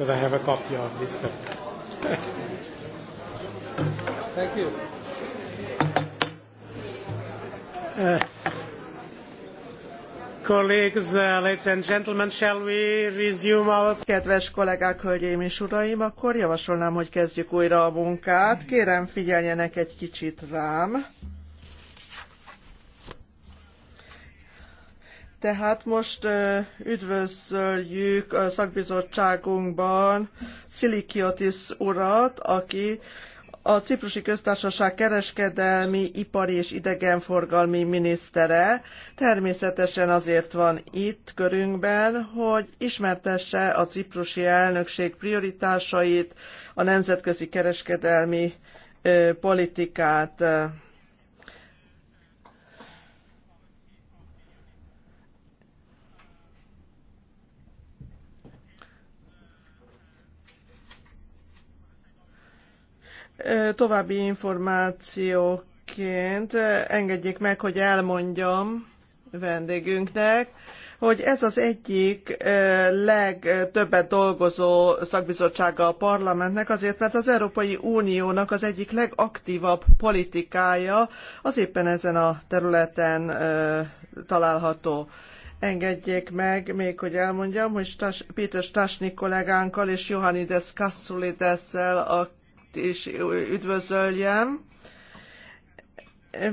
because I have a copy of this. book. Thank you. Uh, colleagues, uh, ladies and gentlemen, shall we resume our... Kedves kollégák, hölgyeim és uraim, akkor javasolnám, hogy kezdjük újra a munkát. Kérem, figyeljenek egy kicsit rám. Tehát most üdvözöljük a szakbizottságunkban Szilikiotis urat, aki a Ciprusi Köztársaság kereskedelmi, ipari és idegenforgalmi minisztere. Természetesen azért van itt körünkben, hogy ismertesse a ciprusi elnökség prioritásait, a nemzetközi kereskedelmi politikát. További információként engedjék meg, hogy elmondjam vendégünknek, hogy ez az egyik legtöbbet dolgozó szakbizottsága a parlamentnek, azért mert az Európai Uniónak az egyik legaktívabb politikája az éppen ezen a területen található. Engedjék meg még, hogy elmondjam, hogy Stas, Péter Stasny kollégánkkal és Johannides Kassulidessel, a is üdvözöljem.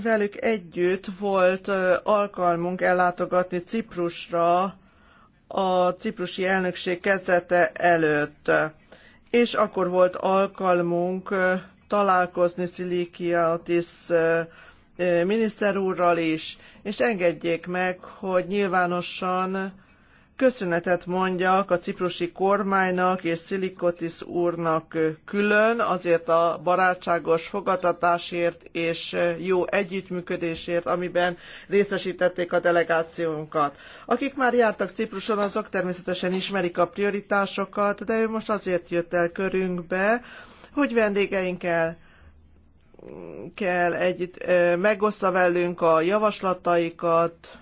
Velük együtt volt alkalmunk ellátogatni Ciprusra a ciprusi elnökség kezdete előtt, és akkor volt alkalmunk találkozni Szilikiatis miniszter úrral is, és engedjék meg, hogy nyilvánosan köszönetet mondjak a ciprusi kormánynak és Szilikotis úrnak külön azért a barátságos fogadtatásért és jó együttműködésért, amiben részesítették a delegációnkat. Akik már jártak Cipruson, azok természetesen ismerik a prioritásokat, de ő most azért jött el körünkbe, hogy vendégeinkkel kell együtt megossza velünk a javaslataikat,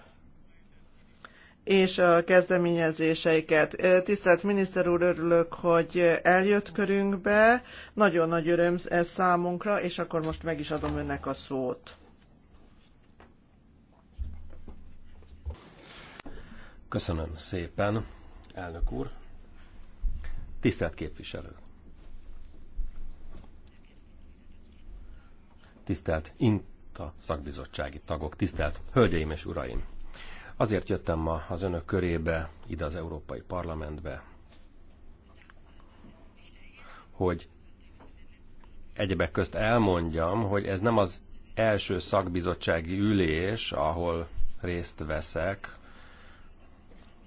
és a kezdeményezéseiket. Tisztelt miniszter úr, örülök, hogy eljött körünkbe. Nagyon nagy öröm ez számunkra, és akkor most meg is adom önnek a szót. Köszönöm szépen, elnök úr. Tisztelt képviselő. Tisztelt INTA szakbizottsági tagok, tisztelt hölgyeim és uraim! Azért jöttem ma az önök körébe, ide az Európai Parlamentbe, hogy egyebek közt elmondjam, hogy ez nem az első szakbizottsági ülés, ahol részt veszek,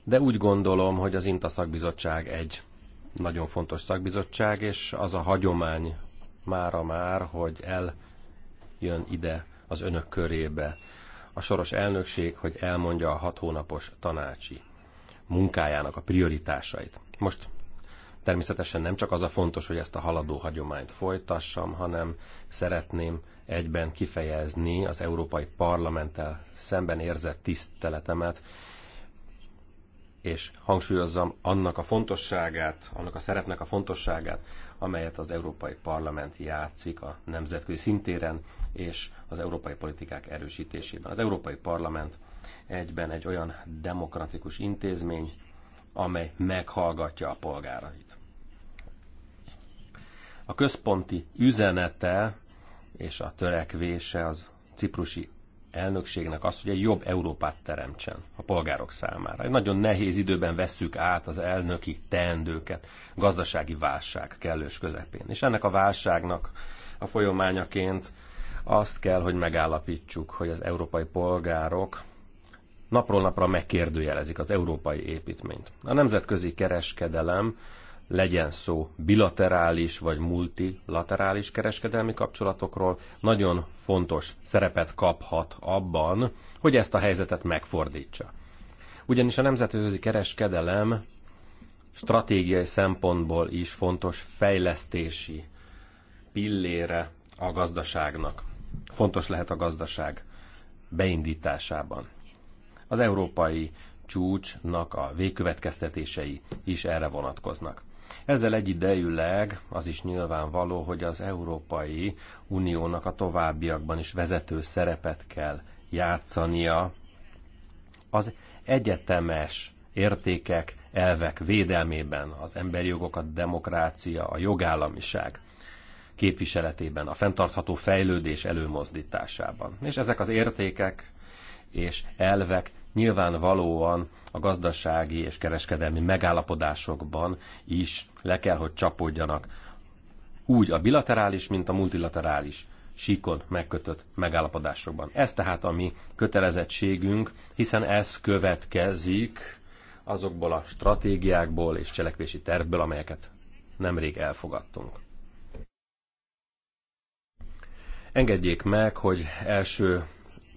de úgy gondolom, hogy az INTA szakbizottság egy nagyon fontos szakbizottság, és az a hagyomány mára már, hogy eljön ide az önök körébe a soros elnökség, hogy elmondja a hat hónapos tanácsi munkájának a prioritásait. Most természetesen nem csak az a fontos, hogy ezt a haladó hagyományt folytassam, hanem szeretném egyben kifejezni az Európai Parlamenttel szemben érzett tiszteletemet, és hangsúlyozzam annak a fontosságát, annak a szerepnek a fontosságát, amelyet az Európai Parlament játszik a nemzetközi szintéren, és az európai politikák erősítésében. Az Európai Parlament egyben egy olyan demokratikus intézmény, amely meghallgatja a polgárait. A központi üzenete és a törekvése az ciprusi elnökségnek az, hogy egy jobb Európát teremtsen a polgárok számára. Egy nagyon nehéz időben vesszük át az elnöki teendőket, gazdasági válság kellős közepén. És ennek a válságnak a folyamányaként azt kell, hogy megállapítsuk, hogy az európai polgárok napról napra megkérdőjelezik az európai építményt. A nemzetközi kereskedelem legyen szó bilaterális vagy multilaterális kereskedelmi kapcsolatokról, nagyon fontos szerepet kaphat abban, hogy ezt a helyzetet megfordítsa. Ugyanis a nemzetközi kereskedelem stratégiai szempontból is fontos fejlesztési pillére a gazdaságnak fontos lehet a gazdaság beindításában. Az európai csúcsnak a végkövetkeztetései is erre vonatkoznak. Ezzel egyidejűleg az is nyilvánvaló, hogy az Európai Uniónak a továbbiakban is vezető szerepet kell játszania az egyetemes értékek, elvek védelmében, az emberi jogokat, demokrácia, a jogállamiság képviseletében, a fenntartható fejlődés előmozdításában. És ezek az értékek és elvek nyilvánvalóan a gazdasági és kereskedelmi megállapodásokban is le kell, hogy csapódjanak úgy a bilaterális, mint a multilaterális síkon megkötött megállapodásokban. Ez tehát a mi kötelezettségünk, hiszen ez következik azokból a stratégiákból és cselekvési tervből, amelyeket nemrég elfogadtunk. Engedjék meg, hogy első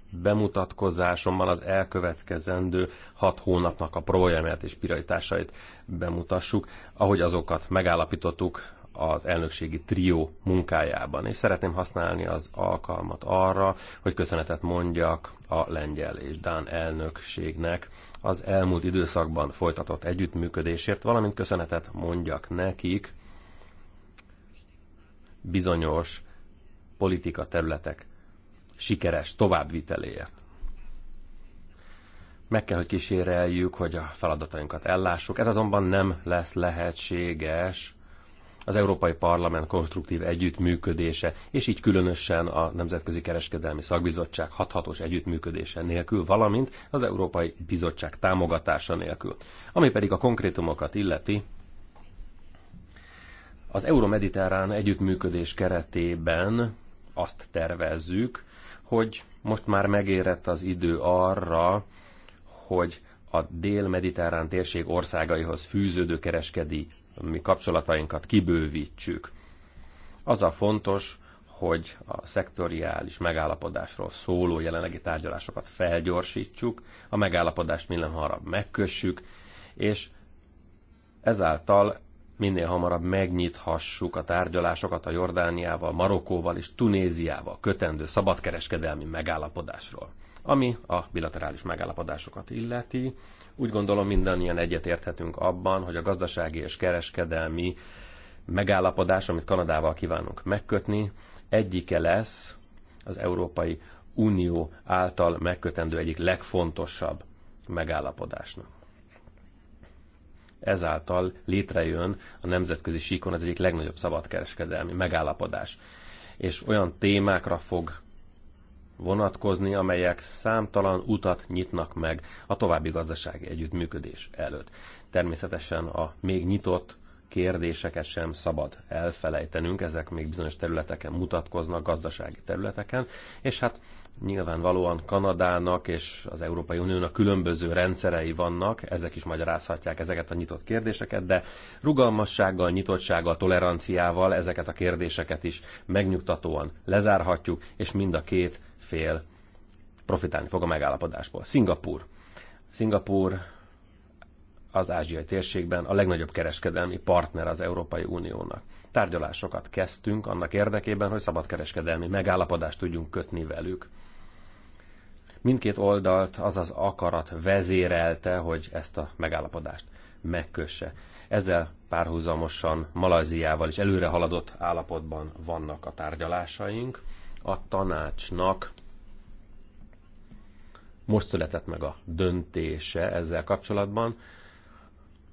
bemutatkozásomban az elkövetkezendő hat hónapnak a problémát és pirajtásait bemutassuk, ahogy azokat megállapítottuk az elnökségi trió munkájában. És szeretném használni az alkalmat arra, hogy köszönetet mondjak a lengyel és dán elnökségnek az elmúlt időszakban folytatott együttműködésért, valamint köszönetet mondjak nekik bizonyos politika területek sikeres továbbviteléért. Meg kell, hogy kíséreljük, hogy a feladatainkat ellássuk. Ez azonban nem lesz lehetséges az Európai Parlament konstruktív együttműködése, és így különösen a Nemzetközi Kereskedelmi Szakbizottság hathatós együttműködése nélkül, valamint az Európai Bizottság támogatása nélkül. Ami pedig a konkrétumokat illeti, az euromediterrán együttműködés keretében azt tervezzük, hogy most már megérett az idő arra, hogy a dél-mediterrán térség országaihoz fűződő kereskedi mi kapcsolatainkat kibővítsük. Az a fontos, hogy a szektoriális megállapodásról szóló jelenlegi tárgyalásokat felgyorsítsuk, a megállapodást minden hamarabb megkössük, és ezáltal minél hamarabb megnyithassuk a tárgyalásokat a Jordániával, Marokkóval és Tunéziával kötendő szabadkereskedelmi megállapodásról. Ami a bilaterális megállapodásokat illeti, úgy gondolom mindannyian egyetérthetünk abban, hogy a gazdasági és kereskedelmi megállapodás, amit Kanadával kívánunk megkötni, egyike lesz az Európai Unió által megkötendő egyik legfontosabb megállapodásnak ezáltal létrejön a nemzetközi síkon az egyik legnagyobb szabadkereskedelmi megállapodás. És olyan témákra fog vonatkozni, amelyek számtalan utat nyitnak meg a további gazdasági együttműködés előtt. Természetesen a még nyitott kérdéseket sem szabad elfelejtenünk, ezek még bizonyos területeken mutatkoznak, gazdasági területeken, és hát Nyilvánvalóan Kanadának és az Európai Uniónak különböző rendszerei vannak, ezek is magyarázhatják ezeket a nyitott kérdéseket, de rugalmassággal, nyitottsággal, toleranciával ezeket a kérdéseket is megnyugtatóan lezárhatjuk, és mind a két fél profitálni fog a megállapodásból. Szingapur. Szingapur az ázsiai térségben a legnagyobb kereskedelmi partner az Európai Uniónak. Tárgyalásokat kezdtünk annak érdekében, hogy szabadkereskedelmi megállapodást tudjunk kötni velük. Mindkét oldalt az az akarat vezérelte, hogy ezt a megállapodást megkösse. Ezzel párhuzamosan Malajziával is előre haladott állapotban vannak a tárgyalásaink. A tanácsnak most született meg a döntése ezzel kapcsolatban,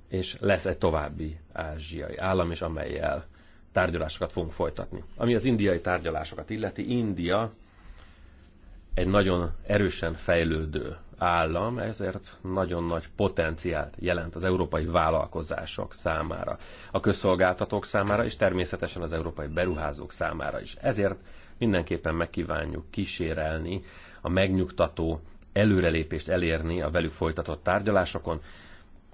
és lesz egy további ázsiai állam is, amelyel tárgyalásokat fogunk folytatni. Ami az indiai tárgyalásokat illeti, India egy nagyon erősen fejlődő állam, ezért nagyon nagy potenciált jelent az európai vállalkozások számára, a közszolgáltatók számára, és természetesen az európai beruházók számára is. Ezért mindenképpen megkívánjuk kísérelni a megnyugtató előrelépést elérni a velük folytatott tárgyalásokon,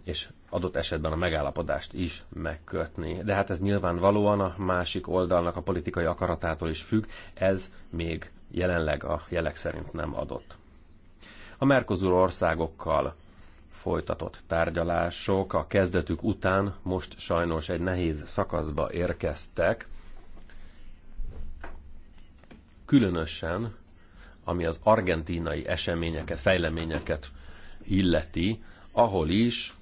és adott esetben a megállapodást is megkötni. De hát ez nyilvánvalóan a másik oldalnak a politikai akaratától is függ, ez még jelenleg a jelek szerint nem adott. A Mercosur országokkal folytatott tárgyalások a kezdetük után most sajnos egy nehéz szakaszba érkeztek, különösen ami az argentinai eseményeket, fejleményeket illeti, ahol is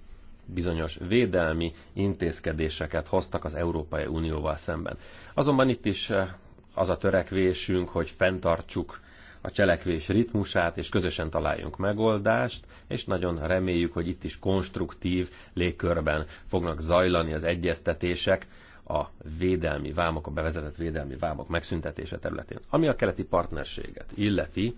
bizonyos védelmi intézkedéseket hoztak az Európai Unióval szemben. Azonban itt is eh, az a törekvésünk, hogy fenntartsuk a cselekvés ritmusát, és közösen találjunk megoldást, és nagyon reméljük, hogy itt is konstruktív légkörben fognak zajlani az egyeztetések a védelmi vámok, a bevezetett védelmi vámok megszüntetése területén. Ami a keleti partnerséget illeti,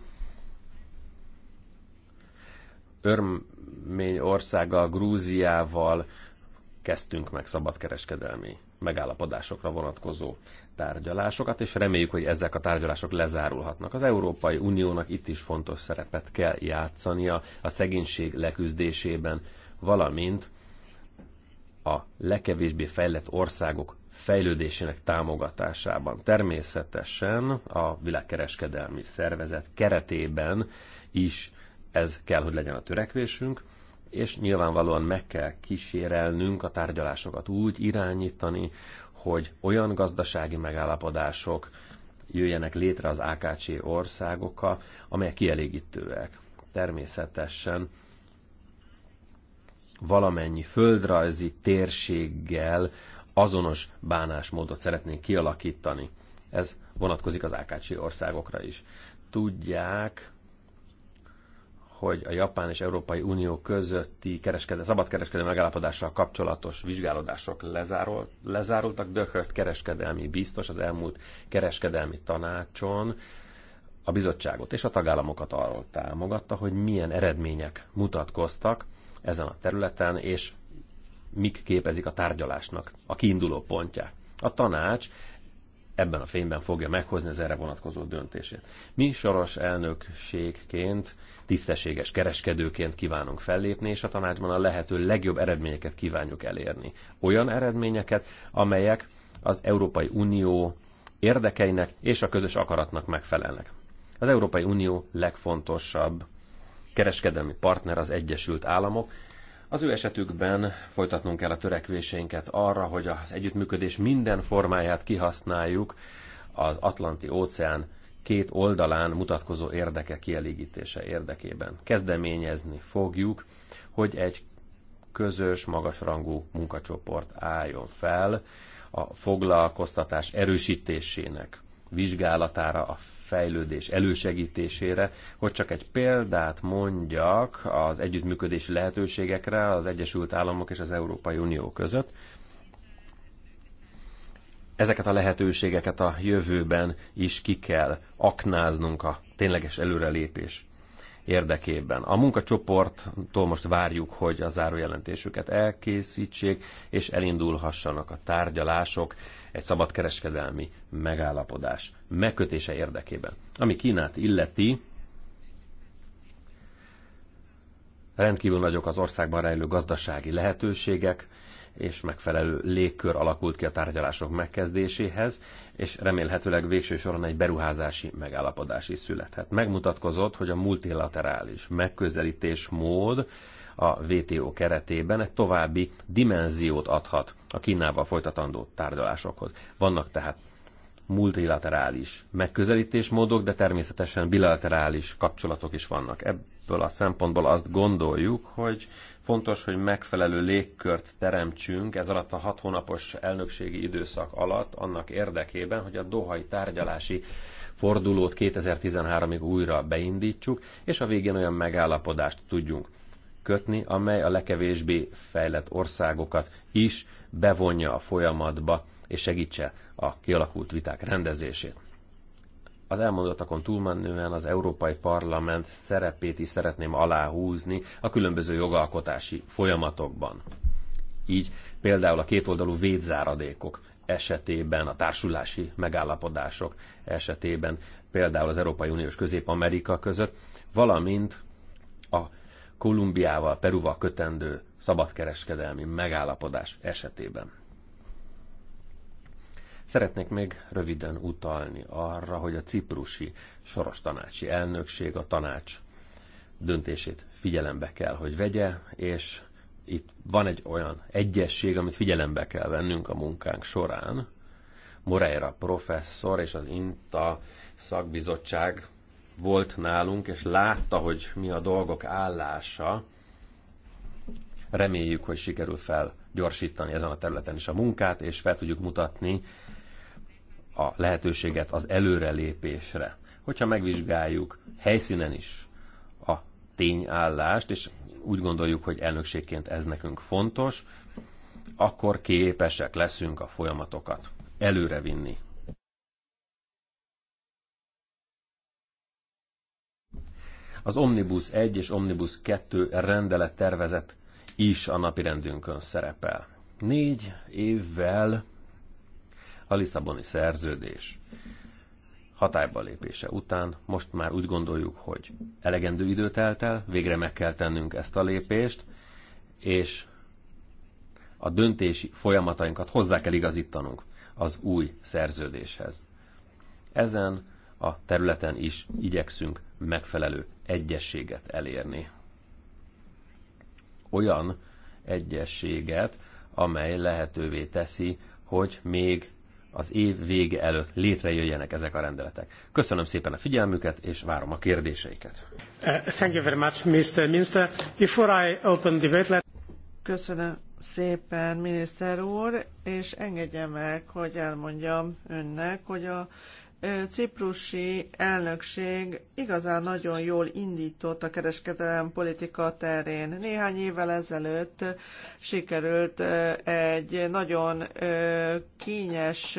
Örményországgal, Grúziával, kezdtünk meg szabadkereskedelmi megállapodásokra vonatkozó tárgyalásokat, és reméljük, hogy ezek a tárgyalások lezárulhatnak. Az Európai Uniónak itt is fontos szerepet kell játszania a szegénység leküzdésében, valamint a legkevésbé fejlett országok fejlődésének támogatásában. Természetesen a világkereskedelmi szervezet keretében is ez kell, hogy legyen a törekvésünk, és nyilvánvalóan meg kell kísérelnünk a tárgyalásokat úgy irányítani, hogy olyan gazdasági megállapodások jöjjenek létre az AKC országokkal, amelyek kielégítőek. Természetesen valamennyi földrajzi térséggel azonos bánásmódot szeretnénk kialakítani. Ez vonatkozik az AKC országokra is. Tudják, hogy a Japán és Európai Unió közötti kereskedelmi, szabadkereskedelmi megállapodással kapcsolatos vizsgálódások lezárultak. Döhött kereskedelmi biztos az elmúlt kereskedelmi tanácson a bizottságot és a tagállamokat arról támogatta, hogy milyen eredmények mutatkoztak ezen a területen, és mik képezik a tárgyalásnak a kiinduló pontját. A tanács ebben a fényben fogja meghozni az erre vonatkozó döntését. Mi soros elnökségként, tisztességes kereskedőként kívánunk fellépni, és a tanácsban a lehető legjobb eredményeket kívánjuk elérni. Olyan eredményeket, amelyek az Európai Unió érdekeinek és a közös akaratnak megfelelnek. Az Európai Unió legfontosabb kereskedelmi partner az Egyesült Államok, az ő esetükben folytatnunk kell a törekvéseinket arra, hogy az együttműködés minden formáját kihasználjuk az Atlanti óceán két oldalán mutatkozó érdeke kielégítése érdekében. Kezdeményezni fogjuk, hogy egy közös, magasrangú munkacsoport álljon fel a foglalkoztatás erősítésének vizsgálatára, a fejlődés elősegítésére, hogy csak egy példát mondjak az együttműködési lehetőségekre az Egyesült Államok és az Európai Unió között. Ezeket a lehetőségeket a jövőben is ki kell aknáznunk a tényleges előrelépés érdekében. A munkacsoporttól most várjuk, hogy a zárójelentésüket elkészítsék, és elindulhassanak a tárgyalások egy szabadkereskedelmi megállapodás megkötése érdekében. Ami Kínát illeti, rendkívül nagyok az országban rejlő gazdasági lehetőségek, és megfelelő légkör alakult ki a tárgyalások megkezdéséhez, és remélhetőleg végső soron egy beruházási megállapodás is születhet. Megmutatkozott, hogy a multilaterális megközelítés mód a WTO keretében egy további dimenziót adhat a Kínával folytatandó tárgyalásokhoz. Vannak tehát multilaterális megközelítésmódok, de természetesen bilaterális kapcsolatok is vannak. Ebből a szempontból azt gondoljuk, hogy fontos, hogy megfelelő légkört teremtsünk ez alatt a hat hónapos elnökségi időszak alatt, annak érdekében, hogy a dohai tárgyalási fordulót 2013-ig újra beindítsuk, és a végén olyan megállapodást tudjunk kötni, amely a lekevésbé fejlett országokat is bevonja a folyamatba és segítse a kialakult viták rendezését. Az elmondottakon túlmenően az Európai Parlament szerepét is szeretném aláhúzni a különböző jogalkotási folyamatokban. Így például a kétoldalú védzáradékok esetében, a társulási megállapodások esetében, például az Európai Uniós Közép-Amerika között, valamint a Kolumbiával, Peruval kötendő szabadkereskedelmi megállapodás esetében. Szeretnék még röviden utalni arra, hogy a ciprusi soros tanácsi elnökség a tanács döntését figyelembe kell, hogy vegye, és itt van egy olyan egyesség, amit figyelembe kell vennünk a munkánk során. Moreira professzor és az INTA szakbizottság volt nálunk, és látta, hogy mi a dolgok állása, reméljük, hogy sikerül felgyorsítani ezen a területen is a munkát, és fel tudjuk mutatni a lehetőséget az előrelépésre. Hogyha megvizsgáljuk helyszínen is a tényállást, és úgy gondoljuk, hogy elnökségként ez nekünk fontos, akkor képesek leszünk a folyamatokat előrevinni. Az Omnibus 1 és Omnibus 2 rendelet tervezet is a napirendünkön szerepel. Négy évvel a Lisszaboni szerződés hatályba lépése után most már úgy gondoljuk, hogy elegendő időt telt el, végre meg kell tennünk ezt a lépést, és a döntési folyamatainkat hozzá kell igazítanunk az új szerződéshez. Ezen a területen is igyekszünk megfelelő egyességet elérni. Olyan egyességet, amely lehetővé teszi, hogy még az év vége előtt létrejöjjenek ezek a rendeletek. Köszönöm szépen a figyelmüket, és várom a kérdéseiket. Uh, thank you very much, Mr. Minister. Before I open debate, let... Köszönöm szépen, miniszter úr, és engedje meg, hogy elmondjam önnek, hogy a ciprusi elnökség igazán nagyon jól indított a kereskedelem politika terén. Néhány évvel ezelőtt sikerült egy nagyon kényes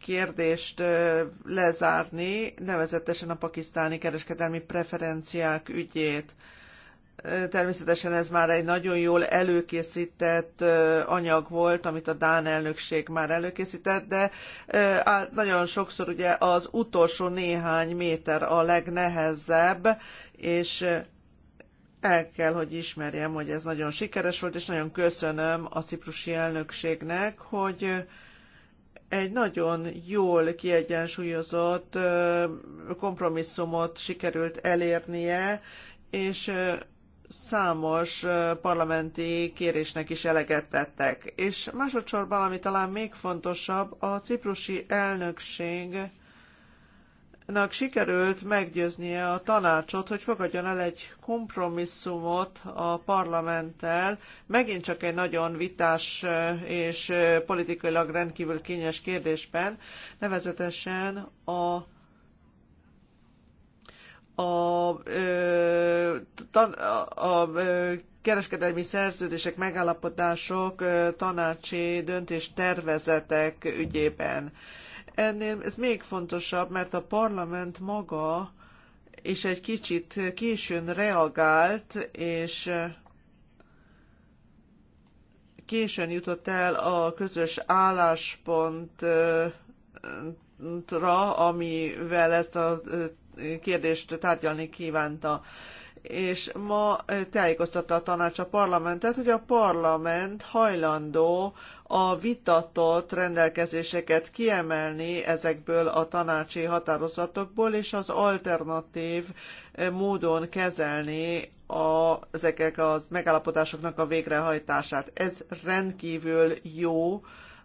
kérdést lezárni, nevezetesen a pakisztáni kereskedelmi preferenciák ügyét. Természetesen ez már egy nagyon jól előkészített anyag volt, amit a Dán elnökség már előkészített, de nagyon sokszor ugye az utolsó néhány méter a legnehezebb, és el kell, hogy ismerjem, hogy ez nagyon sikeres volt, és nagyon köszönöm a ciprusi elnökségnek, hogy egy nagyon jól kiegyensúlyozott kompromisszumot sikerült elérnie, és számos parlamenti kérésnek is eleget tettek. És másodszorban, ami talán még fontosabb, a ciprusi elnökségnek sikerült meggyőznie a tanácsot, hogy fogadjon el egy kompromisszumot a parlamenttel, megint csak egy nagyon vitás és politikailag rendkívül kényes kérdésben, nevezetesen a a, a, a kereskedelmi szerződések, megállapodások, tanácsi döntés tervezetek ügyében. Ennél ez még fontosabb, mert a parlament maga és egy kicsit későn reagált, és későn jutott el a közös álláspontra, amivel ezt a kérdést tárgyalni kívánta és ma eh, tájékoztatta a tanács a parlamentet, hogy a parlament hajlandó a vitatott rendelkezéseket kiemelni ezekből a tanácsi határozatokból, és az alternatív eh, módon kezelni a, ezekek az megállapodásoknak a végrehajtását. Ez rendkívül jó,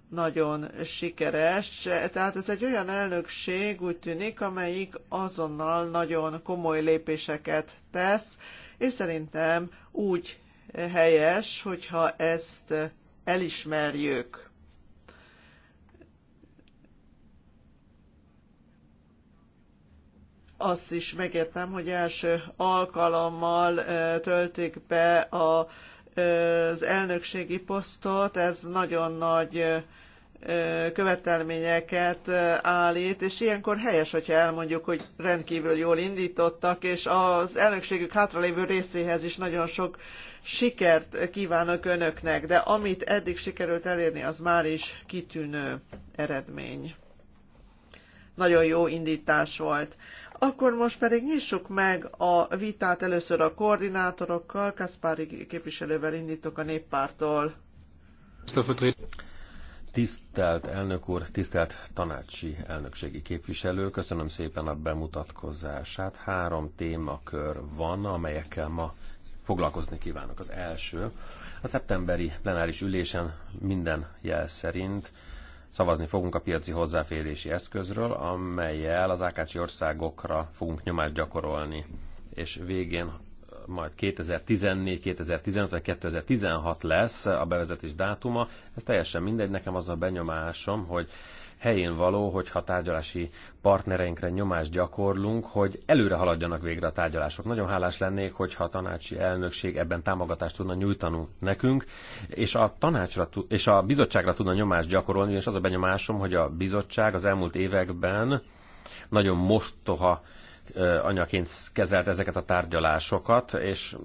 nagyon sikeres. Tehát ez egy olyan elnökség, úgy tűnik, amelyik azonnal nagyon komoly lépéseket tesz, és szerintem úgy helyes, hogyha ezt elismerjük. azt is megértem, hogy első alkalommal töltik be a az elnökségi posztot, ez nagyon nagy követelményeket állít, és ilyenkor helyes, hogyha elmondjuk, hogy rendkívül jól indítottak, és az elnökségük hátralévő részéhez is nagyon sok sikert kívánok önöknek, de amit eddig sikerült elérni, az már is kitűnő eredmény. Nagyon jó indítás volt. Akkor most pedig nyissuk meg a vitát először a koordinátorokkal, Kaspári képviselővel indítok a néppártól. Tisztelt elnök úr, tisztelt tanácsi elnökségi képviselő, köszönöm szépen a bemutatkozását. Három témakör van, amelyekkel ma foglalkozni kívánok. Az első, a szeptemberi plenáris ülésen minden jel szerint Szavazni fogunk a piaci hozzáférési eszközről, amelyel az Ákácsi országokra fogunk nyomást gyakorolni. És végén majd 2014, 2015 vagy 2016 lesz a bevezetés dátuma. Ez teljesen mindegy, nekem az a benyomásom, hogy helyén való, hogyha tárgyalási partnereinkre nyomást gyakorlunk, hogy előre haladjanak végre a tárgyalások. Nagyon hálás lennék, hogyha a tanácsi elnökség ebben támogatást tudna nyújtani nekünk, és a, tanácsra, és a bizottságra tudna nyomást gyakorolni, és az a benyomásom, hogy a bizottság az elmúlt években nagyon mostoha anyaként kezelt ezeket a tárgyalásokat, és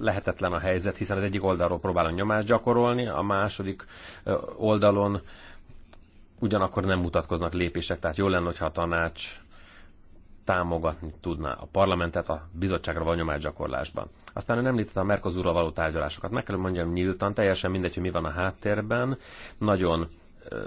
lehetetlen a helyzet, hiszen az egyik oldalról próbálunk nyomást gyakorolni, a második oldalon ugyanakkor nem mutatkoznak lépések, tehát jó lenne, hogyha a tanács támogatni tudná a parlamentet a bizottságra való gyakorlásban. Aztán nem említette a Mercosurral való tárgyalásokat. Meg kell mondjam nyíltan, teljesen mindegy, hogy mi van a háttérben. Nagyon ö,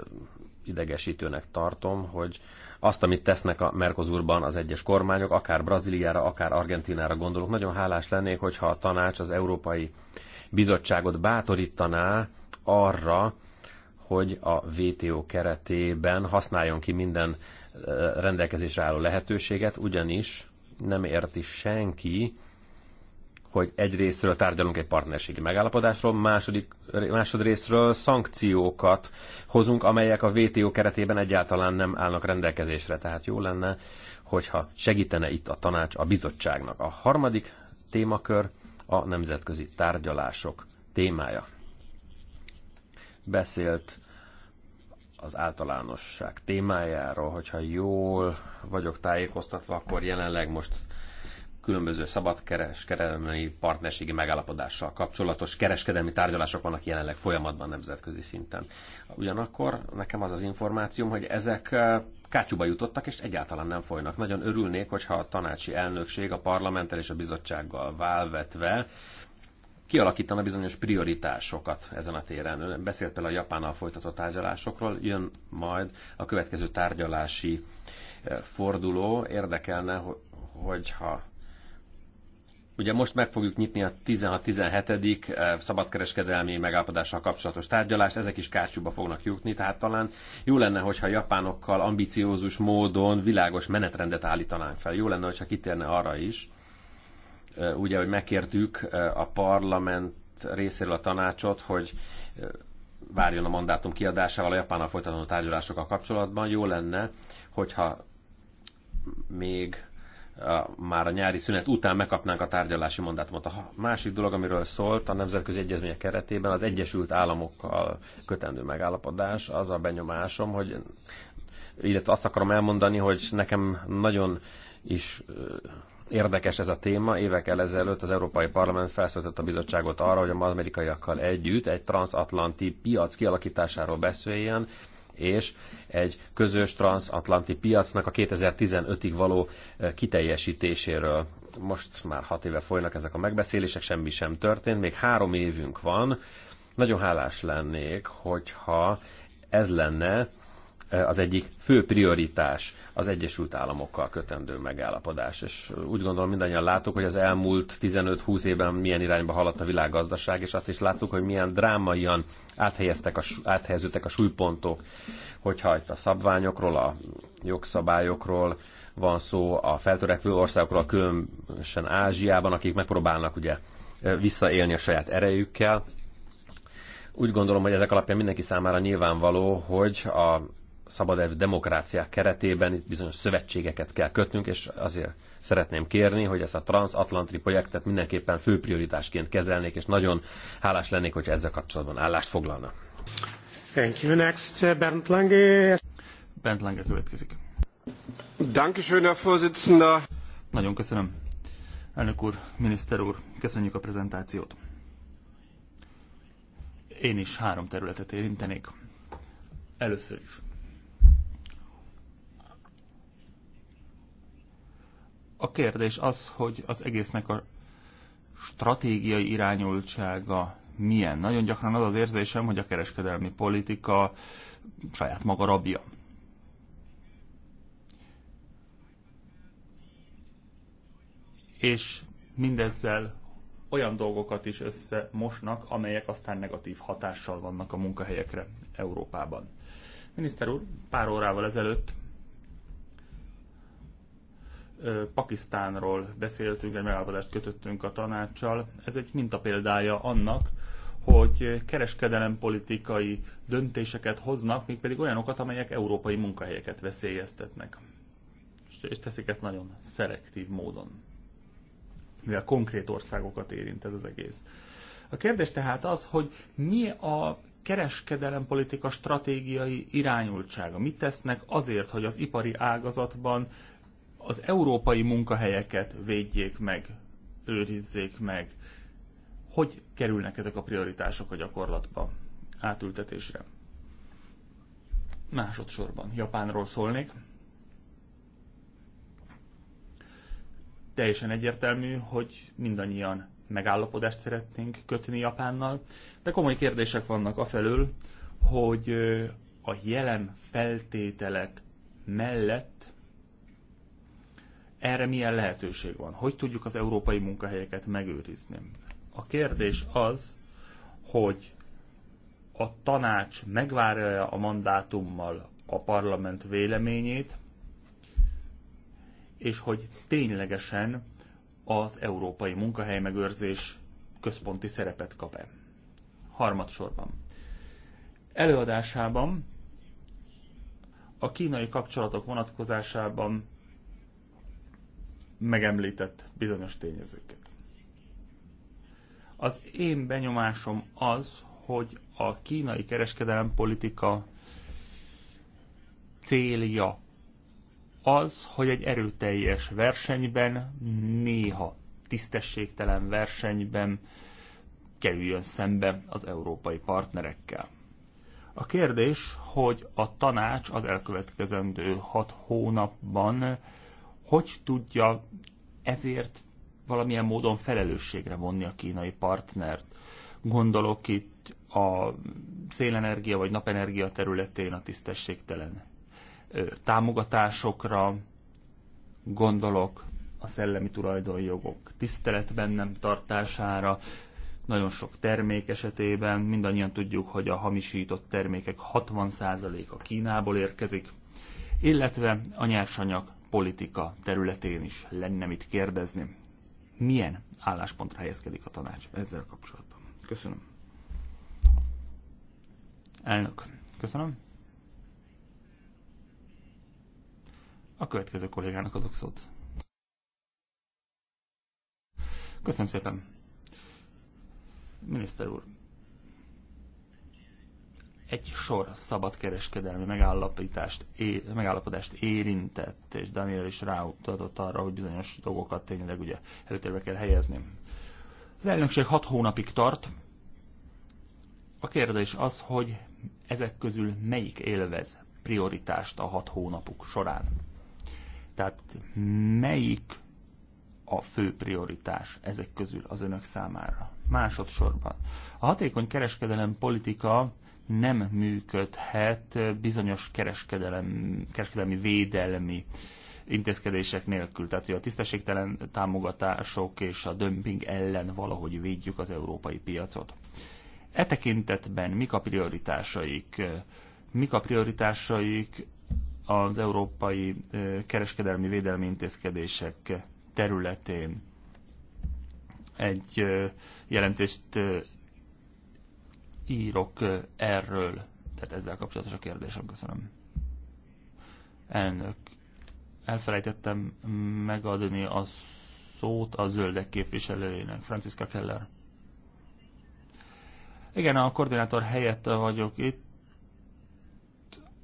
idegesítőnek tartom, hogy azt, amit tesznek a Mercosurban az egyes kormányok, akár Brazíliára, akár Argentinára gondolok, nagyon hálás lennék, hogyha a tanács az Európai Bizottságot bátorítaná arra, hogy a WTO keretében használjon ki minden rendelkezésre álló lehetőséget, ugyanis nem érti senki, hogy egy részről tárgyalunk egy partnerségi megállapodásról, második, részről szankciókat hozunk, amelyek a WTO keretében egyáltalán nem állnak rendelkezésre. Tehát jó lenne, hogyha segítene itt a tanács a bizottságnak. A harmadik témakör a nemzetközi tárgyalások témája beszélt az általánosság témájáról, hogyha jól vagyok tájékoztatva, akkor jelenleg most különböző szabadkereskedelmi partnerségi megállapodással kapcsolatos kereskedelmi tárgyalások vannak jelenleg folyamatban nemzetközi szinten. Ugyanakkor nekem az az információm, hogy ezek eh, kátyúba jutottak, és egyáltalán nem folynak. Nagyon örülnék, hogyha a tanácsi elnökség a parlamenttel és a bizottsággal válvetve kialakítana bizonyos prioritásokat ezen a téren. Ön beszélt például a Japánnal folytatott tárgyalásokról, jön majd a következő tárgyalási eh, forduló. Érdekelne, hogyha Ugye most meg fogjuk nyitni a 16-17. Eh, szabadkereskedelmi megállapodással kapcsolatos tárgyalást, ezek is kártyúba fognak jutni, tehát talán jó lenne, hogyha japánokkal ambiciózus módon világos menetrendet állítanánk fel. Jó lenne, hogyha kitérne arra is, ugye, hogy megkértük a parlament részéről a tanácsot, hogy várjon a mandátum kiadásával a Japánnal folytatandó tárgyalásokkal kapcsolatban. Jó lenne, hogyha még a, már a nyári szünet után megkapnánk a tárgyalási mandátumot. A másik dolog, amiről szólt a nemzetközi egyezmények keretében, az Egyesült Államokkal kötendő megállapodás, az a benyomásom, hogy illetve azt akarom elmondani, hogy nekem nagyon is Érdekes ez a téma. Évekkel ezelőtt az Európai Parlament felszólította a bizottságot arra, hogy a amerikaiakkal együtt egy transatlanti piac kialakításáról beszéljen, és egy közös transatlanti piacnak a 2015-ig való kiteljesítéséről. Most már hat éve folynak ezek a megbeszélések, semmi sem történt, még három évünk van. Nagyon hálás lennék, hogyha ez lenne az egyik fő prioritás az Egyesült Államokkal kötendő megállapodás. És úgy gondolom mindannyian látok, hogy az elmúlt 15-20 évben milyen irányba haladt a világgazdaság, és azt is láttuk, hogy milyen drámaian áthelyeztek a, áthelyeződtek a súlypontok, hogyha itt a szabványokról, a jogszabályokról van szó, a feltörekvő országokról, különösen Ázsiában, akik megpróbálnak ugye visszaélni a saját erejükkel, úgy gondolom, hogy ezek alapján mindenki számára nyilvánvaló, hogy a szabad demokráciák keretében itt bizonyos szövetségeket kell kötnünk, és azért szeretném kérni, hogy ezt a transatlanti projektet mindenképpen fő prioritásként kezelnék, és nagyon hálás lennék, hogy ezzel kapcsolatban állást foglalna. Thank you. Next, uh, Bernd Lange. Bernd Lange következik. Dankeschön, Herr Vorsitzender. Nagyon köszönöm. Elnök úr, miniszter úr, köszönjük a prezentációt. Én is három területet érintenék. Először is A kérdés az, hogy az egésznek a stratégiai irányultsága milyen. Nagyon gyakran az az érzésem, hogy a kereskedelmi politika saját maga rabja. És mindezzel olyan dolgokat is összemosnak, amelyek aztán negatív hatással vannak a munkahelyekre Európában. Miniszter úr, pár órával ezelőtt Pakisztánról beszéltünk, egy megállapodást kötöttünk a tanácssal. Ez egy mintapéldája annak, hogy kereskedelempolitikai döntéseket hoznak, pedig olyanokat, amelyek európai munkahelyeket veszélyeztetnek. És teszik ezt nagyon szelektív módon, mivel konkrét országokat érint ez az egész. A kérdés tehát az, hogy mi a kereskedelempolitika stratégiai irányultsága? Mit tesznek azért, hogy az ipari ágazatban az európai munkahelyeket védjék meg, őrizzék meg. Hogy kerülnek ezek a prioritások a gyakorlatba, átültetésre? Másodszorban Japánról szólnék. Teljesen egyértelmű, hogy mindannyian megállapodást szeretnénk kötni Japánnal, de komoly kérdések vannak afelől, hogy a jelen feltételek mellett erre milyen lehetőség van? Hogy tudjuk az európai munkahelyeket megőrizni? A kérdés az, hogy a tanács megvárja a mandátummal a parlament véleményét, és hogy ténylegesen az európai munkahely megőrzés központi szerepet kap-e. Harmadsorban. Előadásában a kínai kapcsolatok vonatkozásában megemlített bizonyos tényezőket. Az én benyomásom az, hogy a kínai kereskedelem politika célja az, hogy egy erőteljes versenyben, néha tisztességtelen versenyben kerüljön szembe az európai partnerekkel. A kérdés, hogy a tanács az elkövetkezendő hat hónapban hogy tudja ezért valamilyen módon felelősségre vonni a kínai partnert. Gondolok itt a szélenergia vagy napenergia területén a tisztességtelen támogatásokra, gondolok a szellemi tulajdonjogok tiszteletben nem tartására, nagyon sok termék esetében mindannyian tudjuk, hogy a hamisított termékek 60%-a Kínából érkezik, illetve a nyersanyag politika területén is lenne mit kérdezni. Milyen álláspontra helyezkedik a tanács ezzel kapcsolatban? Köszönöm. Elnök, köszönöm. A következő kollégának adok szót. Köszönöm szépen. Miniszter úr, egy sor szabadkereskedelmi megállapítást, é, megállapodást érintett, és Daniel is ráutatott arra, hogy bizonyos dolgokat tényleg ugye előtérbe kell helyezni. Az elnökség hat hónapig tart. A kérdés az, hogy ezek közül melyik élvez prioritást a hat hónapuk során. Tehát melyik a fő prioritás ezek közül az önök számára? Másodszorban. A hatékony kereskedelem politika nem működhet bizonyos kereskedelem, kereskedelmi védelmi intézkedések nélkül. Tehát, hogy a tisztességtelen támogatások és a dömping ellen valahogy védjük az európai piacot. E tekintetben mik a prioritásaik? Mik a prioritásaik az európai kereskedelmi védelmi intézkedések területén? Egy jelentést írok erről? Tehát ezzel kapcsolatos a kérdésem, köszönöm. Elnök, elfelejtettem megadni a szót a zöldek képviselőjének, Franciska Keller. Igen, a koordinátor helyett vagyok itt.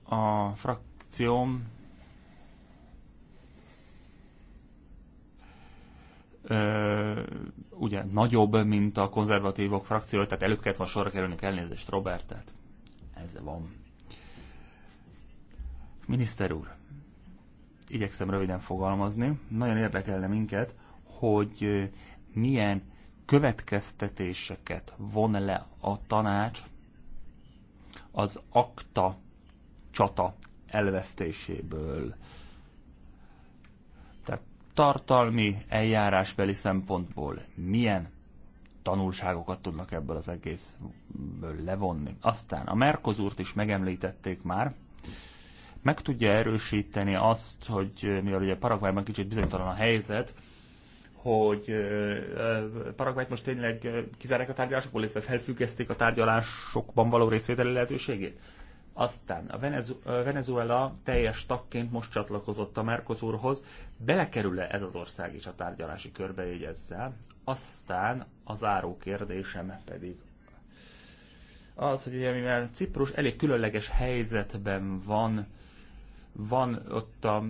A frakcióm ugye nagyobb, mint a konzervatívok frakció, tehát előbb kellett volna sorra kerülni elnézést Robert, tehát ez van. Miniszter úr, igyekszem röviden fogalmazni, nagyon érdekelne minket, hogy milyen következtetéseket von le a tanács az akta csata elvesztéséből tartalmi, eljárásbeli szempontból milyen tanulságokat tudnak ebből az egészből levonni. Aztán a Merkozúrt is megemlítették már, meg tudja erősíteni azt, hogy mivel ugye Paraguayban kicsit bizonytalan a helyzet, hogy Paraguayt most tényleg kizárják a tárgyalásokból, illetve felfüggesztik a tárgyalásokban való részvételi lehetőségét? Aztán a Venezuela teljes tagként most csatlakozott a Mercosurhoz. Belekerül-e ez az ország is a tárgyalási körbe, így ezzel? Aztán az záró kérdésem pedig az, hogy ugye, mivel Ciprus elég különleges helyzetben van, van ott a,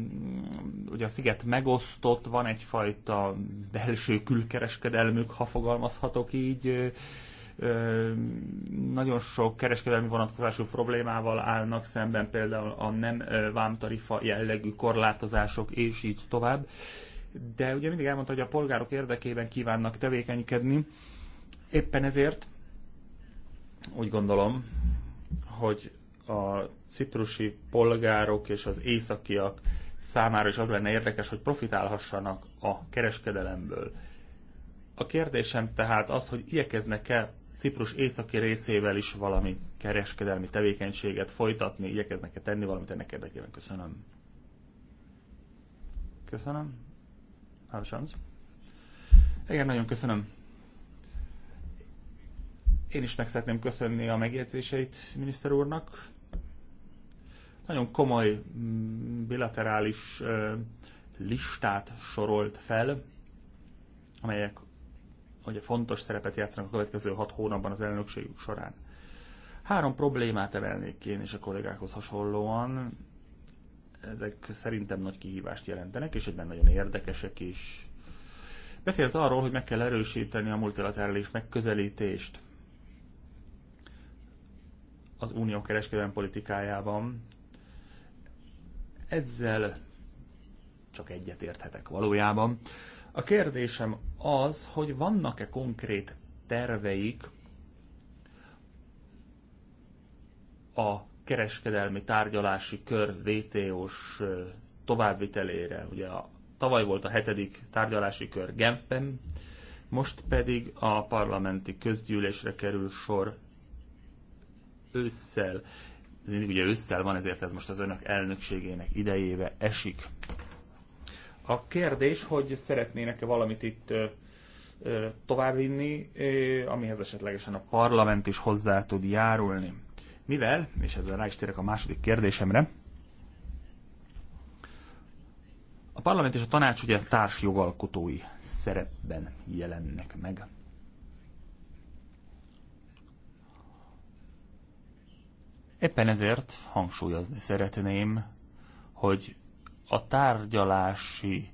ugye a sziget megosztott, van egyfajta belső külkereskedelmük, ha fogalmazhatok így, nagyon sok kereskedelmi vonatkozású problémával állnak szemben, például a nem vámtarifa jellegű korlátozások, és így tovább. De ugye mindig elmondta, hogy a polgárok érdekében kívánnak tevékenykedni. Éppen ezért úgy gondolom, hogy a ciprusi polgárok és az északiak számára is az lenne érdekes, hogy profitálhassanak a kereskedelemből. A kérdésem tehát az, hogy igyekeznek-e Ciprus északi részével is valami kereskedelmi tevékenységet folytatni, igyekeznek-e tenni valamit ennek érdekében? Köszönöm. Köszönöm. Álsansz. Igen, nagyon köszönöm. Én is meg szeretném köszönni a megjegyzéseit miniszter úrnak. Nagyon komoly mm, bilaterális listát sorolt fel, amelyek hogy fontos szerepet játszanak a következő hat hónapban az elnökségük során. Három problémát emelnék ki én és a kollégákhoz hasonlóan. Ezek szerintem nagy kihívást jelentenek, és egyben nagyon érdekesek is. Beszélt arról, hogy meg kell erősíteni a multilaterális megközelítést az unió kereskedelmi politikájában. Ezzel csak egyet érthetek valójában. A kérdésem az, hogy vannak-e konkrét terveik a kereskedelmi tárgyalási kör VTO-s továbbvitelére. Ugye a, tavaly volt a hetedik tárgyalási kör Genfben, most pedig a parlamenti közgyűlésre kerül sor ősszel. Ez mindig ugye ősszel van, ezért ez most az önök elnökségének idejébe esik. A kérdés, hogy szeretnének-e valamit itt továbbvinni, amihez esetlegesen a parlament is hozzá tud járulni. Mivel, és ezzel rá is térek a második kérdésemre, a parlament és a tanács ugye társjogalkotói szerepben jelennek meg. Éppen ezért hangsúlyozni szeretném, hogy a tárgyalási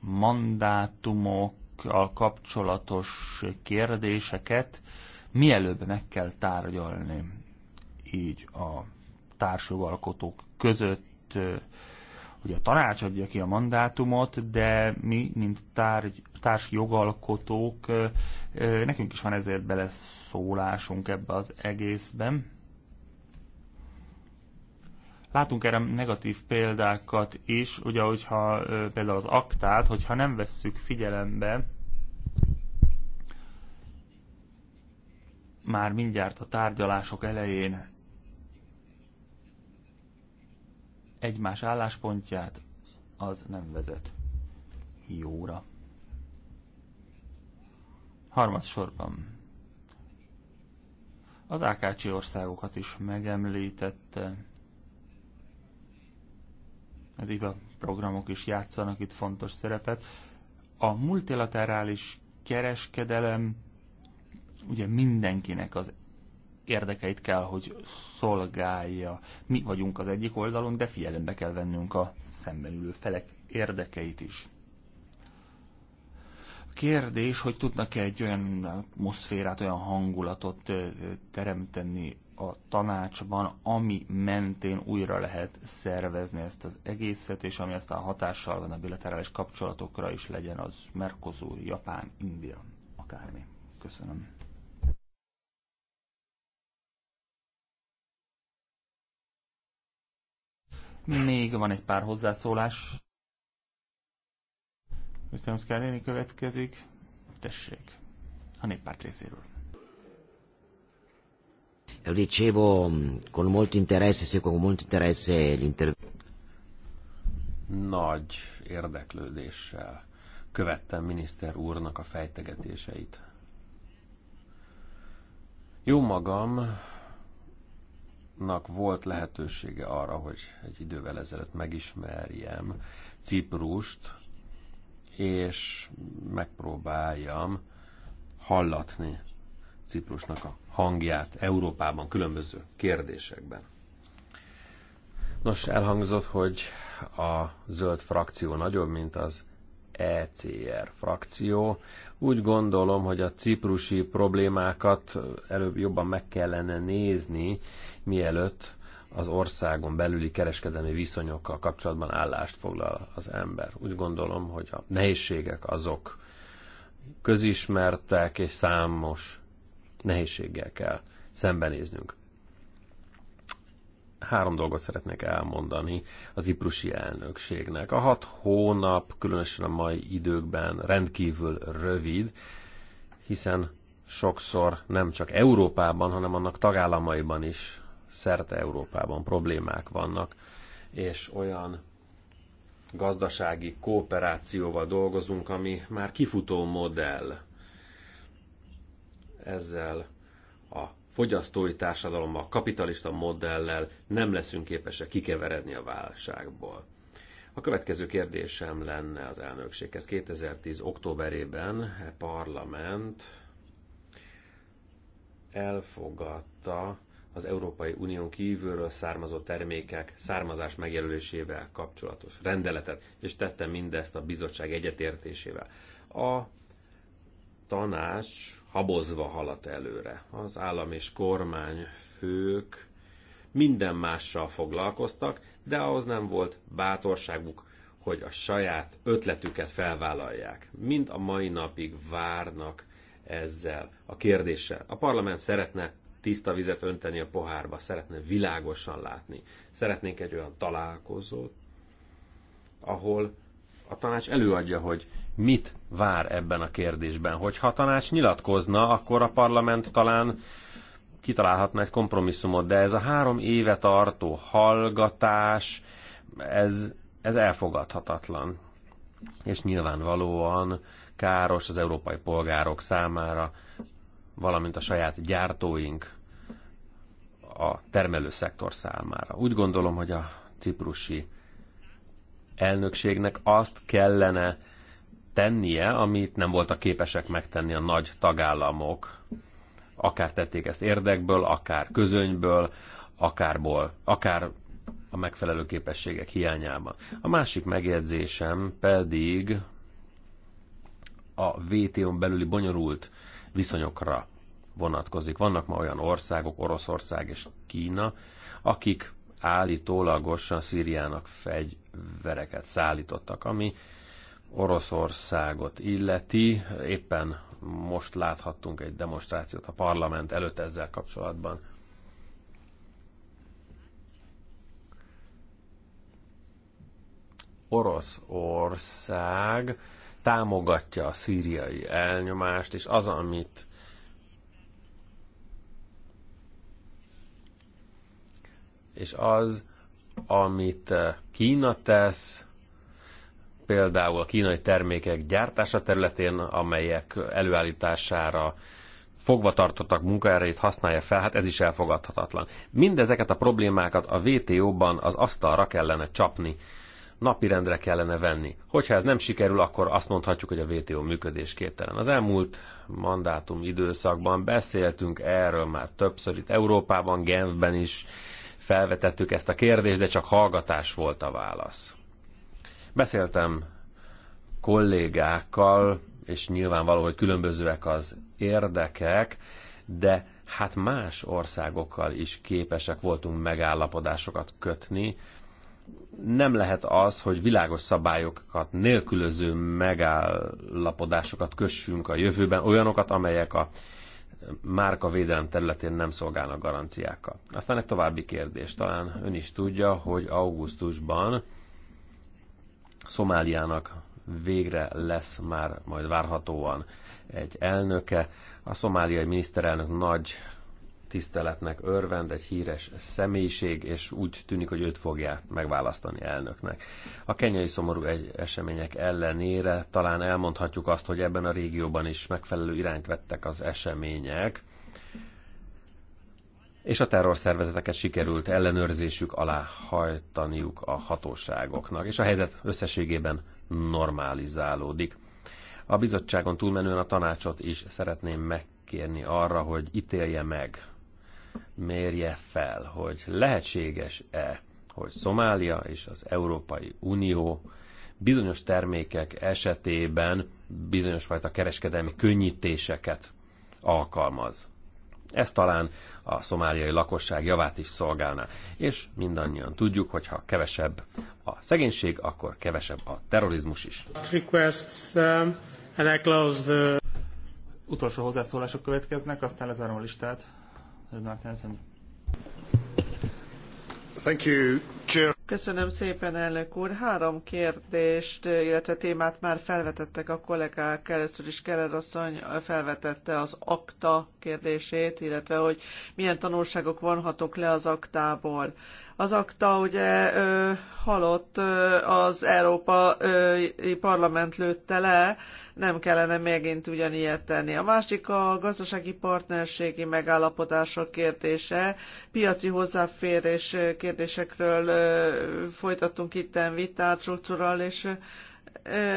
mandátumokkal kapcsolatos kérdéseket mielőbb meg kell tárgyalni így a társjogalkotók között, hogy a tanács adja ki a mandátumot, de mi, mint tárgy, társjogalkotók, nekünk is van ezért beleszólásunk ebbe az egészben. Látunk erre negatív példákat is, ugye, hogyha például az aktát, hogyha nem vesszük figyelembe, már mindjárt a tárgyalások elején egymás álláspontját, az nem vezet jóra. Harmadsorban az Ákácsi országokat is megemlítette az IVA programok is játszanak itt fontos szerepet. A multilaterális kereskedelem ugye mindenkinek az érdekeit kell, hogy szolgálja. Mi vagyunk az egyik oldalon, de figyelembe kell vennünk a szemben ülő felek érdekeit is. A kérdés, hogy tudnak-e egy olyan atmoszférát, olyan hangulatot teremteni, a tanácsban, ami mentén újra lehet szervezni ezt az egészet, és ami aztán hatással van a bilaterális kapcsolatokra is legyen az Mercosur, Japán, India, akármi. Köszönöm. Még van egy pár hozzászólás. Mr. Szkáléni következik. Tessék, a néppárt részéről. Ricevo con molto interesse, seguo con molto interesse l'intervento. Nagy érdeklődéssel követtem miniszter úrnak a fejtegetéseit. Jó magamnak volt lehetősége arra, hogy egy idővel ezelőtt megismerjem Ciprust, és megpróbáljam hallatni Ciprusnak a hangját Európában különböző kérdésekben. Nos, elhangzott, hogy a zöld frakció nagyobb, mint az ECR frakció. Úgy gondolom, hogy a ciprusi problémákat előbb jobban meg kellene nézni, mielőtt az országon belüli kereskedelmi viszonyokkal kapcsolatban állást foglal az ember. Úgy gondolom, hogy a nehézségek azok közismertek, és számos nehézséggel kell szembenéznünk. Három dolgot szeretnék elmondani az iprusi elnökségnek. A hat hónap, különösen a mai időkben rendkívül rövid, hiszen sokszor nem csak Európában, hanem annak tagállamaiban is, szerte Európában problémák vannak, és olyan gazdasági kooperációval dolgozunk, ami már kifutó modell ezzel a fogyasztói társadalommal, kapitalista modellel nem leszünk képesek kikeveredni a válságból. A következő kérdésem lenne az elnökséghez. 2010. októberében a parlament elfogadta az Európai Unión kívülről származó termékek származás megjelölésével kapcsolatos rendeletet, és tette mindezt a bizottság egyetértésével. A tanács habozva haladt előre. Az állam és kormány, fők, minden mással foglalkoztak, de ahhoz nem volt bátorságuk, hogy a saját ötletüket felvállalják. Mind a mai napig várnak ezzel a kérdéssel. A parlament szeretne tiszta vizet önteni a pohárba, szeretne világosan látni. Szeretnénk egy olyan találkozót, ahol a tanács előadja, hogy mit vár ebben a kérdésben. Hogyha a tanács nyilatkozna, akkor a parlament talán kitalálhatna egy kompromisszumot, de ez a három éve tartó hallgatás, ez, ez elfogadhatatlan. És nyilvánvalóan káros az európai polgárok számára, valamint a saját gyártóink a termelőszektor számára. Úgy gondolom, hogy a ciprusi elnökségnek azt kellene tennie, amit nem voltak képesek megtenni a nagy tagállamok. Akár tették ezt érdekből, akár közönyből, akárból, akár a megfelelő képességek hiányában. A másik megjegyzésem pedig a VTO-n belüli bonyolult viszonyokra vonatkozik. Vannak ma olyan országok, Oroszország és Kína, akik állítólagosan Szíriának fegyvereket szállítottak, ami Oroszországot illeti. Éppen most láthattunk egy demonstrációt a parlament előtt ezzel kapcsolatban. Oroszország támogatja a szíriai elnyomást, és az, amit és az, amit eh, Kína tesz, például a kínai termékek gyártása területén, amelyek előállítására fogva tartottak munkaerejét használja fel, hát ez is elfogadhatatlan. Mindezeket a problémákat a WTO-ban az asztalra kellene csapni, napirendre kellene venni. Hogyha ez nem sikerül, akkor azt mondhatjuk, hogy a WTO működésképtelen. Az elmúlt mandátum időszakban beszéltünk erről már többször itt Európában, Genfben is, felvetettük ezt a kérdést, de csak hallgatás volt a válasz. Beszéltem kollégákkal, és nyilvánvaló, hogy különbözőek az érdekek, de hát más országokkal is képesek voltunk megállapodásokat kötni. Nem lehet az, hogy világos szabályokat nélkülöző megállapodásokat kössünk a jövőben, olyanokat, amelyek a védelem területén nem szolgálnak garanciákkal. Aztán egy további kérdés, talán ön is tudja, hogy augusztusban Szomáliának végre lesz már majd várhatóan egy elnöke. A szomáliai miniszterelnök nagy tiszteletnek örvend, egy híres személyiség, és úgy tűnik, hogy őt fogja megválasztani elnöknek. A kenyai szomorú egy események ellenére talán elmondhatjuk azt, hogy ebben a régióban is megfelelő irányt vettek az események, és a terrorszervezeteket sikerült ellenőrzésük alá hajtaniuk a hatóságoknak, és a helyzet összességében normalizálódik. A bizottságon túlmenően a tanácsot is szeretném megkérni arra, hogy ítélje meg mérje fel, hogy lehetséges-e, hogy Szomália és az Európai Unió bizonyos termékek esetében bizonyos fajta kereskedelmi könnyítéseket alkalmaz. Ez talán a szomáliai lakosság javát is szolgálná. És mindannyian tudjuk, hogy ha kevesebb a szegénység, akkor kevesebb a terrorizmus is. Um, Utolsó hozzászólások következnek, aztán lezárom a listát. Köszönöm szépen, elnök úr. Három kérdést, illetve témát már felvetettek a kollégák. Először is Keller asszony felvetette az akta kérdését, illetve hogy milyen tanulságok vonhatok le az aktából. Az akta ugye halott, az Európai Parlament lőtte le, nem kellene megint ugyanilyet tenni. A másik a gazdasági partnerségi megállapodások kérdése, piaci hozzáférés kérdésekről folytattunk itten vitát sokszorral, és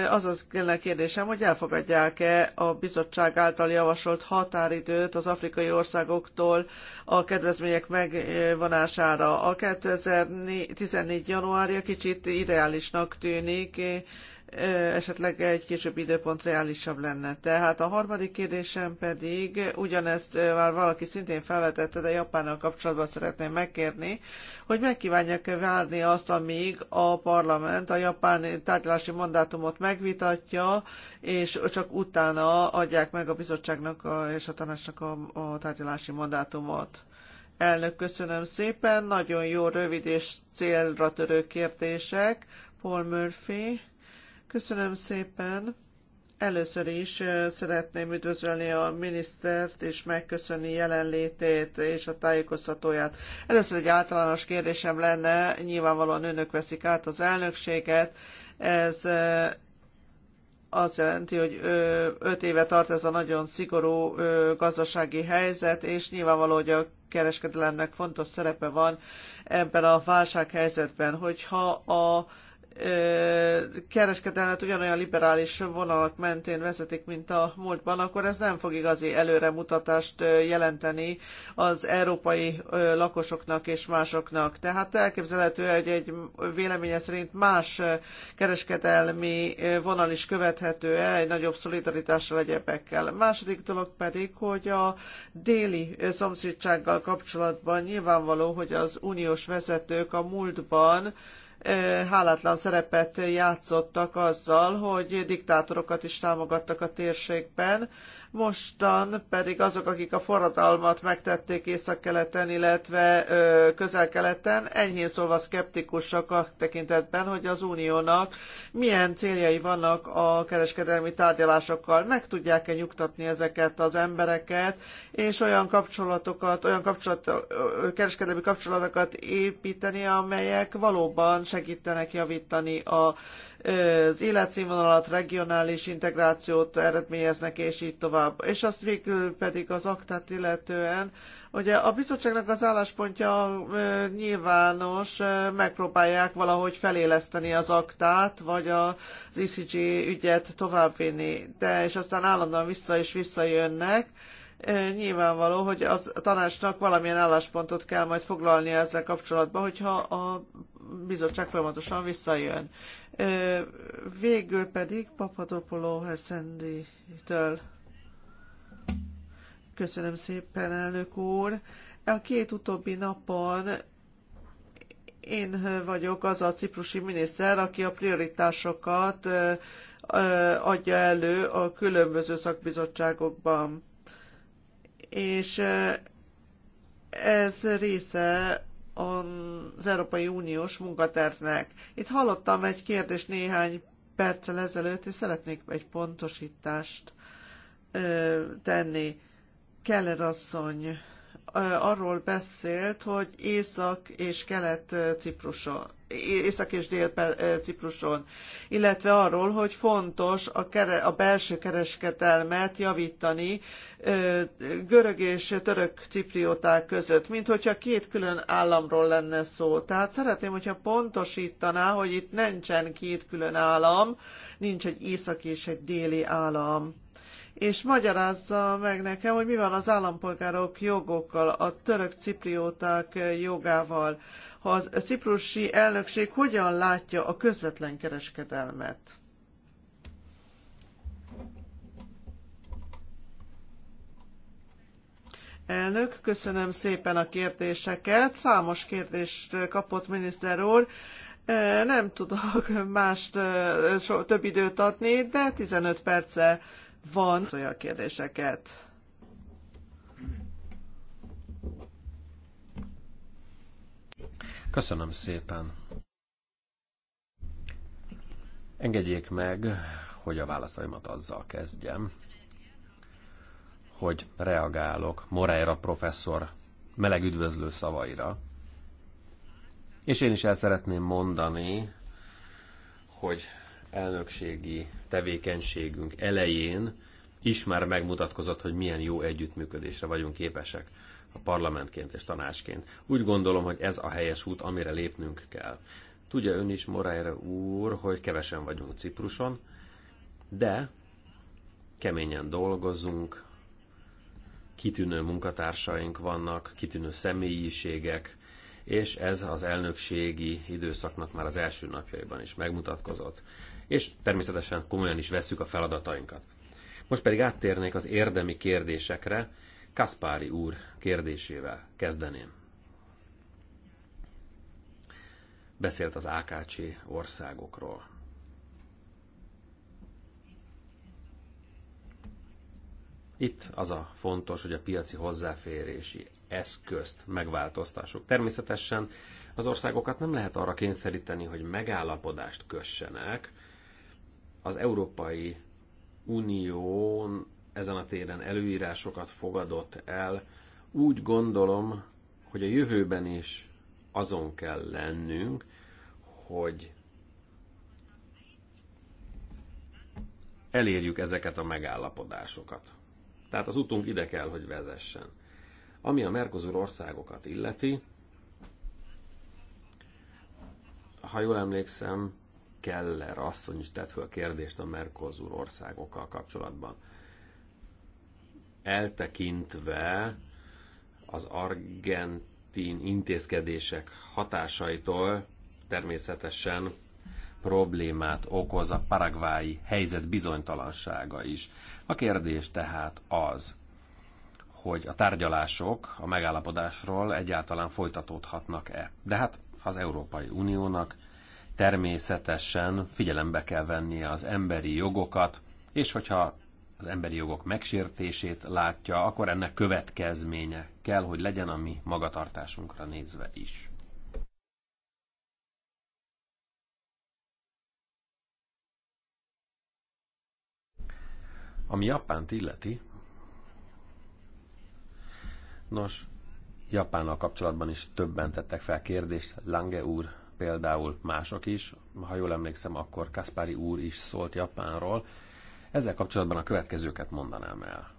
az az a kérdésem, hogy elfogadják-e a bizottság által javasolt határidőt az afrikai országoktól a kedvezmények megvonására. A 2014. januárja kicsit irreálisnak tűnik, esetleg egy később időpont reálisabb lenne. Tehát a harmadik kérdésem pedig, ugyanezt már valaki szintén felvetette, de Japánnal kapcsolatban szeretném megkérni, hogy megkívánják-e várni azt, amíg a parlament a japán tárgyalási mandátumot megvitatja, és csak utána adják meg a bizottságnak a, és a tanácsnak a, a tárgyalási mandátumot. Elnök, köszönöm szépen. Nagyon jó, rövid és célra törő kérdések. Paul Murphy. Köszönöm szépen. Először is szeretném üdvözölni a minisztert és megköszönni jelenlétét és a tájékoztatóját. Először egy általános kérdésem lenne, nyilvánvalóan önök veszik át az elnökséget, ez azt jelenti, hogy öt éve tart ez a nagyon szigorú gazdasági helyzet, és nyilvánvaló, hogy a kereskedelemnek fontos szerepe van ebben a válsághelyzetben, hogyha a kereskedelmet ugyanolyan liberális vonalak mentén vezetik, mint a múltban, akkor ez nem fog igazi előremutatást jelenteni az európai lakosoknak és másoknak. Tehát elképzelhető, hogy egy véleménye szerint más kereskedelmi vonal is követhető -e, egy nagyobb szolidaritással egyebekkel. Második dolog pedig, hogy a déli szomszédsággal kapcsolatban nyilvánvaló, hogy az uniós vezetők a múltban hálátlan szerepet játszottak azzal, hogy diktátorokat is támogattak a térségben, mostan pedig azok, akik a forradalmat megtették északkeleten, illetve közel-keleten, enyhén szólva szkeptikusak a tekintetben, hogy az uniónak milyen céljai vannak a kereskedelmi tárgyalásokkal, meg tudják-e nyugtatni ezeket az embereket, és olyan kapcsolatokat, olyan kapcsolat, kereskedelmi kapcsolatokat építeni, amelyek valóban segítenek javítani a az életszínvonalat, regionális integrációt eredményeznek, és így tovább. És azt végül pedig az aktát illetően, ugye a bizottságnak az álláspontja nyilvános, megpróbálják valahogy feléleszteni az aktát, vagy az ICG ügyet továbbvinni, de és aztán állandóan vissza és visszajönnek, nyilvánvaló, hogy az tanácsnak valamilyen álláspontot kell majd foglalnia ezzel kapcsolatban, hogyha a bizottság folyamatosan visszajön. Végül pedig Papadopoló Heszendi-től. Köszönöm szépen, elnök úr. A két utóbbi napon én vagyok az a ciprusi miniszter, aki a prioritásokat adja elő a különböző szakbizottságokban és ez része az Európai Uniós munkatervnek. Itt hallottam egy kérdést néhány perccel ezelőtt, és szeretnék egy pontosítást tenni. Keller asszony arról beszélt, hogy Észak és Kelet Ciprusa Észak- és Dél-Cipruson, illetve arról, hogy fontos a, kere, a belső kereskedelmet javítani görög és török ciprióták között, mint hogyha két külön államról lenne szó. Tehát szeretném, hogyha pontosítaná, hogy itt nincsen két külön állam, nincs egy észak és egy déli állam és magyarázza meg nekem, hogy mi van az állampolgárok jogokkal, a török ciprióták jogával a ciprusi elnökség hogyan látja a közvetlen kereskedelmet? Elnök, köszönöm szépen a kérdéseket. Számos kérdést kapott miniszter úr. E, nem tudok mást e, több időt adni, de 15 perce van olyan kérdéseket. Köszönöm szépen. Engedjék meg, hogy a válaszaimat azzal kezdjem, hogy reagálok Moreira professzor meleg üdvözlő szavaira. És én is el szeretném mondani, hogy elnökségi tevékenységünk elején is már megmutatkozott, hogy milyen jó együttműködésre vagyunk képesek a parlamentként és tanácsként. Úgy gondolom, hogy ez a helyes út, amire lépnünk kell. Tudja ön is, Morájra úr, hogy kevesen vagyunk Cipruson, de keményen dolgozunk, kitűnő munkatársaink vannak, kitűnő személyiségek, és ez az elnökségi időszaknak már az első napjaiban is megmutatkozott. És természetesen komolyan is vesszük a feladatainkat. Most pedig áttérnék az érdemi kérdésekre, Kaspári úr kérdésével kezdeném. Beszélt az AKC országokról. Itt az a fontos, hogy a piaci hozzáférési eszközt megváltoztassuk. Természetesen az országokat nem lehet arra kényszeríteni, hogy megállapodást kössenek. Az Európai Unión ezen a téren előírásokat fogadott el. Úgy gondolom, hogy a jövőben is azon kell lennünk, hogy elérjük ezeket a megállapodásokat. Tehát az utunk ide kell, hogy vezessen. Ami a Mercosur országokat illeti, ha jól emlékszem, Keller asszony is tett a kérdést a Mercosur országokkal kapcsolatban eltekintve az argentin intézkedések hatásaitól természetesen problémát okoz a paragvái helyzet bizonytalansága is. A kérdés tehát az, hogy a tárgyalások a megállapodásról egyáltalán folytatódhatnak-e. De hát az Európai Uniónak természetesen figyelembe kell vennie az emberi jogokat, és hogyha az emberi jogok megsértését látja, akkor ennek következménye kell, hogy legyen a mi magatartásunkra nézve is. Ami Japánt illeti, nos, Japánnal kapcsolatban is többen tettek fel kérdést, Lange úr például mások is, ha jól emlékszem, akkor Kaspari úr is szólt Japánról, ezzel kapcsolatban a következőket mondanám el.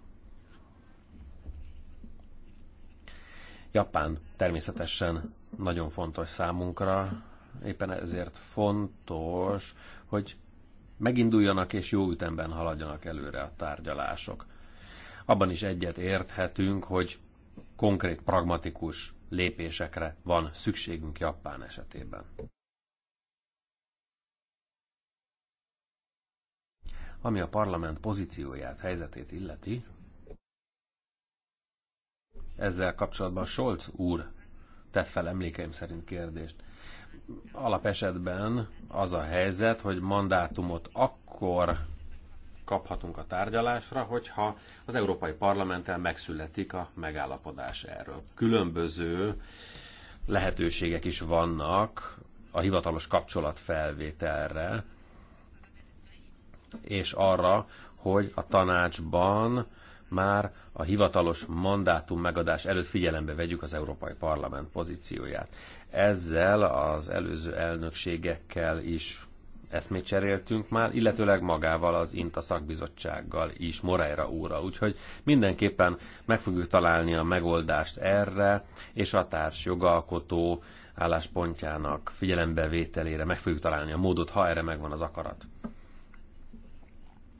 Japán természetesen nagyon fontos számunkra, éppen ezért fontos, hogy meginduljanak és jó ütemben haladjanak előre a tárgyalások. Abban is egyet érthetünk, hogy konkrét, pragmatikus lépésekre van szükségünk Japán esetében. Ami a parlament pozícióját, helyzetét illeti, ezzel kapcsolatban Scholz úr tett fel emlékeim szerint kérdést. esetben az a helyzet, hogy mandátumot akkor kaphatunk a tárgyalásra, hogyha az Európai Parlamenttel megszületik a megállapodás erről. Különböző lehetőségek is vannak a hivatalos kapcsolatfelvételre, és arra, hogy a tanácsban már a hivatalos mandátum megadás előtt figyelembe vegyük az Európai Parlament pozícióját. Ezzel az előző elnökségekkel is eszmét cseréltünk már, illetőleg magával az INTA szakbizottsággal is, Moreira úrral. Úgyhogy mindenképpen meg fogjuk találni a megoldást erre, és a társ jogalkotó álláspontjának figyelembevételére meg fogjuk találni a módot, ha erre megvan az akarat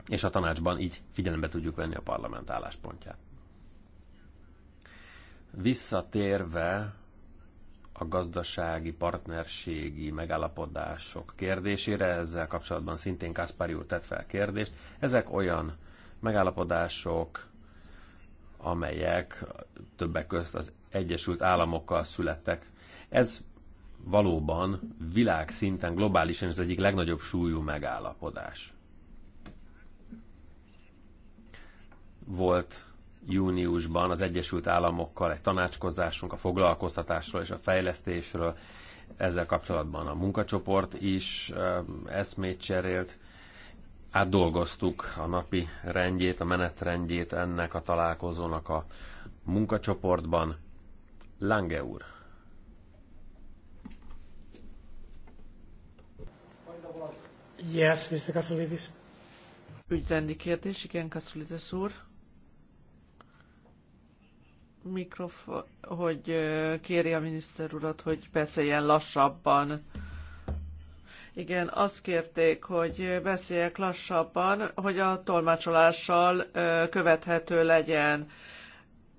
és a tanácsban így figyelembe tudjuk venni a parlament álláspontját. Visszatérve a gazdasági partnerségi megállapodások kérdésére, ezzel kapcsolatban szintén Kaspari úr tett fel kérdést. Ezek olyan megállapodások, amelyek többek közt az Egyesült Államokkal születtek. Ez valóban világszinten, globálisan az egyik legnagyobb súlyú megállapodás. Volt júniusban az Egyesült Államokkal egy tanácskozásunk a foglalkoztatásról és a fejlesztésről. Ezzel kapcsolatban a munkacsoport is eszmét cserélt. Átdolgoztuk a napi rendjét, a menetrendjét ennek a találkozónak a munkacsoportban. Lange úr. Yes, Mr. Kasulidis. Ügyrendi kérdés, igen, Kasulidis úr mikrofon, hogy kéri a miniszter urat, hogy beszéljen lassabban. Igen, azt kérték, hogy beszéljek lassabban, hogy a tolmácsolással követhető legyen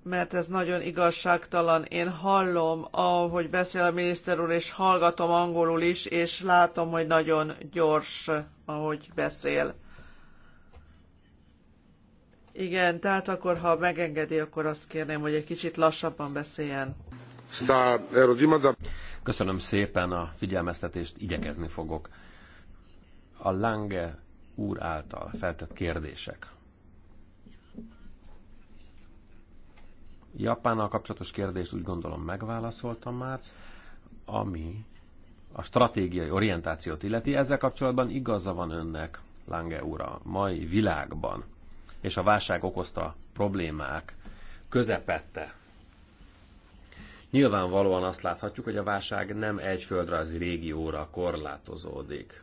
mert ez nagyon igazságtalan. Én hallom, ahogy beszél a miniszter úr, és hallgatom angolul is, és látom, hogy nagyon gyors, ahogy beszél. Igen, tehát akkor, ha megengedi, akkor azt kérném, hogy egy kicsit lassabban beszéljen. Köszönöm szépen a figyelmeztetést, igyekezni fogok. A Lange úr által feltett kérdések. Japánnal kapcsolatos kérdést úgy gondolom megválaszoltam már, ami a stratégiai orientációt illeti. Ezzel kapcsolatban igaza van önnek, Lange úr, a mai világban és a válság okozta problémák közepette. Nyilvánvalóan azt láthatjuk, hogy a válság nem egy földrajzi régióra korlátozódik.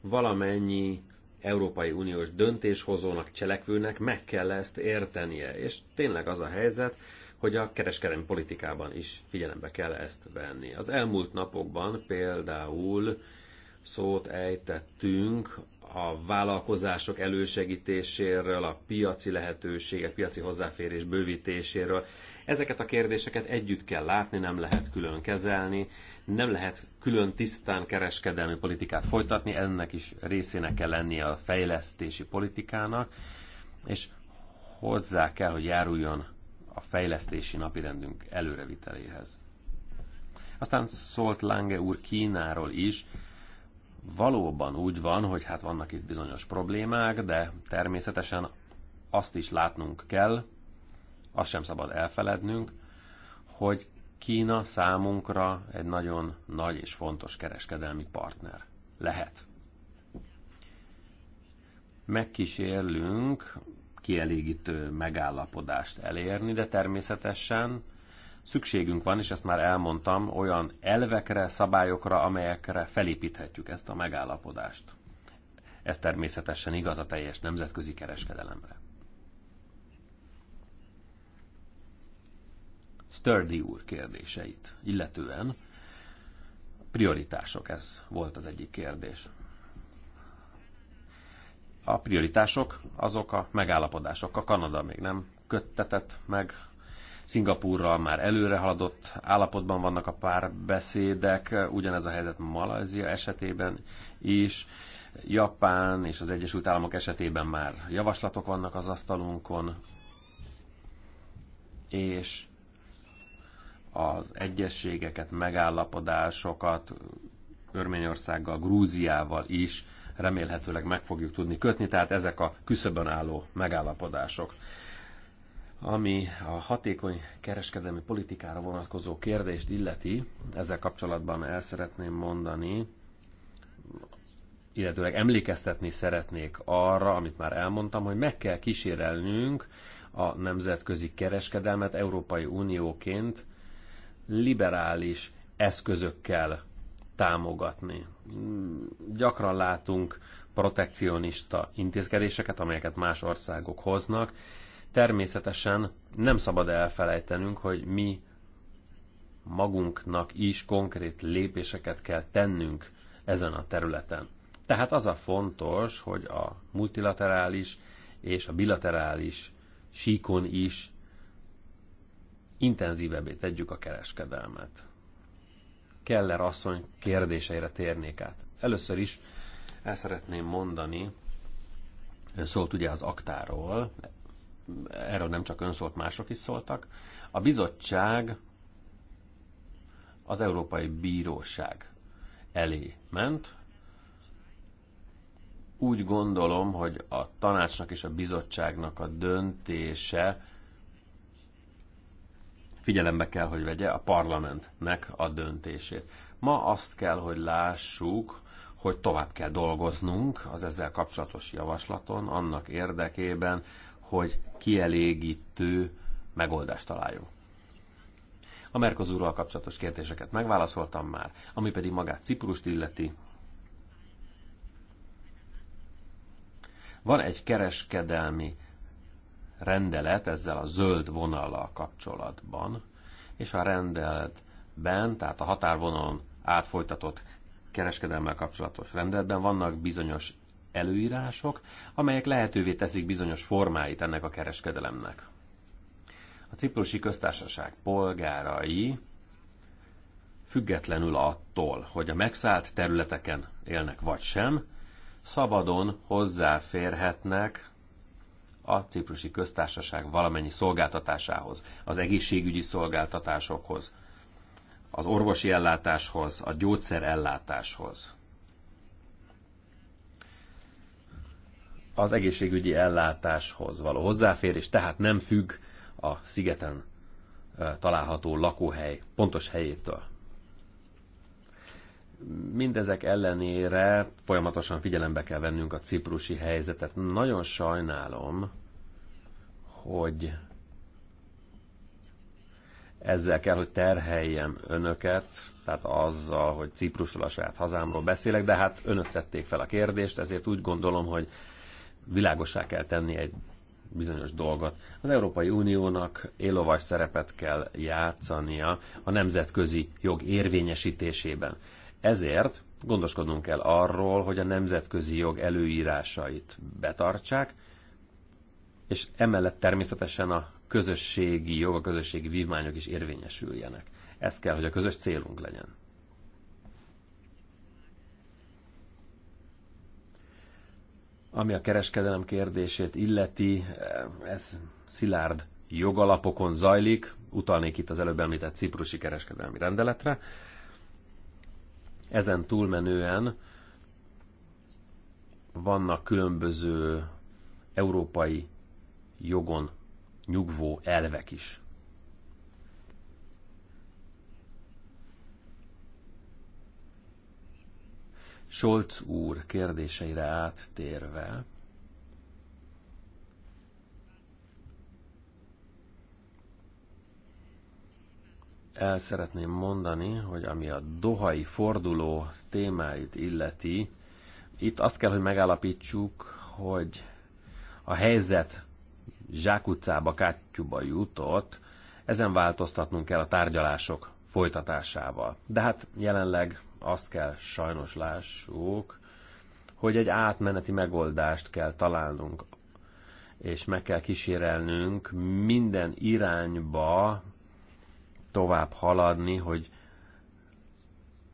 Valamennyi Európai Uniós döntéshozónak, cselekvőnek meg kell ezt értenie. És tényleg az a helyzet, hogy a kereskedelmi politikában is figyelembe kell ezt venni. Az elmúlt napokban például szót ejtettünk a vállalkozások elősegítéséről, a piaci lehetőségek, piaci hozzáférés bővítéséről. Ezeket a kérdéseket együtt kell látni, nem lehet külön kezelni, nem lehet külön tisztán kereskedelmi politikát folytatni, ennek is részének kell lennie a fejlesztési politikának, és hozzá kell, hogy járuljon a fejlesztési napirendünk előreviteléhez. Aztán szólt Lange úr Kínáról is, valóban úgy van, hogy hát vannak itt bizonyos problémák, de természetesen azt is látnunk kell, azt sem szabad elfelednünk, hogy Kína számunkra egy nagyon nagy és fontos kereskedelmi partner lehet. Megkísérlünk kielégítő megállapodást elérni, de természetesen Szükségünk van, és ezt már elmondtam, olyan elvekre, szabályokra, amelyekre felépíthetjük ezt a megállapodást. Ez természetesen igaz a teljes nemzetközi kereskedelemre. Sturdy úr kérdéseit illetően prioritások, ez volt az egyik kérdés. A prioritások azok a megállapodások. A Kanada még nem köttetett meg Szingapúrral már előre haladott állapotban vannak a párbeszédek, ugyanez a helyzet Malajzia esetében is. Japán és az Egyesült Államok esetében már javaslatok vannak az asztalunkon, és az egyességeket, megállapodásokat Örményországgal, Grúziával is remélhetőleg meg fogjuk tudni kötni, tehát ezek a küszöbön álló megállapodások. Ami a hatékony kereskedelmi politikára vonatkozó kérdést illeti, ezzel kapcsolatban el szeretném mondani, illetőleg emlékeztetni szeretnék arra, amit már elmondtam, hogy meg kell kísérelnünk a nemzetközi kereskedelmet Európai Unióként liberális eszközökkel támogatni. Gyakran látunk protekcionista intézkedéseket, amelyeket más országok hoznak, Természetesen nem szabad elfelejtenünk, hogy mi magunknak is konkrét lépéseket kell tennünk ezen a területen. Tehát az a fontos, hogy a multilaterális és a bilaterális síkon is intenzívebbé tegyük a kereskedelmet. Keller asszony kérdéseire térnék át. Először is el szeretném mondani, szólt ugye az aktáról, erről nem csak ön szólt, mások is szóltak. A bizottság az Európai Bíróság elé ment. Úgy gondolom, hogy a tanácsnak és a bizottságnak a döntése figyelembe kell, hogy vegye a parlamentnek a döntését. Ma azt kell, hogy lássuk, hogy tovább kell dolgoznunk az ezzel kapcsolatos javaslaton, annak érdekében, hogy kielégítő megoldást találjunk. A Merkozúrral kapcsolatos kérdéseket megválaszoltam már, ami pedig magát Ciprust illeti. Van egy kereskedelmi rendelet ezzel a zöld vonallal kapcsolatban, és a rendeletben, tehát a határvonalon átfolytatott kereskedelmmel kapcsolatos rendeletben vannak bizonyos előírások, amelyek lehetővé teszik bizonyos formáit ennek a kereskedelemnek. A ciprusi köztársaság polgárai függetlenül attól, hogy a megszállt területeken élnek vagy sem, szabadon hozzáférhetnek a ciprusi köztársaság valamennyi szolgáltatásához, az egészségügyi szolgáltatásokhoz, az orvosi ellátáshoz, a gyógyszerellátáshoz. az egészségügyi ellátáshoz való hozzáférés, tehát nem függ a szigeten található lakóhely pontos helyétől. Mindezek ellenére folyamatosan figyelembe kell vennünk a ciprusi helyzetet. Nagyon sajnálom, hogy ezzel kell, hogy terheljem önöket, tehát azzal, hogy Ciprusról a saját hazámról beszélek, de hát önök tették fel a kérdést, ezért úgy gondolom, hogy világosá kell tenni egy bizonyos dolgot. Az Európai Uniónak élovas szerepet kell játszania a nemzetközi jog érvényesítésében. Ezért gondoskodnunk kell arról, hogy a nemzetközi jog előírásait betartsák, és emellett természetesen a közösségi jog, a közösségi vívmányok is érvényesüljenek. Ez kell, hogy a közös célunk legyen. Ami a kereskedelem kérdését illeti, ez szilárd jogalapokon zajlik, utalnék itt az előbb említett ciprusi kereskedelmi rendeletre. Ezen túlmenően vannak különböző európai jogon nyugvó elvek is. Scholz úr kérdéseire áttérve, el szeretném mondani, hogy ami a dohai forduló témáit illeti, itt azt kell, hogy megállapítsuk, hogy a helyzet zsákutcába, kátyuba jutott, ezen változtatnunk kell a tárgyalások folytatásával. De hát jelenleg azt kell sajnos lássuk, hogy egy átmeneti megoldást kell találnunk, és meg kell kísérelnünk minden irányba tovább haladni, hogy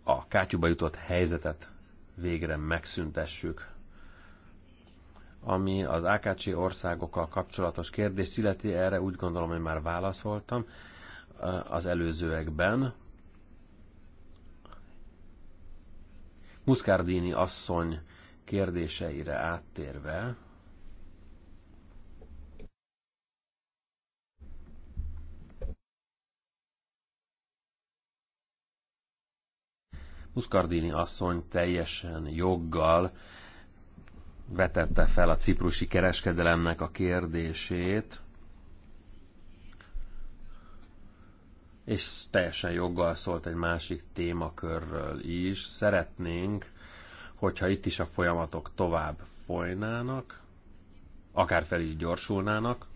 a kátyúba jutott helyzetet végre megszüntessük. Ami az AKC országokkal kapcsolatos kérdést illeti, erre úgy gondolom, hogy már válaszoltam az előzőekben. Muscardini asszony kérdéseire áttérve, Muscardini asszony teljesen joggal vetette fel a ciprusi kereskedelemnek a kérdését, és teljesen joggal szólt egy másik témakörről is. Szeretnénk, hogyha itt is a folyamatok tovább folynának, akár fel is gyorsulnának,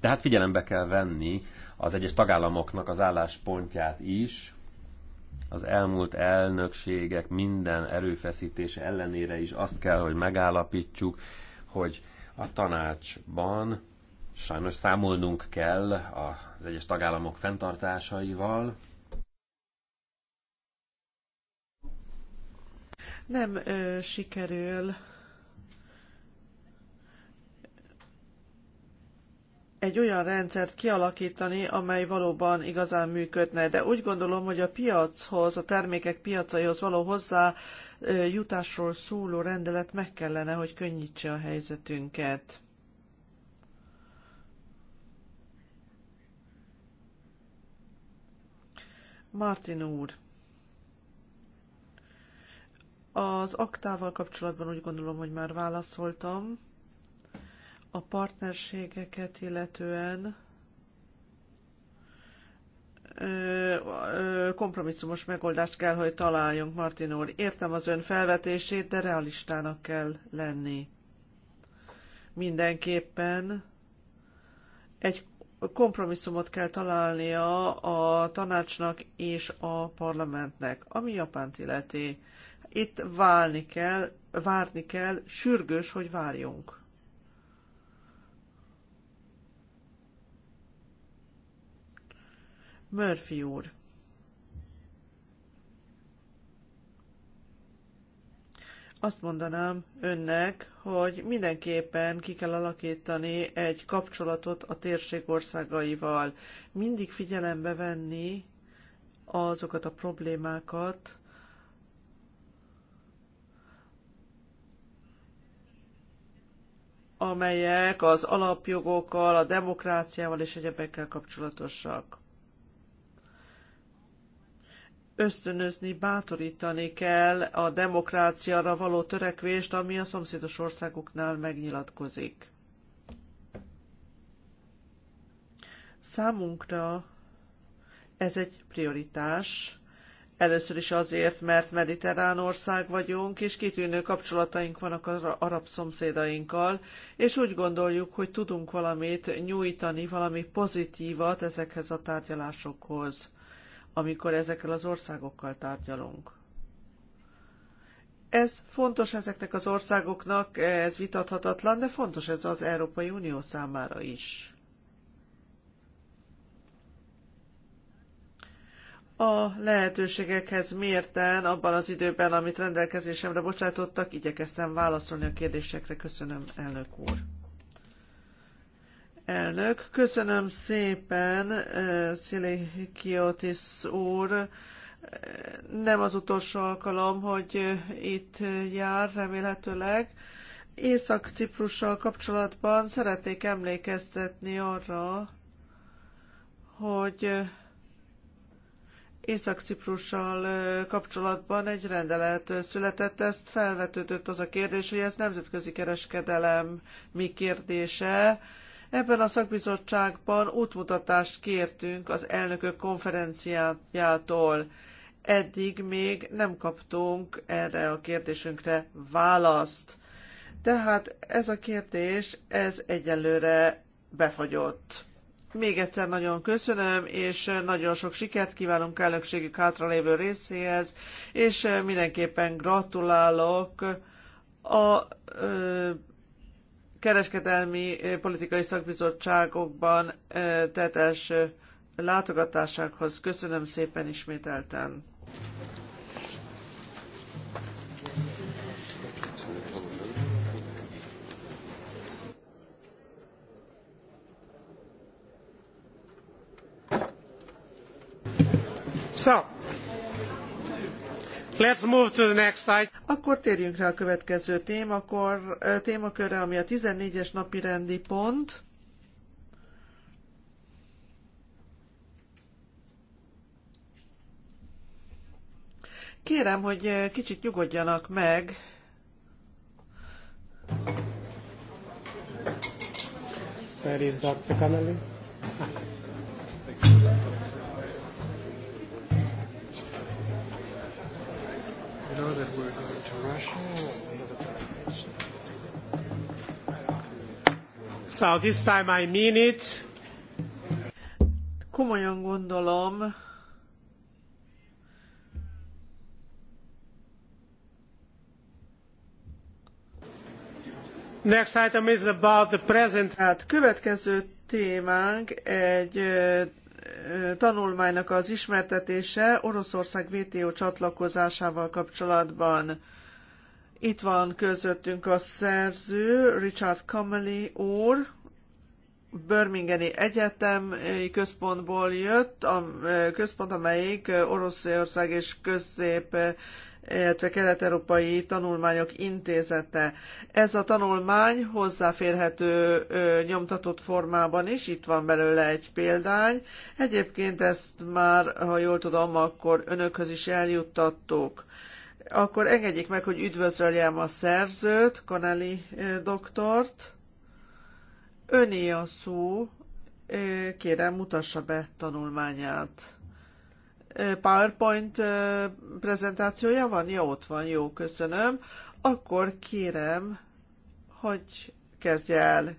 Tehát figyelembe kell venni az egyes tagállamoknak az álláspontját is, az elmúlt elnökségek minden erőfeszítése ellenére is azt kell, hogy megállapítsuk, hogy a tanácsban sajnos számolnunk kell az egyes tagállamok fenntartásaival, nem ö, sikerül egy olyan rendszert kialakítani, amely valóban igazán működne. De úgy gondolom, hogy a piachoz, a termékek piacaihoz való hozzá jutásról szóló rendelet meg kellene, hogy könnyítse a helyzetünket. Martin úr, az aktával kapcsolatban úgy gondolom, hogy már válaszoltam. A partnerségeket illetően kompromisszumos megoldást kell, hogy találjunk, Martin úr. Értem az ön felvetését, de realistának kell lenni. Mindenképpen egy kompromisszumot kell találnia a tanácsnak és a parlamentnek, ami Japánt illeti. Itt válni kell, várni kell, sürgős, hogy várjunk. Murphy úr. Azt mondanám önnek, hogy mindenképpen ki kell alakítani egy kapcsolatot a térség országaival. Mindig figyelembe venni azokat a problémákat, amelyek az alapjogokkal, a demokráciával és egyebekkel kapcsolatosak ösztönözni, bátorítani kell a demokráciára való törekvést, ami a szomszédos országoknál megnyilatkozik. Számunkra ez egy prioritás. Először is azért, mert mediterrán ország vagyunk, és kitűnő kapcsolataink vannak az arab szomszédainkkal, és úgy gondoljuk, hogy tudunk valamit nyújtani, valami pozitívat ezekhez a tárgyalásokhoz amikor ezekkel az országokkal tárgyalunk. Ez fontos ezeknek az országoknak, ez vitathatatlan, de fontos ez az Európai Unió számára is. A lehetőségekhez mérten, abban az időben, amit rendelkezésemre bocsátottak, igyekeztem válaszolni a kérdésekre. Köszönöm, elnök úr. Elnök, köszönöm szépen, eh, Szilikiotis úr. Eh, nem az utolsó alkalom, hogy eh, itt jár, remélhetőleg. Észak-Ciprussal kapcsolatban szeretnék emlékeztetni arra, hogy Észak-Ciprussal kapcsolatban egy rendelet született, ezt felvetődött az a kérdés, hogy ez nemzetközi kereskedelem mi kérdése, Ebben a szakbizottságban útmutatást kértünk az elnökök konferenciájától. Eddig még nem kaptunk erre a kérdésünkre választ. Tehát ez a kérdés, ez egyelőre befagyott. Még egyszer nagyon köszönöm, és nagyon sok sikert kívánunk elnökségük hátralévő részéhez, és mindenképpen gratulálok a ö, kereskedelmi politikai szakbizottságokban tett első látogatásákhoz. Köszönöm szépen ismételten. So, Let's move to the next slide. Akkor térjünk rá a következő témakor, témakörre, ami a 14-es napi rendi pont. Kérem, hogy kicsit nyugodjanak meg. Where is Dr. Connelly? You know that we're going to Russia and another delegation. So this time I mean it. Komolyan gondolom, Next item is about the present. Hát következő témánk egy tanulmánynak az ismertetése Oroszország WTO csatlakozásával kapcsolatban. Itt van közöttünk a szerző Richard Kameli úr, Birminghami Egyetem központból jött, a központ, amelyik Oroszország és Közép illetve Kelet-Európai Tanulmányok Intézete. Ez a tanulmány hozzáférhető nyomtatott formában is, itt van belőle egy példány. Egyébként ezt már, ha jól tudom, akkor önökhöz is eljuttattuk. Akkor engedjék meg, hogy üdvözöljem a szerzőt, Kaneli doktort. Öné a szó, kérem mutassa be tanulmányát. PowerPoint prezentációja van? Jó, ott van, jó, köszönöm. Akkor kérem, hogy kezdje el.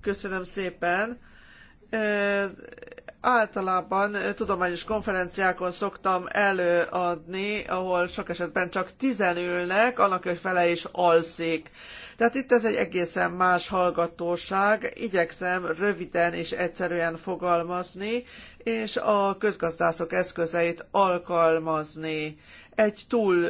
Köszönöm szépen általában tudományos konferenciákon szoktam előadni, ahol sok esetben csak tizen ülnek, annak egy fele is alszik. Tehát itt ez egy egészen más hallgatóság, igyekszem röviden és egyszerűen fogalmazni, és a közgazdászok eszközeit alkalmazni egy túl,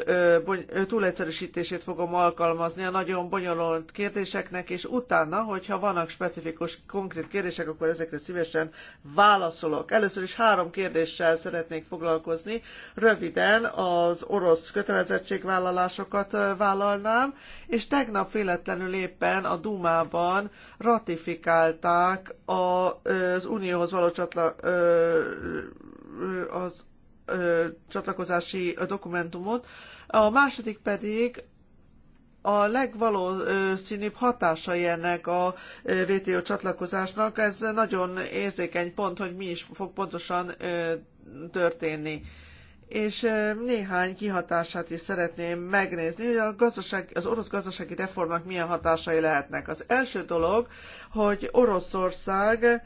túl egyszerűsítését fogom alkalmazni a nagyon bonyolult kérdéseknek, és utána, hogyha vannak specifikus, konkrét kérdések, akkor ezekre szívesen válaszolok. Először is három kérdéssel szeretnék foglalkozni. Röviden az orosz kötelezettségvállalásokat vállalnám, és tegnap véletlenül éppen a Dumában ratifikálták az Unióhoz való csatla, az csatlakozási dokumentumot, a második pedig a legvalószínűbb hatásai ennek a VTO csatlakozásnak, ez nagyon érzékeny pont, hogy mi is fog pontosan történni. És néhány kihatását is szeretném megnézni, hogy a gazdaság, az orosz gazdasági reformnak milyen hatásai lehetnek. Az első dolog, hogy Oroszország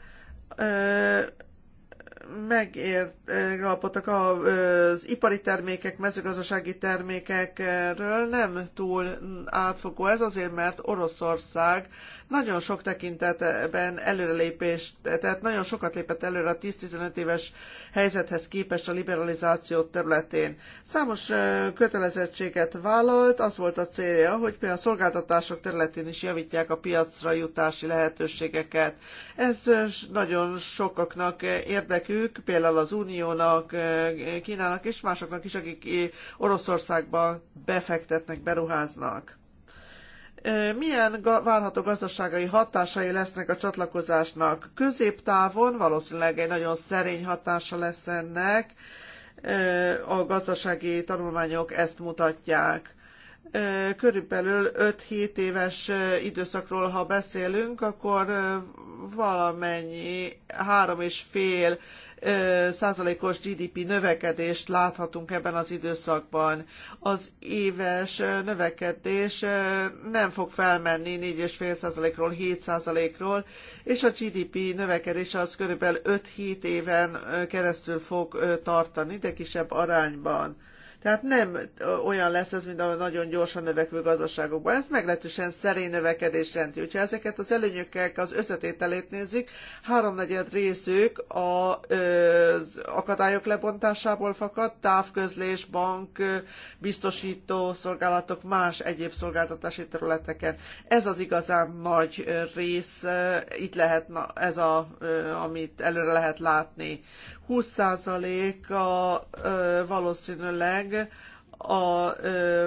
megállapodtak az ipari termékek, mezőgazdasági termékekről nem túl átfogó ez azért, mert Oroszország nagyon sok tekintetben előrelépést, tehát nagyon sokat lépett előre a 10-15 éves helyzethez képest a liberalizáció területén. Számos kötelezettséget vállalt, az volt a célja, hogy például a szolgáltatások területén is javítják a piacra jutási lehetőségeket. Ez nagyon sokaknak érdekük, például az Uniónak, Kínának és másoknak is, akik Oroszországban befektetnek, beruháznak milyen várható gazdaságai hatásai lesznek a csatlakozásnak? Középtávon valószínűleg egy nagyon szerény hatása lesz ennek, a gazdasági tanulmányok ezt mutatják. Körülbelül 5-7 éves időszakról, ha beszélünk, akkor valamennyi 3,5 százalékos GDP növekedést láthatunk ebben az időszakban. Az éves növekedés nem fog felmenni 4,5 százalékról 7 százalékról, és a GDP növekedés az körülbelül 5-7 éven keresztül fog tartani, de kisebb arányban tehát nem olyan lesz ez, mint a nagyon gyorsan növekvő gazdaságokban. Ez meglehetősen szerény növekedés jelenti. Úgyhogy ezeket az előnyökkel az összetételét nézzük, háromnegyed részük a, az akadályok lebontásából fakad, távközlés, bank, biztosító szolgálatok, más egyéb szolgáltatási területeken. Ez az igazán nagy rész, itt lehet ez, a, amit előre lehet látni. 20%-a valószínűleg a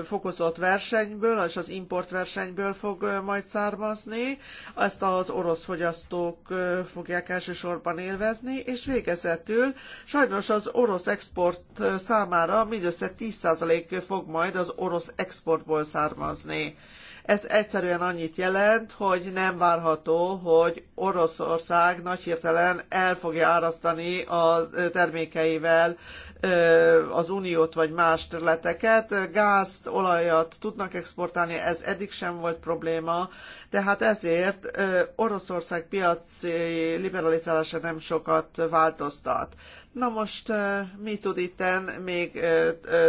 fokozott versenyből és az importversenyből fog majd származni. Ezt az orosz fogyasztók fogják elsősorban élvezni, és végezetül sajnos az orosz export számára mindössze 10% fog majd az orosz exportból származni. Ez egyszerűen annyit jelent, hogy nem várható, hogy Oroszország nagy hirtelen el fogja árasztani a termékeivel az uniót vagy más területeket. Gázt, olajat tudnak exportálni, ez eddig sem volt probléma, de hát ezért Oroszország piaci liberalizálása nem sokat változtat. Na most mi tud itten még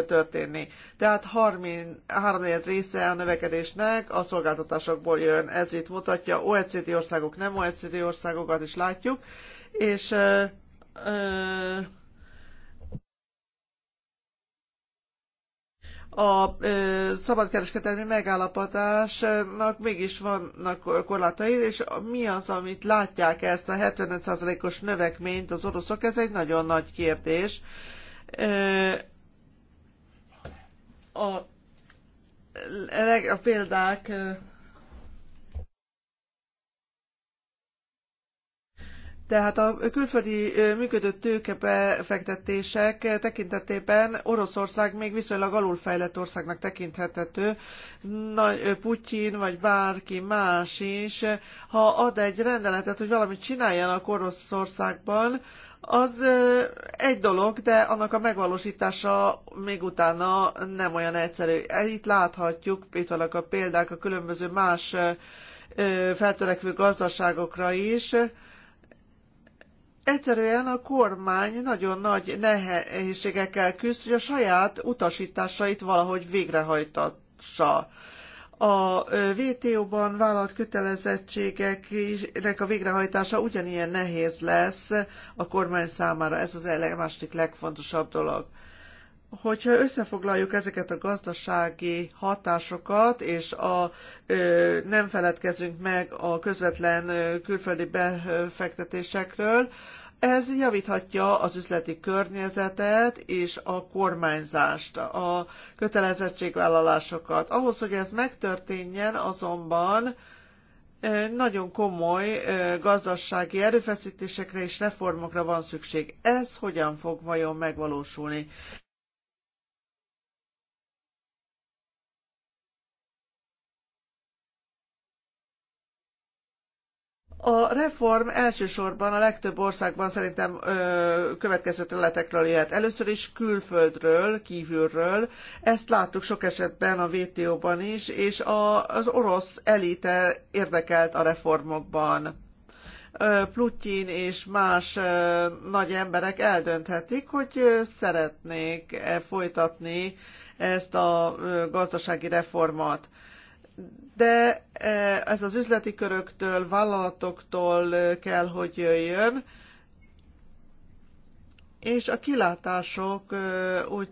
történni? Tehát 33 része a növekedésnek a szolgáltatásokból jön. Ez itt mutatja, OECD országok, nem OECD OECD országokat is látjuk, és uh, uh, a uh, szabadkereskedelmi megállapodásnak mégis vannak korlátai, és mi az, amit látják ezt a 75%-os növekményt az oroszok, ez egy nagyon nagy kérdés. Uh, a, a példák Tehát a külföldi működő tőkebefektetések tekintetében Oroszország még viszonylag alulfejlett országnak tekinthetető. Nagy, Putyin vagy bárki más is, ha ad egy rendeletet, hogy valamit csináljanak Oroszországban, az egy dolog, de annak a megvalósítása még utána nem olyan egyszerű. Itt láthatjuk, itt vannak a példák a különböző más feltörekvő gazdaságokra is, Egyszerűen a kormány nagyon nagy nehézségekkel küzd, hogy a saját utasításait valahogy végrehajtassa a WTO-ban vállalt kötelezettségeknek a végrehajtása ugyanilyen nehéz lesz a kormány számára. Ez az ele, második legfontosabb dolog. Hogyha összefoglaljuk ezeket a gazdasági hatásokat, és a, ö, nem feledkezünk meg a közvetlen ö, külföldi befektetésekről, ez javíthatja az üzleti környezetet és a kormányzást, a kötelezettségvállalásokat. Ahhoz, hogy ez megtörténjen, azonban nagyon komoly gazdasági erőfeszítésekre és reformokra van szükség. Ez hogyan fog vajon megvalósulni? A reform elsősorban a legtöbb országban szerintem ö, következő területekről jöhet. Először is külföldről, kívülről. Ezt láttuk sok esetben a WTO-ban is, és a, az orosz elite érdekelt a reformokban. Plutyin és más nagy emberek eldönthetik, hogy szeretnék folytatni ezt a gazdasági reformat de eh, ez az üzleti köröktől, vállalatoktól eh, kell, hogy jöjjön, és a kilátások eh, úgy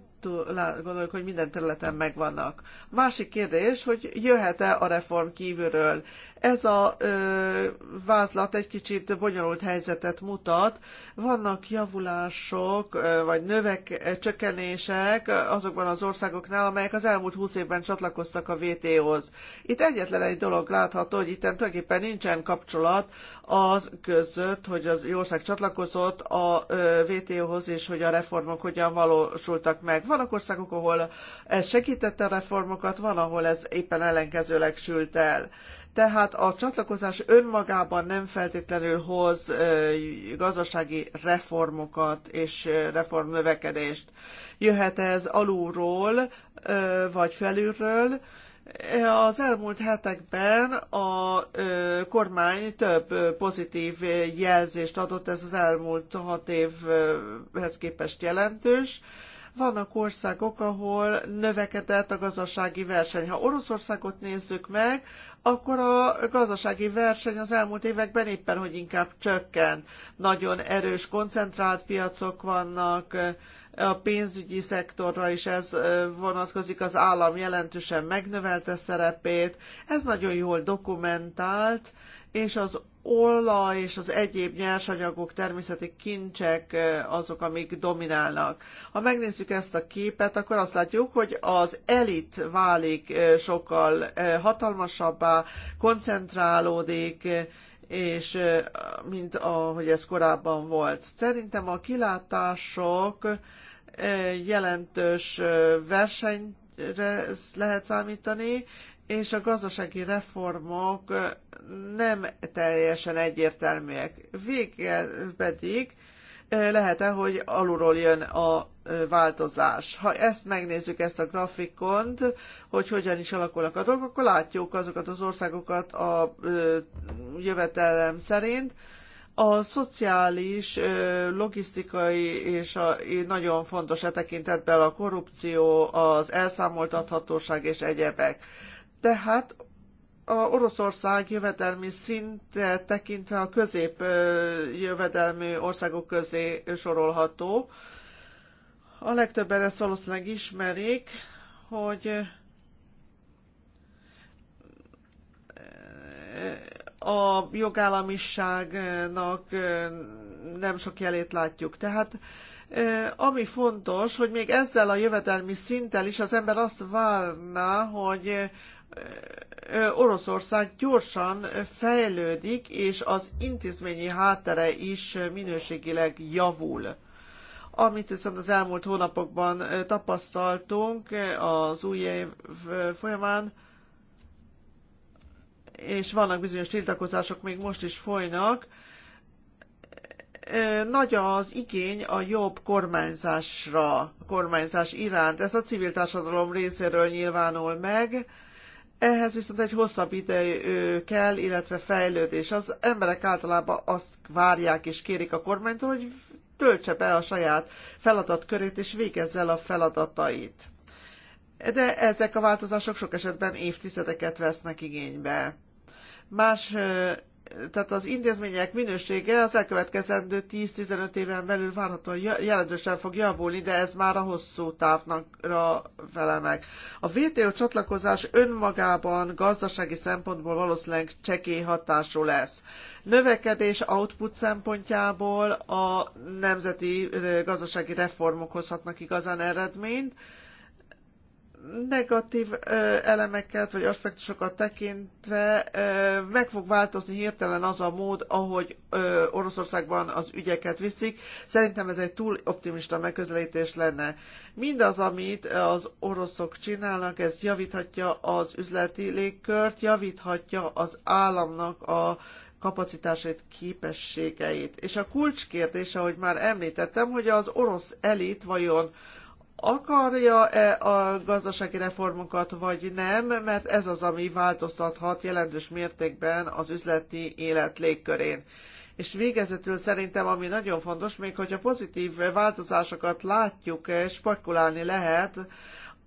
gondoljuk, hogy minden területen megvannak. Másik kérdés, hogy jöhet-e a reform kívülről. Ez a ö, vázlat egy kicsit bonyolult helyzetet mutat. Vannak javulások, ö, vagy növek, csökkenések azokban az országoknál, amelyek az elmúlt húsz évben csatlakoztak a vto hoz Itt egyetlen egy dolog látható, hogy itt tulajdonképpen nincsen kapcsolat az között, hogy az ország csatlakozott a vto hoz és hogy a reformok hogyan valósultak meg. Vannak országok, ahol ez segítette a reformokat, van, ahol ez éppen ellenkezőleg sült el tehát a csatlakozás önmagában nem feltétlenül hoz gazdasági reformokat és reformnövekedést. Jöhet ez alulról vagy felülről. Az elmúlt hetekben a kormány több pozitív jelzést adott, ez az elmúlt hat évhez képest jelentős vannak országok, ahol növekedett a gazdasági verseny. Ha Oroszországot nézzük meg, akkor a gazdasági verseny az elmúlt években éppen, hogy inkább csökken. Nagyon erős, koncentrált piacok vannak, a pénzügyi szektorra is ez vonatkozik, az állam jelentősen megnövelte szerepét, ez nagyon jól dokumentált, és az olaj és az egyéb nyersanyagok, természeti kincsek azok, amik dominálnak. Ha megnézzük ezt a képet, akkor azt látjuk, hogy az elit válik sokkal hatalmasabbá, koncentrálódik, és mint ahogy ez korábban volt. Szerintem a kilátások jelentős versenyre lehet számítani, és a gazdasági reformok nem teljesen egyértelműek. Végül pedig eh, lehet-e, hogy alulról jön a eh, változás. Ha ezt megnézzük, ezt a grafikont, hogy hogyan is alakulnak a dolgok, akkor látjuk azokat az országokat a eh, jövetelem szerint. A szociális, logisztikai és a, nagyon fontos e tekintetben a korrupció, az elszámoltathatóság és egyebek. Tehát a Oroszország jövedelmi szinte tekintve a közép jövedelmű országok közé sorolható. A legtöbben ezt valószínűleg ismerik, hogy a jogállamiságnak nem sok jelét látjuk. Tehát ami fontos, hogy még ezzel a jövedelmi szinttel is az ember azt várná, hogy Oroszország gyorsan fejlődik, és az intézményi háttere is minőségileg javul. Amit viszont az elmúlt hónapokban tapasztaltunk az új év folyamán, és vannak bizonyos tiltakozások, még most is folynak, nagy az igény a jobb kormányzásra, kormányzás iránt. Ez a civil társadalom részéről nyilvánul meg, ehhez viszont egy hosszabb idő kell, illetve fejlődés. Az emberek általában azt várják és kérik a kormánytól, hogy töltse be a saját feladatkörét és végezze el a feladatait. De ezek a változások sok esetben évtizedeket vesznek igénybe. Más tehát az intézmények minősége az elkövetkezendő 10-15 éven belül várhatóan jelentősen fog javulni, de ez már a hosszú távnakra felel meg. A VTO csatlakozás önmagában gazdasági szempontból valószínűleg csekély hatású lesz. Növekedés output szempontjából a nemzeti gazdasági reformok hozhatnak igazán eredményt, negatív elemeket vagy aspektusokat tekintve meg fog változni hirtelen az a mód, ahogy Oroszországban az ügyeket viszik. Szerintem ez egy túl optimista megközelítés lenne. Mindaz, amit az oroszok csinálnak, ez javíthatja az üzleti légkört, javíthatja az államnak a kapacitásait, képességeit. És a kulcskérdése, ahogy már említettem, hogy az orosz elit vajon akarja-e a gazdasági reformokat, vagy nem, mert ez az, ami változtathat jelentős mértékben az üzleti élet légkörén. És végezetül szerintem, ami nagyon fontos, még hogyha pozitív változásokat látjuk, spekulálni lehet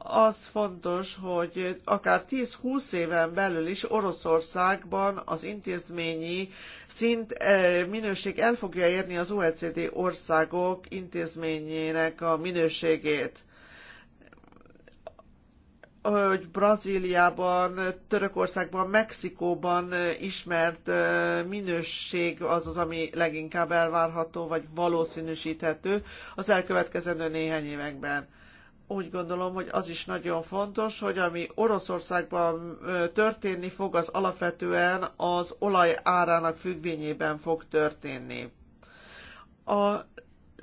az fontos, hogy akár 10-20 éven belül is Oroszországban az intézményi szint eh, minőség el fogja érni az OECD országok intézményének a minőségét hogy Brazíliában, Törökországban, Mexikóban eh, ismert eh, minőség az az, ami leginkább elvárható vagy valószínűsíthető az elkövetkezendő néhány években úgy gondolom, hogy az is nagyon fontos, hogy ami Oroszországban történni fog, az alapvetően az olaj árának függvényében fog történni. A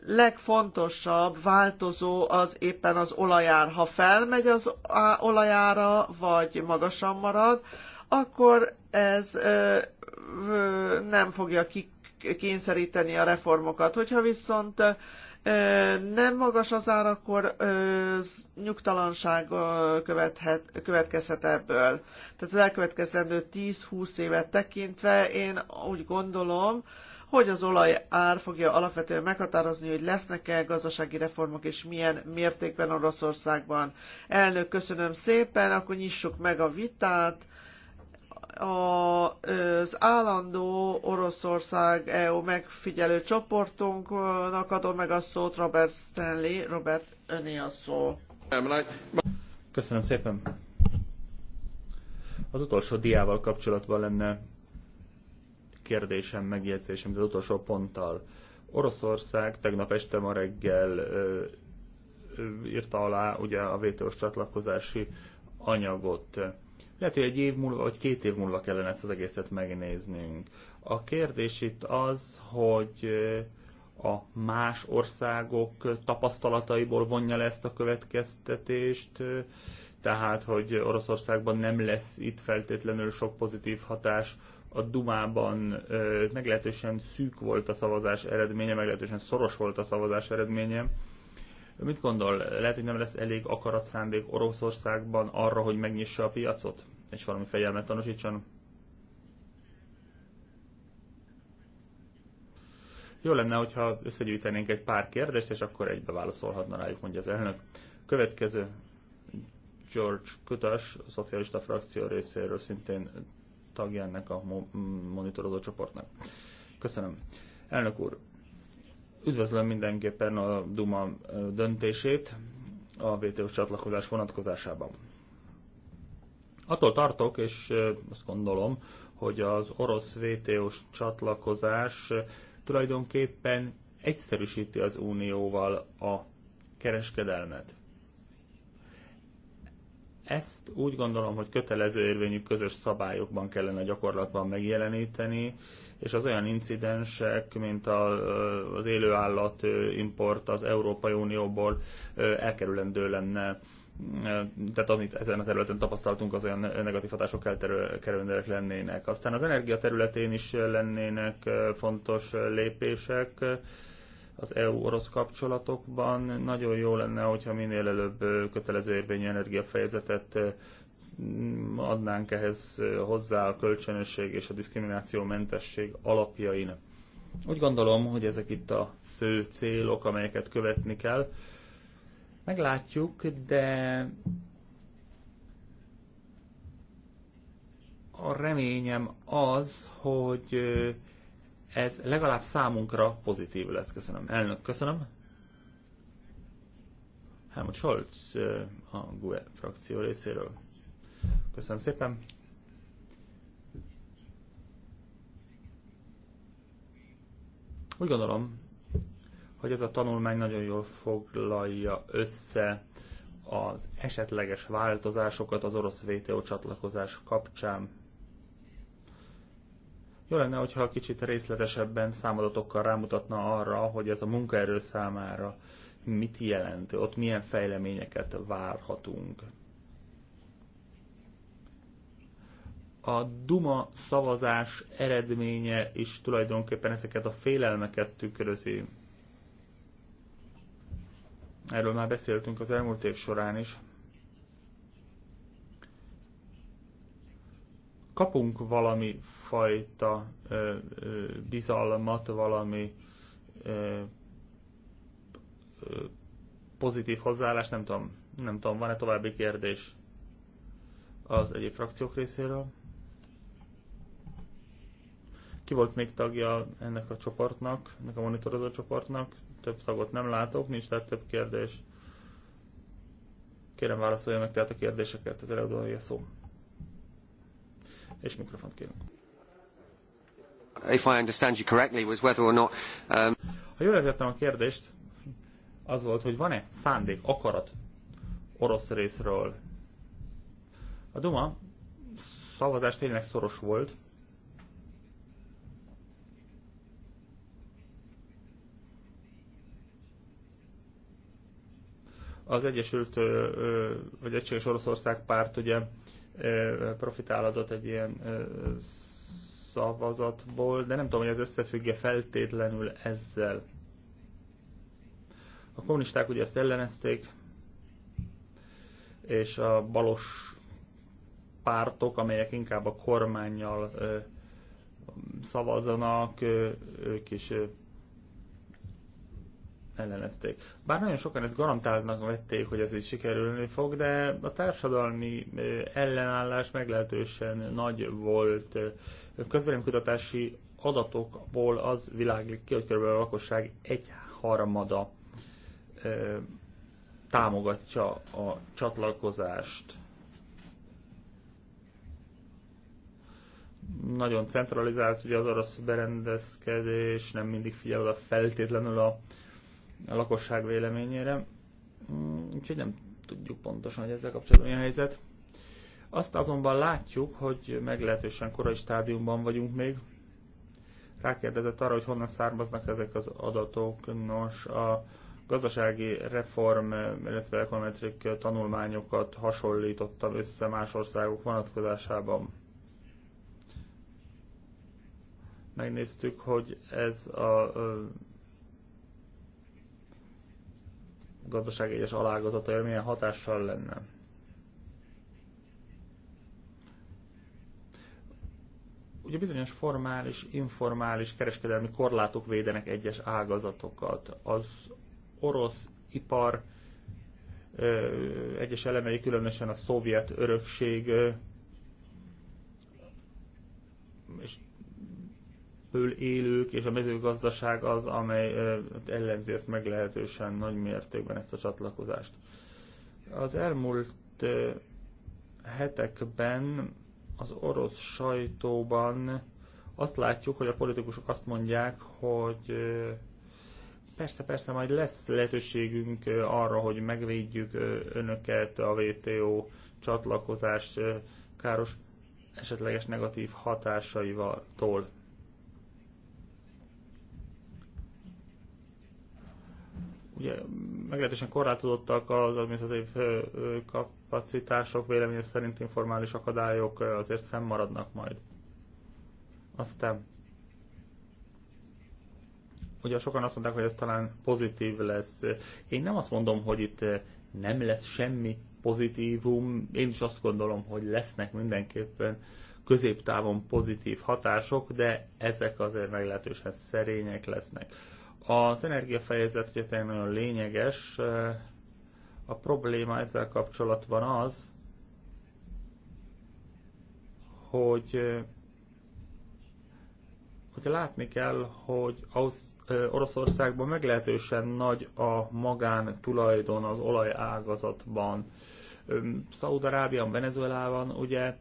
legfontosabb változó az éppen az olajár. Ha felmegy az olajára, vagy magasan marad, akkor ez nem fogja kikényszeríteni a reformokat. Hogyha viszont nem magas az ár, akkor nyugtalanság követhet, következhet ebből. Tehát az elkövetkezendő 10-20 évet tekintve én úgy gondolom, hogy az olaj ár fogja alapvetően meghatározni, hogy lesznek-e gazdasági reformok, és milyen mértékben Oroszországban. Elnök, köszönöm szépen, akkor nyissuk meg a vitát az állandó Oroszország EU megfigyelő csoportunknak adom meg a szót Robert Stanley. Robert, öné a szó. Köszönöm szépen. Az utolsó diával kapcsolatban lenne kérdésem, megjegyzésem, az utolsó ponttal. Oroszország tegnap este ma reggel ö, ö, írta alá ugye a WTO-s csatlakozási anyagot. Lehet, hogy egy év múlva, vagy két év múlva kellene ezt az egészet megnéznünk. A kérdés itt az, hogy eh, a más országok tapasztalataiból vonja le ezt a következtetést, eh, tehát, hogy Oroszországban nem lesz itt feltétlenül sok pozitív hatás, a Dumában eh, meglehetősen szűk volt a szavazás eredménye, meglehetősen szoros volt a szavazás eredménye, Mit gondol, lehet, hogy nem lesz elég akarat szándék Oroszországban arra, hogy megnyissa a piacot, és valami fegyelmet tanúsítson? Jó lenne, hogyha összegyűjtenénk egy pár kérdést, és akkor egybe válaszolhatna rájuk, mondja az elnök. Következő George Kötös, a szocialista frakció részéről szintén tagja ennek a monitorozó csoportnak. Köszönöm. Elnök úr, Üdvözlöm mindenképpen a Duma döntését a wto csatlakozás vonatkozásában. Attól tartok, és azt gondolom, hogy az orosz wto csatlakozás tulajdonképpen egyszerűsíti az unióval a kereskedelmet. Ezt úgy gondolom, hogy kötelező érvényű közös szabályokban kellene gyakorlatban megjeleníteni, és az olyan incidensek, mint a, az élőállat import az Európai Unióból elkerülendő lenne tehát amit ezen a területen tapasztaltunk, az olyan negatív hatások elkerülendőek lennének. Aztán az energia területén is lennének fontos lépések az EU-orosz kapcsolatokban. Nagyon jó lenne, hogyha minél előbb kötelező érvényű energiafejezetet adnánk ehhez hozzá a kölcsönösség és a diszkrimináció mentesség alapjain. Úgy gondolom, hogy ezek itt a fő célok, amelyeket követni kell. Meglátjuk, de a reményem az, hogy ez legalább számunkra pozitív lesz. Köszönöm. Elnök, köszönöm. Helmut Scholz a GUE frakció részéről. Köszönöm szépen. Úgy gondolom, hogy ez a tanulmány nagyon jól foglalja össze az esetleges változásokat az orosz VTO csatlakozás kapcsán. Jó lenne, hogyha kicsit részletesebben számadatokkal rámutatna arra, hogy ez a munkaerő számára mit jelent, ott milyen fejleményeket várhatunk. A Duma szavazás eredménye is tulajdonképpen ezeket a félelmeket tükrözi. Erről már beszéltünk az elmúlt év során is. kapunk valami fajta ö, ö, bizalmat, valami ö, ö, pozitív hozzáállás, nem tudom, nem tudom, van-e további kérdés az egyéb frakciók részéről? Ki volt még tagja ennek a csoportnak, ennek a monitorozó csoportnak? Több tagot nem látok, nincs lehet több kérdés. Kérem válaszolja meg tehát a kérdéseket, az előadója szó és mikrofont kérünk. If I understand you correctly, was whether or not, um... Ha jól értettem a kérdést, az volt, hogy van-e szándék, akarat orosz részről. A Duma szavazás tényleg szoros volt, az Egyesült vagy Egységes Oroszország párt ugye profitál adott egy ilyen szavazatból, de nem tudom, hogy ez összefügg-e feltétlenül ezzel. A kommunisták ugye ezt ellenezték, és a balos pártok, amelyek inkább a kormányjal szavazanak, ők is ellenezték. Bár nagyon sokan ezt garantálnak vették, hogy ez így sikerülni fog, de a társadalmi ellenállás meglehetősen nagy volt. Közvéleménykutatási adatokból az világlik ki, hogy körülbelül a lakosság egy harmada támogatja a csatlakozást. Nagyon centralizált ugye az orosz berendezkedés, nem mindig figyel oda feltétlenül a a lakosság véleményére. Mm, úgyhogy nem tudjuk pontosan, hogy ezzel kapcsolatban mi a helyzet. Azt azonban látjuk, hogy meglehetősen korai stádiumban vagyunk még. Rákérdezett arra, hogy honnan származnak ezek az adatok. Nos, a gazdasági reform, illetve ekonometrik tanulmányokat hasonlítottam össze más országok vonatkozásában. Megnéztük, hogy ez a gazdaság egyes alágazataira milyen hatással lenne. Ugye bizonyos formális, informális kereskedelmi korlátok védenek egyes ágazatokat. Az orosz ipar egyes elemei, különösen a szovjet örökség ebből élők, és a mezőgazdaság az, amely ellenzi ezt meglehetősen nagy mértékben ezt a csatlakozást. Az elmúlt hetekben az orosz sajtóban azt látjuk, hogy a politikusok azt mondják, hogy persze, persze, majd lesz lehetőségünk arra, hogy megvédjük önöket a WTO csatlakozás káros esetleges negatív hatásaival. Ugye meglehetősen korlátozottak az administratív kapacitások, vélemény szerint informális akadályok azért fennmaradnak majd. Aztán ugye sokan azt mondták, hogy ez talán pozitív lesz. Én nem azt mondom, hogy itt nem lesz semmi pozitívum, én is azt gondolom, hogy lesznek mindenképpen középtávon pozitív hatások, de ezek azért meglehetősen szerények lesznek. Az energiafejezet ugye tényleg nagyon lényeges. A probléma ezzel kapcsolatban az, hogy hogy látni kell, hogy az, Oroszországban meglehetősen nagy a magán tulajdon az olajágazatban. Szaúd-Arábiában, Venezuelában ugye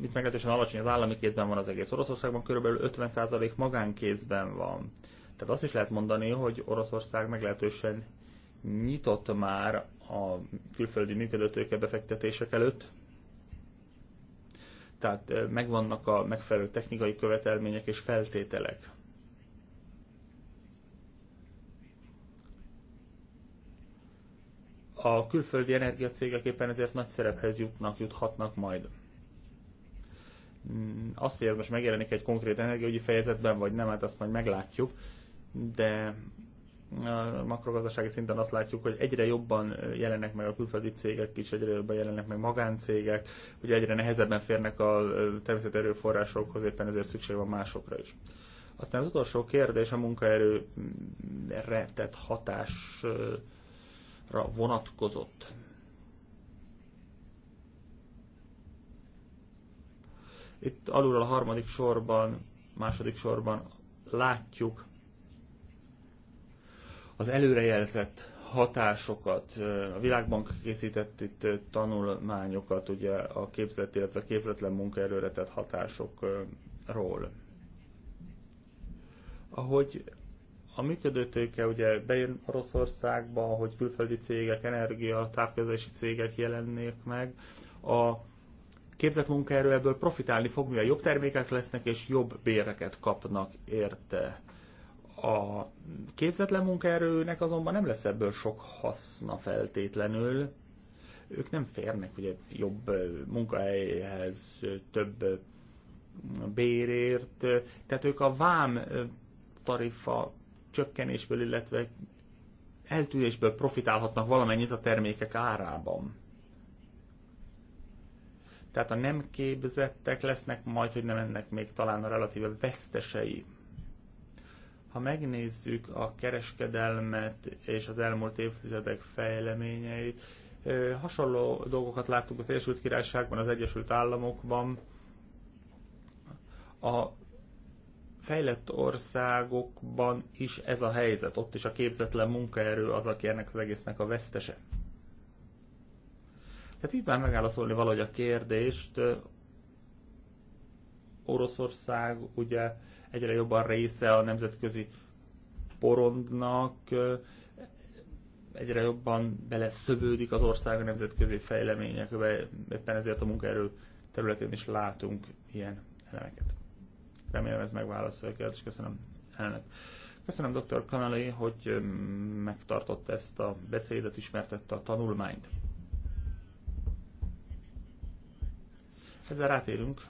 itt meglehetősen alacsony az állami kézben van az egész. Oroszországban körülbelül 50% magánkézben van. Tehát azt is lehet mondani, hogy Oroszország meglehetősen nyitott már a külföldi működőtőke befektetések előtt, tehát megvannak a megfelelő technikai követelmények és feltételek. A külföldi energiacégek éppen ezért nagy szerephez jutnak, juthatnak majd. Hm, azt, hogy ez most megjelenik egy konkrét energiaügyi fejezetben, vagy nem, hát azt majd meglátjuk de a makrogazdasági szinten azt látjuk, hogy egyre jobban jelennek meg a külföldi cégek is, egyre jobban jelennek meg magáncégek, hogy egyre nehezebben férnek a természet erőforrásokhoz, éppen ezért szükség van másokra is. Aztán az utolsó kérdés a munkaerőre tett hatásra vonatkozott. Itt alulról a harmadik sorban, második sorban látjuk az előrejelzett hatásokat, a Világbank készített itt tanulmányokat, ugye a képzett, illetve képzetlen munkaerőre tett hatásokról. Ahogy a működőtőke ugye bejön Oroszországba, hogy külföldi cégek, energia, távközlési cégek jelennék meg, a képzett munkaerő ebből profitálni fog, mivel jobb termékek lesznek és jobb béreket kapnak érte a képzetlen munkaerőnek azonban nem lesz ebből sok haszna feltétlenül. Ők nem férnek ugye jobb munkahelyhez, több bérért, tehát ők a vám tarifa csökkenésből, illetve eltűnésből profitálhatnak valamennyit a termékek árában. Tehát a nem képzettek lesznek majd, hogy nem ennek még talán a relatíve vesztesei ha megnézzük a kereskedelmet és az elmúlt évtizedek fejleményeit, hasonló dolgokat láttuk az Egyesült Királyságban, az Egyesült Államokban. A fejlett országokban is ez a helyzet, ott is a képzetlen munkaerő az, aki ennek az egésznek a vesztese. Tehát itt már megállaszolni valahogy a kérdést. Oroszország ugye egyre jobban része a nemzetközi porondnak, egyre jobban beleszövődik az ország a nemzetközi fejleményekbe, éppen ezért a munkaerő területén is látunk ilyen elemeket. Remélem ez megválaszolja a kérdést, köszönöm elnök. Köszönöm dr. Kanali, hogy megtartott ezt a beszédet, ismertette a tanulmányt. Ezzel rátérünk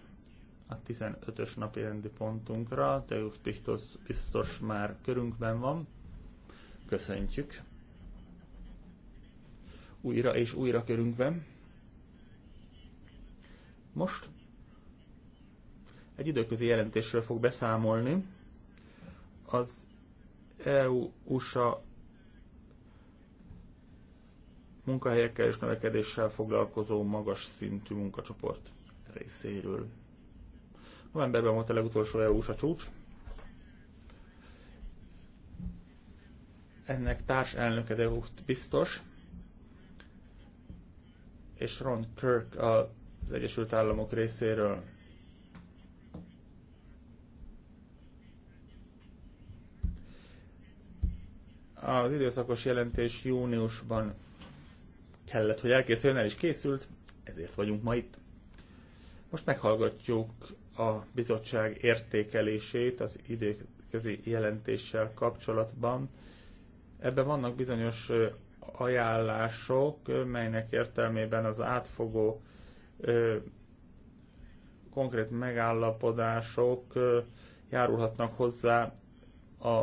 a 15-ös napi rendi pontunkra. Tejusz biztos, biztos már körünkben van. Köszöntjük. Újra és újra körünkben. Most egy időközi jelentésről fog beszámolni. Az EU-USA munkahelyekkel és növekedéssel foglalkozó magas szintű munkacsoport részéről. Novemberben volt a legutolsó EU-s a csúcs. Ennek elnöke de biztos, és Ron Kirk az Egyesült Államok részéről. Az időszakos jelentés júniusban kellett, hogy elkészüljön, el is készült, ezért vagyunk ma itt. Most meghallgatjuk a bizottság értékelését az időközi jelentéssel kapcsolatban. Ebben vannak bizonyos ajánlások, melynek értelmében az átfogó ö, konkrét megállapodások ö, járulhatnak hozzá a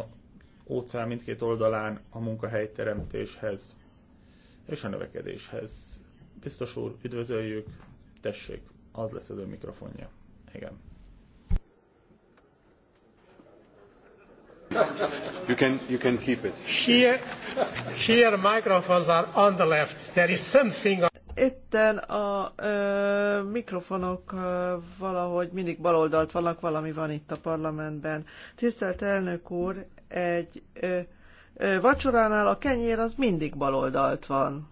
óceán mindkét oldalán a munkahelyteremtéshez és a növekedéshez. Biztos úr, üdvözöljük, tessék, az lesz az ön mikrofonja. Igen. You can, you can keep it. Here, here microphones are on the left. There is something on itten a ö, mikrofonok ö, valahogy mindig baloldalt vannak, valami van itt a parlamentben. Tisztelt elnök úr, egy ö, ö, vacsoránál a kenyér az mindig baloldalt van.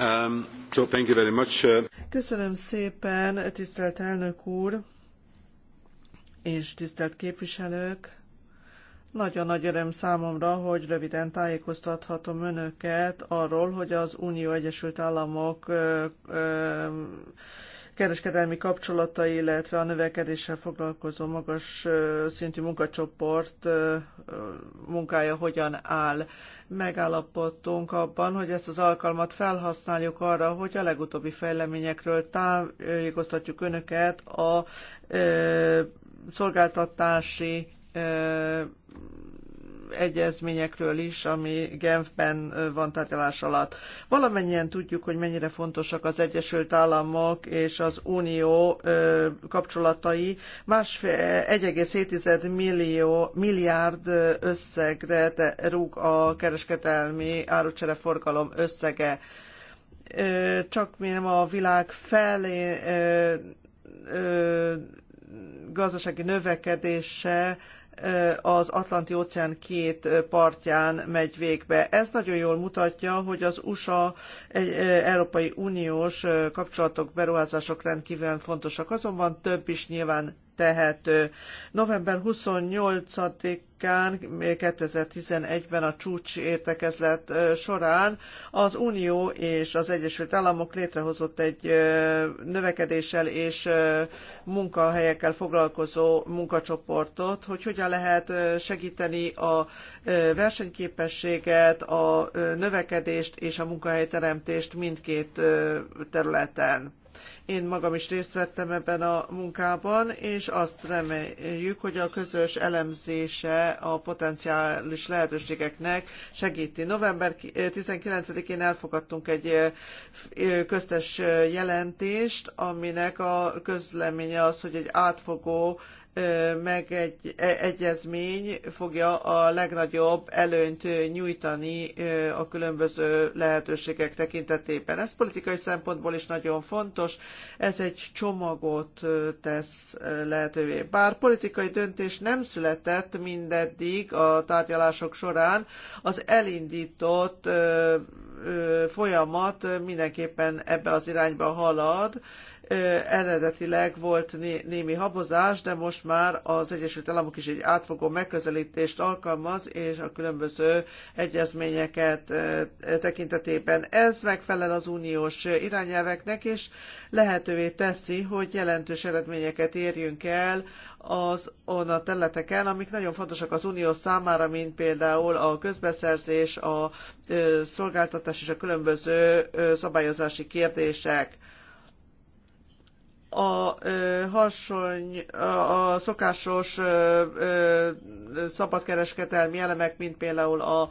Um, uh, Köszönöm szépen, tisztelt elnök úr és tisztelt képviselők! Nagyon nagy öröm számomra, hogy röviden tájékoztathatom önöket arról, hogy az Unió Egyesült Államok ö, ö, kereskedelmi kapcsolatai, illetve a növekedéssel foglalkozó magas szintű munkacsoport munkája hogyan áll. Megállapodtunk abban, hogy ezt az alkalmat felhasználjuk arra, hogy a legutóbbi fejleményekről tájékoztatjuk önöket a szolgáltatási egyezményekről is, ami Genfben van tárgyalás alatt. Valamennyien tudjuk, hogy mennyire fontosak az Egyesült Államok és az Unió kapcsolatai. Másfél 1,7 millió, milliárd összegre rúg a kereskedelmi árucsereforgalom összege. Csak mi nem a világ felé gazdasági növekedése az Atlanti-óceán két partján megy végbe. Ez nagyon jól mutatja, hogy az USA egy Európai Uniós kapcsolatok, beruházások rendkívül fontosak. Azonban több is nyilván tehető. November 28-án 2011-ben a csúcs értekezlet során az Unió és az Egyesült Államok létrehozott egy növekedéssel és munkahelyekkel foglalkozó munkacsoportot, hogy hogyan lehet segíteni a versenyképességet, a növekedést és a munkahelyteremtést mindkét területen. Én magam is részt vettem ebben a munkában, és azt reméljük, hogy a közös elemzése a potenciális lehetőségeknek segíti. November 19-én eh, elfogadtunk egy eh, eh, köztes jelentést, aminek a közleménye az, hogy egy átfogó meg egy e, egyezmény fogja a legnagyobb előnyt nyújtani a különböző lehetőségek tekintetében. Ez politikai szempontból is nagyon fontos, ez egy csomagot tesz lehetővé. Bár politikai döntés nem született mindeddig a tárgyalások során, az elindított folyamat mindenképpen ebbe az irányba halad, Eredetileg volt némi habozás, de most már az Egyesült Államok is egy átfogó megközelítést alkalmaz, és a különböző egyezményeket tekintetében ez megfelel az uniós irányelveknek, és lehetővé teszi, hogy jelentős eredményeket érjünk el az on a területeken, amik nagyon fontosak az unió számára, mint például a közbeszerzés, a szolgáltatás és a különböző szabályozási kérdések a hasony, a szokásos szabadkereskedelmi elemek, mint például a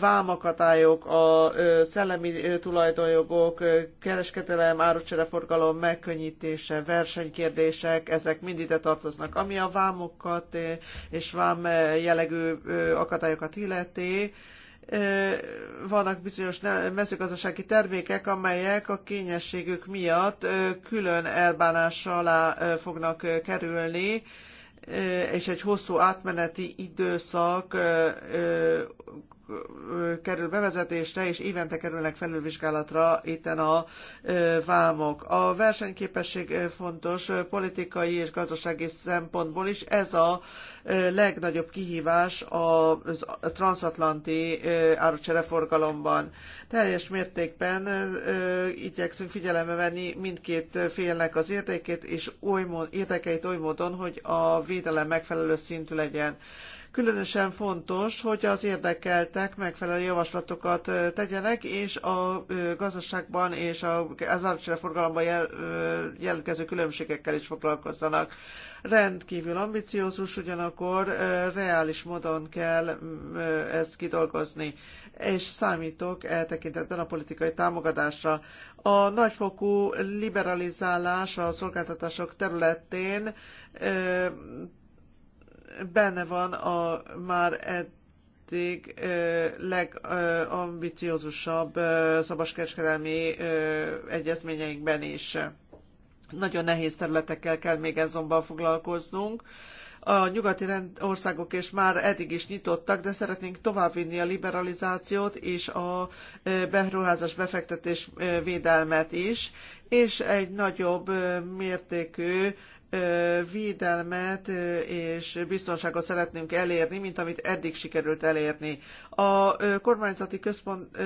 vámakatályok, a szellemi tulajdonjogok, kereskedelem, árucsereforgalom megkönnyítése, versenykérdések, ezek mind ide tartoznak. Ami a vámokat és vám jellegű akadályokat illeti, vannak bizonyos mezőgazdasági termékek, amelyek a kényességük miatt külön elbánás alá fognak kerülni, és egy hosszú átmeneti időszak kerül bevezetésre, és évente kerülnek felülvizsgálatra itten a vámok. A versenyképesség fontos politikai és gazdasági szempontból is. Ez a legnagyobb kihívás a transatlanti árucsereforgalomban. Teljes mértékben igyekszünk figyelembe venni mindkét félnek az értékét és oly, értékeit oly módon, hogy a védelem megfelelő szintű legyen. Különösen fontos, hogy az érdekeltek megfelelő javaslatokat tegyenek, és a gazdaságban és az forgalomban jelentkező különbségekkel is foglalkozzanak. Rendkívül ambiciózus, ugyanakkor reális módon kell ezt kidolgozni, és számítok e tekintetben a politikai támogatásra. A nagyfokú liberalizálás a szolgáltatások területén benne van a már eddig legambiciózusabb szabaskereskedelmi egyezményeinkben is. Nagyon nehéz területekkel kell még ezonban foglalkoznunk a nyugati rend, országok és már eddig is nyitottak, de szeretnénk továbbvinni a liberalizációt és a beruházás befektetés védelmet is, és egy nagyobb mértékű védelmet és biztonságot szeretnénk elérni, mint amit eddig sikerült elérni. A kormányzati központ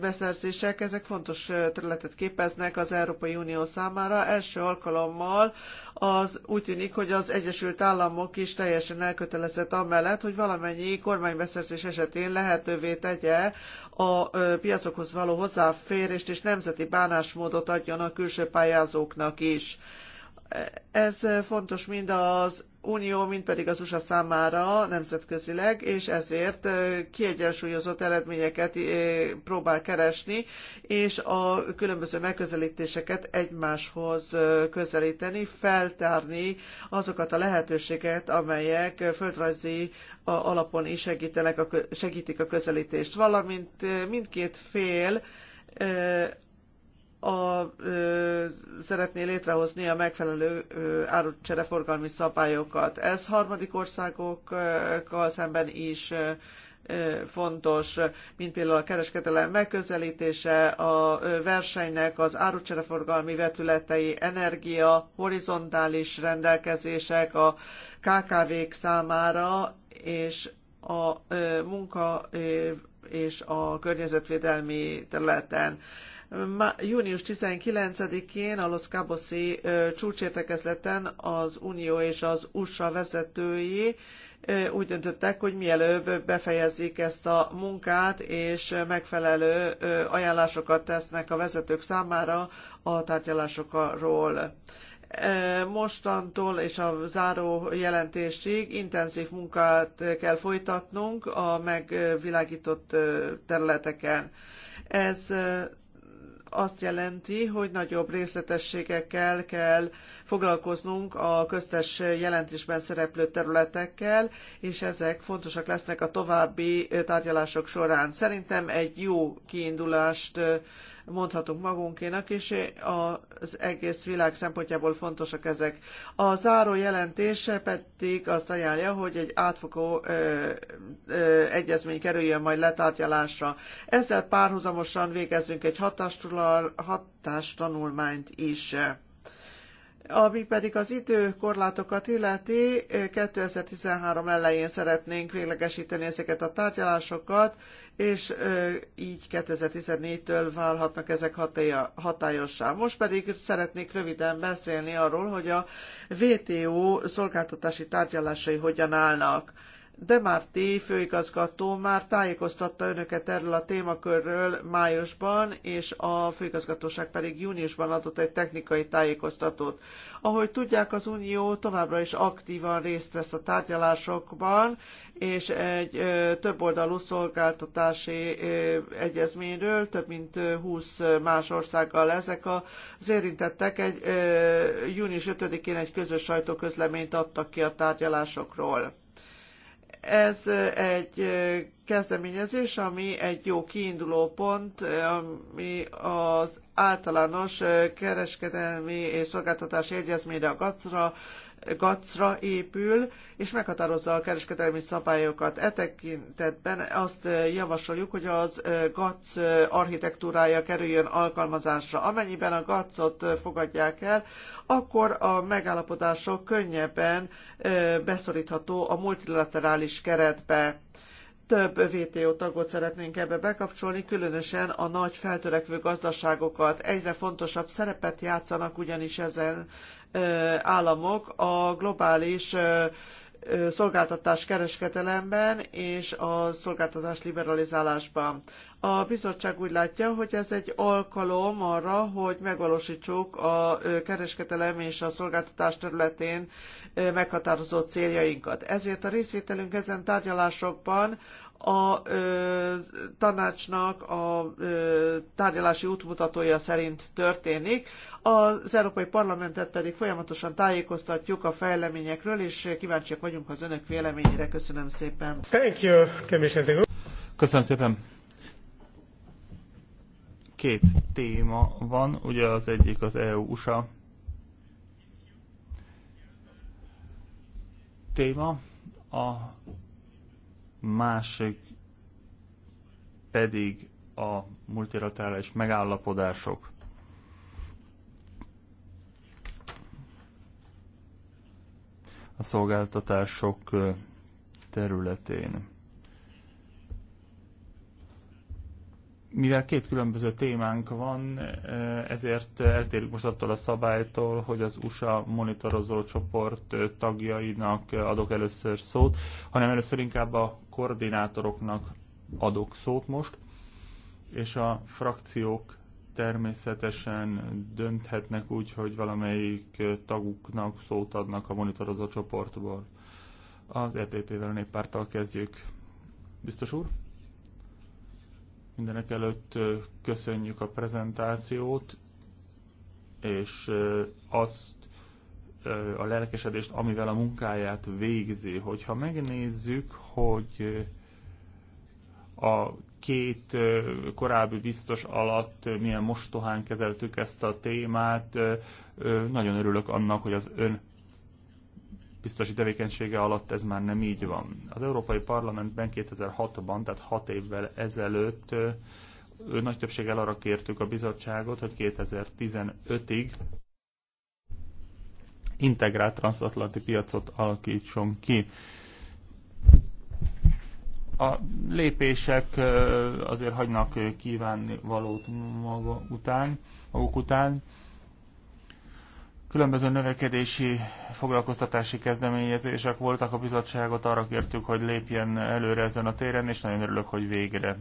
beszerzések, ezek fontos területet képeznek az Európai Unió számára. Első alkalommal az úgy tűnik, hogy az Egyesült Államok is teljesen elkötelezett amellett, hogy valamennyi kormánybeszerzés esetén lehetővé tegye a piacokhoz való hozzáférést és nemzeti bánásmódot adjon a külső pályázóknak is. Ez fontos mind az Unió, mind pedig az USA számára nemzetközileg, és ezért kiegyensúlyozott eredményeket próbál keresni, és a különböző megközelítéseket egymáshoz közelíteni, feltárni azokat a lehetőségeket, amelyek földrajzi alapon is segítenek a, segítik a közelítést, valamint mindkét fél a, ö, szeretné létrehozni a megfelelő árucsereforgalmi szabályokat. Ez harmadik országokkal szemben is fontos, mint például a kereskedelem megközelítése, a versenynek az árucsereforgalmi vetületei, energia, horizontális rendelkezések a KKV-k számára, és a munka és a környezetvédelmi területen. Június 19-én a Los Cabosi csúcsértekezleten az Unió és az USA vezetői úgy döntöttek, hogy mielőbb befejezik ezt a munkát, és megfelelő ajánlásokat tesznek a vezetők számára a tárgyalásokról. Mostantól és a záró jelentésig intenzív munkát kell folytatnunk a megvilágított területeken. Ez azt jelenti, hogy nagyobb részletességekkel kell foglalkoznunk a köztes jelentésben szereplő területekkel, és ezek fontosak lesznek a további tárgyalások során. Szerintem egy jó kiindulást mondhatunk magunkénak, és az egész világ szempontjából fontosak ezek. A záró jelentése pedig azt ajánlja, hogy egy átfogó ö, ö, egyezmény kerüljön majd letárgyalásra. Ezzel párhuzamosan végezzünk egy hatástanulmányt is. Ami pedig az időkorlátokat illeti, 2013 elején szeretnénk véglegesíteni ezeket a tárgyalásokat, és így 2014-től válhatnak ezek hatályossá. Most pedig szeretnék röviden beszélni arról, hogy a WTO szolgáltatási tárgyalásai hogyan állnak de Márti főigazgató már tájékoztatta önöket erről a témakörről májusban, és a főigazgatóság pedig júniusban adott egy technikai tájékoztatót. Ahogy tudják, az Unió továbbra is aktívan részt vesz a tárgyalásokban, és egy többoldalú szolgáltatási egyezményről, több mint 20 más országgal ezek az érintettek egy június 5-én egy közös sajtóközleményt adtak ki a tárgyalásokról. Ez egy kezdeményezés, ami egy jó kiinduló pont, ami az általános kereskedelmi és szolgáltatási egyezményre, a gats gacra épül, és meghatározza a kereskedelmi szabályokat. E tekintetben azt javasoljuk, hogy az GAC architektúrája kerüljön alkalmazásra. Amennyiben a gac ot fogadják el, akkor a megállapodások könnyebben beszorítható a multilaterális keretbe több VTO tagot szeretnénk ebbe bekapcsolni, különösen a nagy feltörekvő gazdaságokat. Egyre fontosabb szerepet játszanak ugyanis ezen államok a globális szolgáltatás kereskedelemben és a szolgáltatás liberalizálásban. A bizottság úgy látja, hogy ez egy alkalom arra, hogy megvalósítsuk a kereskedelem és a szolgáltatás területén meghatározott céljainkat. Ezért a részvételünk ezen tárgyalásokban a ö, tanácsnak a ö, tárgyalási útmutatója szerint történik. Az Európai Parlamentet pedig folyamatosan tájékoztatjuk a fejleményekről, és kíváncsiak vagyunk az önök véleményére. Köszönöm szépen. Thank you, Commissioner. Köszönöm szépen. Két téma van, ugye az egyik az EU-USA téma, a másik pedig a multilaterális megállapodások. a szolgáltatások területén. mivel két különböző témánk van, ezért eltérünk most attól a szabálytól, hogy az USA monitorozó csoport tagjainak adok először szót, hanem először inkább a koordinátoroknak adok szót most, és a frakciók természetesen dönthetnek úgy, hogy valamelyik taguknak szót adnak a monitorozó csoportból. Az EPP-vel néppárttal kezdjük. Biztos úr? Mindenek előtt köszönjük a prezentációt, és azt a lelkesedést, amivel a munkáját végzi. Hogyha megnézzük, hogy a két korábbi biztos alatt milyen mostohán kezeltük ezt a témát, nagyon örülök annak, hogy az ön biztosi tevékenysége alatt ez már nem így van. Az Európai Parlamentben 2006-ban, tehát 6 évvel ezelőtt nagy többséggel arra kértük a bizottságot, hogy 2015-ig integrált transatlanti piacot alakítson ki. A lépések azért hagynak kívánni valót maga után, maguk után. Különböző növekedési foglalkoztatási kezdeményezések voltak, a bizottságot arra kértük, hogy lépjen előre ezen a téren, és nagyon örülök, hogy végre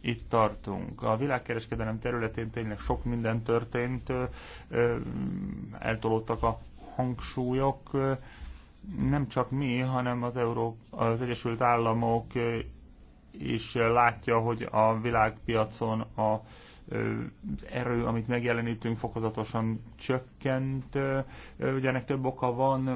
itt tartunk. A világkereskedelem területén tényleg sok minden történt, eltolódtak a hangsúlyok, nem csak mi, hanem az, Euró- az Egyesült Államok is látja, hogy a világpiacon a erő, amit megjelenítünk, fokozatosan csökkent. Ugye ennek több oka van,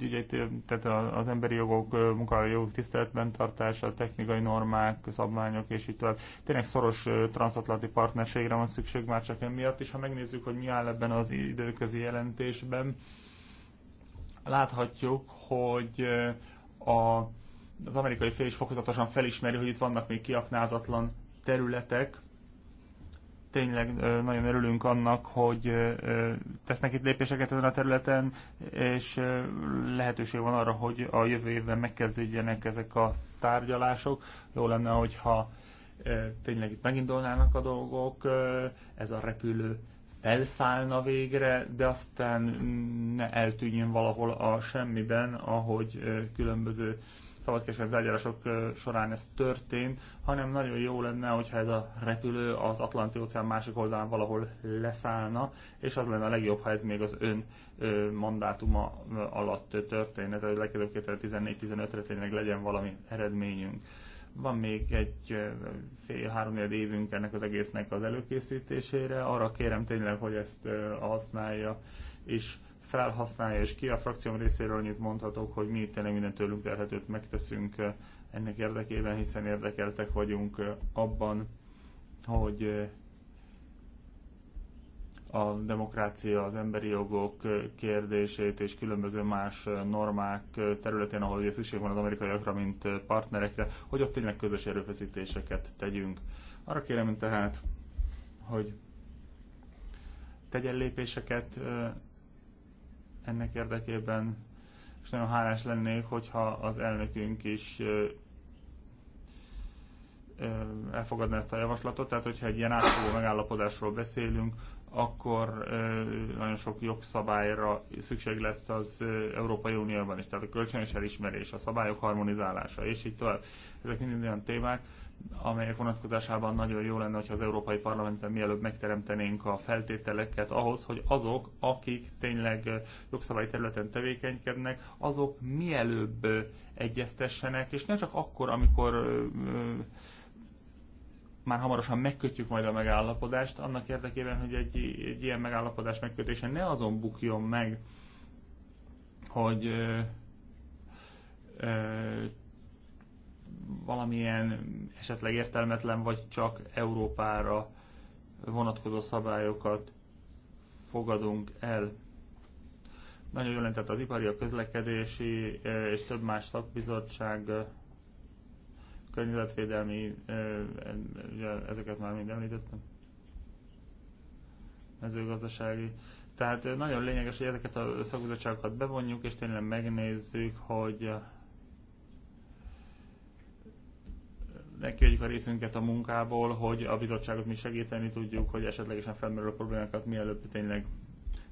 ugye, tehát az emberi jogok, munkahelyjogok tiszteletben tartása, technikai normák, szabványok és így tovább. Tényleg szoros transatlanti partnerségre van szükség már csak emiatt, és ha megnézzük, hogy mi áll ebben az időközi jelentésben, láthatjuk, hogy a, az amerikai fél is fokozatosan felismeri, hogy itt vannak még kiaknázatlan területek, tényleg nagyon örülünk annak, hogy tesznek itt lépéseket ezen a területen, és lehetőség van arra, hogy a jövő évben megkezdődjenek ezek a tárgyalások. Jó lenne, hogyha tényleg itt megindulnának a dolgok, ez a repülő felszállna végre, de aztán ne eltűnjön valahol a semmiben, ahogy különböző szabadkereskedelmi tárgyalások során ez történt, hanem nagyon jó lenne, hogyha ez a repülő az Atlanti-óceán másik oldalán valahol leszállna, és az lenne a legjobb, ha ez még az ön mandátuma alatt történne, tehát legfeljebb 2014-15-re tényleg legyen valami eredményünk van még egy fél három évünk ennek az egésznek az előkészítésére. Arra kérem tényleg, hogy ezt használja, és felhasználja, és ki a frakcióm részéről annyit mondhatok, hogy mi tényleg minden tőlünk elhetőt megteszünk eh, ennek érdekében, hiszen érdekeltek vagyunk eh, abban, hogy eh, a demokrácia, az emberi jogok kérdését és különböző más normák területén, ahol ugye szükség van az amerikaiakra, mint partnerekre, hogy ott tényleg közös erőfeszítéseket tegyünk. Arra kérem tehát, hogy tegyen lépéseket ennek érdekében, és nagyon hálás lennék, hogyha az elnökünk is elfogadná ezt a javaslatot, tehát hogyha egy ilyen átfogó megállapodásról beszélünk, akkor nagyon sok jogszabályra szükség lesz az Európai Unióban is, tehát a kölcsönös elismerés, a szabályok harmonizálása, és így tovább. Ezek mind olyan témák, amelyek vonatkozásában nagyon jó lenne, hogyha az Európai Parlamentben mielőbb megteremtenénk a feltételeket ahhoz, hogy azok, akik tényleg jogszabályi területen tevékenykednek, azok mielőbb egyeztessenek, és ne csak akkor, amikor már hamarosan megkötjük majd a megállapodást, annak érdekében, hogy egy, egy ilyen megállapodás megkötése ne azon bukjon meg, hogy ö, ö, valamilyen esetleg értelmetlen vagy csak Európára vonatkozó szabályokat fogadunk el. Nagyon jól lentett az ipari, a közlekedési e, és több más szakbizottság e, környezetvédelmi, e, ezeket már mind említettem, mezőgazdasági. Tehát nagyon lényeges, hogy ezeket a szakbizottságokat bevonjuk, és tényleg megnézzük, hogy megkérjük a részünket a munkából, hogy a bizottságot mi segíteni tudjuk, hogy esetlegesen felmerülő problémákat mielőbb tényleg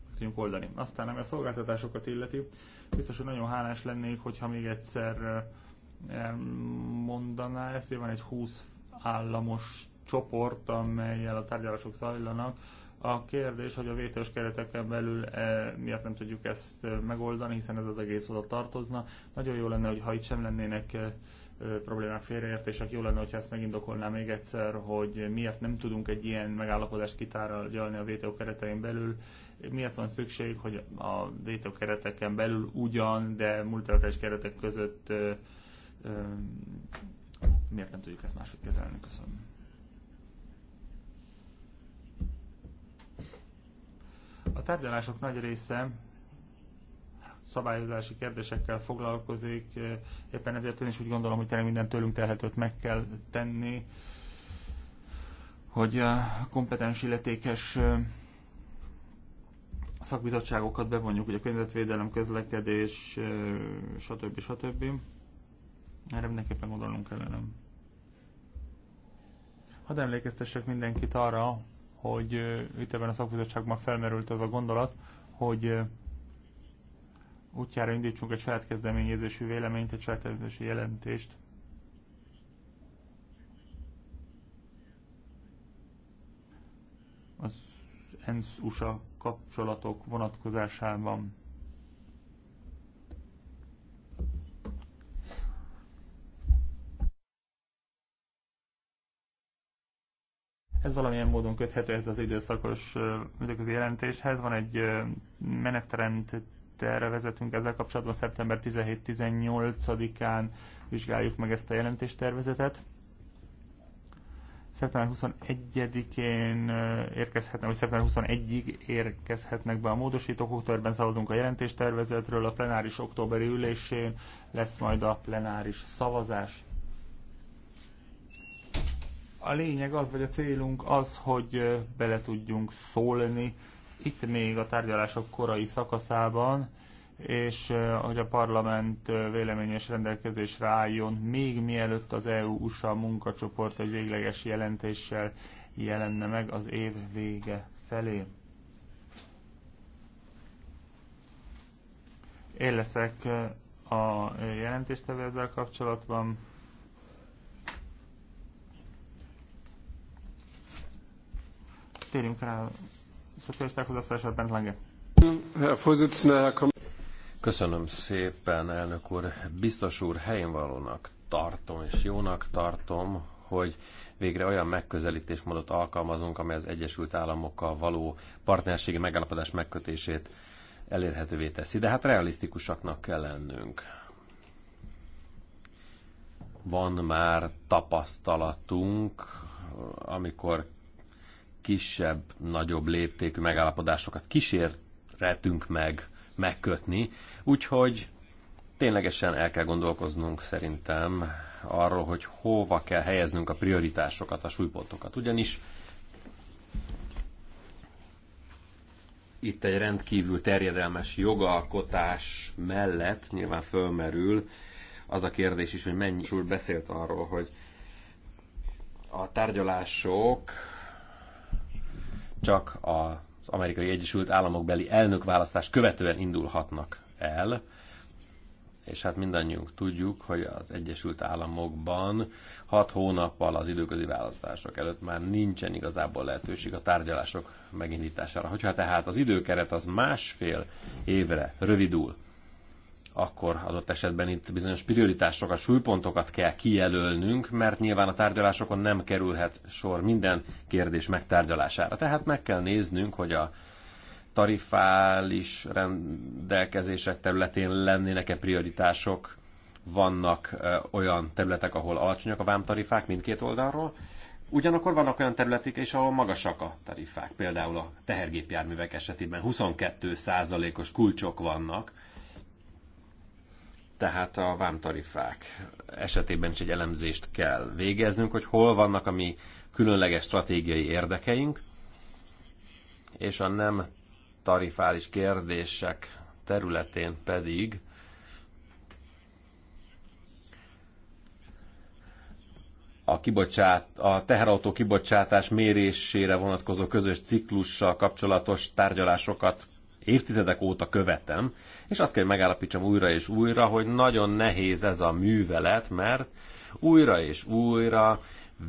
meg tudjunk oldani. Aztán nem a szolgáltatásokat illeti, biztos, hogy nagyon hálás lennék, hogyha még egyszer eh, mondaná ezt, hogy van egy 20 államos csoport, amelyel a tárgyalások zajlanak. A kérdés, hogy a vétős kereteken belül e, miért nem tudjuk ezt eh, megoldani, hiszen ez az egész oda tartozna. Nagyon jó lenne, hogy ha itt sem lennének problémák félreértések. Jó lenne, hogyha ezt megindokolná még egyszer, hogy miért nem tudunk egy ilyen megállapodást kitárgyalni a WTO keretein belül, miért van szükség, hogy a WTO kereteken belül ugyan, de multilaterális keretek között miért nem tudjuk ezt máshogy kezelni? Köszönöm. A tárgyalások nagy része szabályozási kérdésekkel foglalkozik, éppen ezért én is úgy gondolom, hogy tényleg minden tőlünk telhetőt meg kell tenni, hogy a kompetens illetékes szakbizottságokat bevonjuk, ugye környezetvédelem, közlekedés, stb. stb. Erre mindenképpen gondolunk, kellene. Hadd emlékeztessek mindenkit arra, hogy itt ebben a szakbizottságban felmerült az a gondolat, hogy útjára indítsunk egy saját kezdeményezésű véleményt, egy saját kezdeményezésű jelentést. Az ENSZ-USA kapcsolatok vonatkozásában. ez valamilyen módon köthető ez az időszakos időközi jelentéshez. Van egy menetrend terre vezetünk ezzel kapcsolatban. Szeptember 17-18-án vizsgáljuk meg ezt a jelentéstervezetet. Szeptember 21-én érkezhetnek, vagy szeptember 21-ig érkezhetnek be a módosítók. Októberben szavazunk a jelentéstervezetről, a plenáris októberi ülésén lesz majd a plenáris szavazás a lényeg az, vagy a célunk az, hogy bele tudjunk szólni itt még a tárgyalások korai szakaszában, és hogy a parlament véleményes rendelkezésre álljon, még mielőtt az EU-USA munkacsoport egy végleges jelentéssel jelenne meg az év vége felé. Én leszek a jelentéstevő ezzel kapcsolatban. Térjünk rá Köszönöm szépen, elnök úr. Biztos úr, helyénvalónak tartom és jónak tartom, hogy végre olyan megközelítésmódot alkalmazunk, amely az Egyesült Államokkal való partnerségi megállapodás megkötését elérhetővé teszi. De hát realisztikusaknak kell lennünk. Van már tapasztalatunk, amikor kisebb, nagyobb léptékű megállapodásokat kísérletünk meg megkötni, úgyhogy ténylegesen el kell gondolkoznunk szerintem arról, hogy hova kell helyeznünk a prioritásokat, a súlypontokat. Ugyanis itt egy rendkívül terjedelmes jogalkotás mellett nyilván fölmerül az a kérdés is, hogy mennyi úr beszélt arról, hogy a tárgyalások csak az amerikai Egyesült Államok beli elnökválasztás követően indulhatnak el, és hát mindannyiunk tudjuk, hogy az Egyesült Államokban hat hónappal az időközi választások előtt már nincsen igazából lehetőség a tárgyalások megindítására. Hogyha tehát az időkeret az másfél évre rövidül, akkor adott esetben itt bizonyos prioritásokat, súlypontokat kell kijelölnünk, mert nyilván a tárgyalásokon nem kerülhet sor minden kérdés megtárgyalására. Tehát meg kell néznünk, hogy a tarifális rendelkezések területén lennének-e prioritások, vannak olyan területek, ahol alacsonyak a vámtarifák mindkét oldalról, Ugyanakkor vannak olyan területek is, ahol magasak a tarifák. Például a tehergépjárművek esetében 22%-os kulcsok vannak, tehát a vámtarifák esetében is egy elemzést kell végeznünk, hogy hol vannak a mi különleges stratégiai érdekeink, és a nem tarifális kérdések területén pedig a, kibocsát, a teherautó kibocsátás mérésére vonatkozó közös ciklussal kapcsolatos tárgyalásokat évtizedek óta követem, és azt kell, hogy megállapítsam újra és újra, hogy nagyon nehéz ez a művelet, mert újra és újra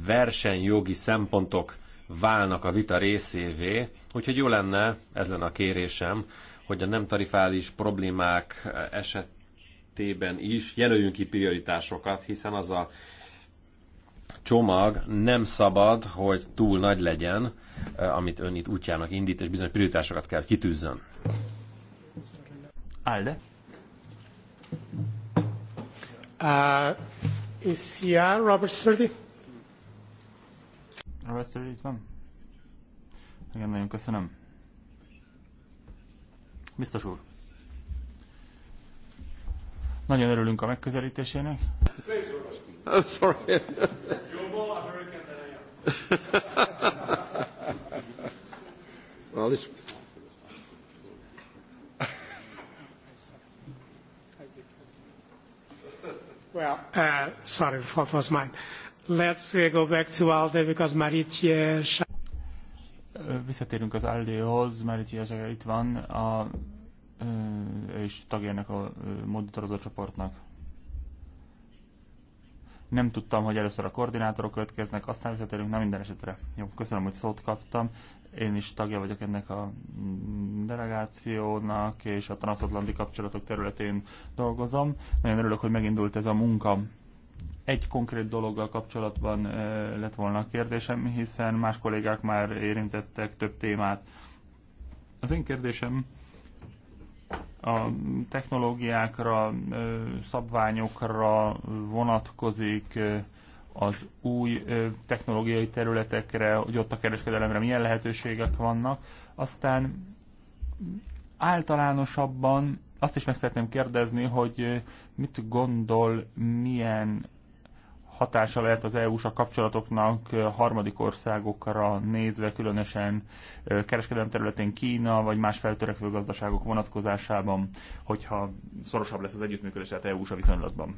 versenyjogi szempontok válnak a vita részévé, úgyhogy jó lenne, ez lenne a kérésem, hogy a nem tarifális problémák esetében is jelöljünk ki prioritásokat, hiszen az a csomag nem szabad, hogy túl nagy legyen, eh, amit ön itt útjának indít, és bizony prioritásokat kell kitűzzön. Alde. Uh, is yeah, Robert Sturdy? Robert Sturdy itt van? Igen, nagyon köszönöm. Biztos úr. Nagyon örülünk a megközelítésének. I'm oh, sorry. You're more American than I am. well, this... well, uh, sorry, fault was mine? Let's go back to Alde because Maritje... Visszatérünk az Aldehoz, Maritje itt van. A és tagja ennek a monitorozó csoportnak. Nem tudtam, hogy először a koordinátorok következnek, aztán visszatérünk, nem minden esetre. Jó, köszönöm, hogy szót kaptam. Én is tagja vagyok ennek a mm, delegációnak, és a transatlanti kapcsolatok területén dolgozom. Nagyon örülök, hogy megindult ez a munka. Egy konkrét dologgal kapcsolatban lett volna a kérdésem, hiszen más kollégák már érintettek több témát. Az én kérdésem a technológiákra, szabványokra vonatkozik, az új technológiai területekre, hogy ott a kereskedelemre milyen lehetőségek vannak. Aztán általánosabban azt is meg szeretném kérdezni, hogy mit gondol, milyen hatása lehet az EU-s a kapcsolatoknak harmadik országokra nézve, különösen kereskedelem területén Kína, vagy más feltörekvő gazdaságok vonatkozásában, hogyha szorosabb lesz az együttműködés, tehát EU-s a viszonylatban.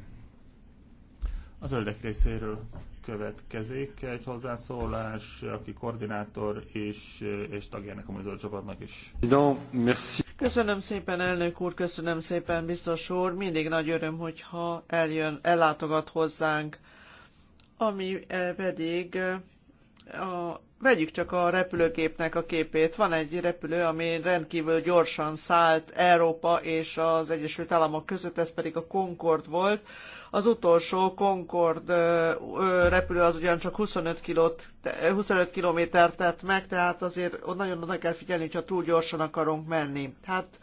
Az öldek részéről következik egy hozzászólás, aki koordinátor és, és ennek a mozgó csapatnak is. Köszönöm szépen, elnök úr, köszönöm szépen, biztos úr. Mindig nagy öröm, hogyha eljön, ellátogat hozzánk ami eh, pedig eh, a, vegyük csak a repülőgépnek a képét. Van egy repülő, ami rendkívül gyorsan szállt Európa és az Egyesült Államok között, ez pedig a Concorde volt. Az utolsó Concorde eh, repülő az ugyancsak 25, kilót, 25 kilométert tett meg, tehát azért nagyon oda kell figyelni, hogyha túl gyorsan akarunk menni. Hát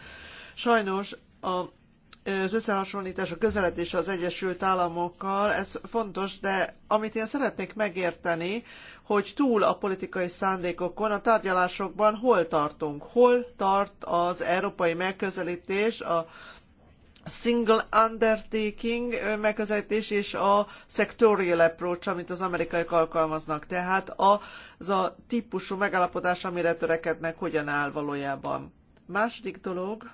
sajnos a az összehasonlítás a közeledés az Egyesült Államokkal, ez fontos, de amit én szeretnék megérteni, hogy túl a politikai szándékokon, a tárgyalásokban hol tartunk, hol tart az európai megközelítés, a single undertaking megközelítés és a sectorial approach, amit az amerikaiak alkalmaznak. Tehát az a típusú megállapodás, amire törekednek, hogyan áll valójában. Második dolog,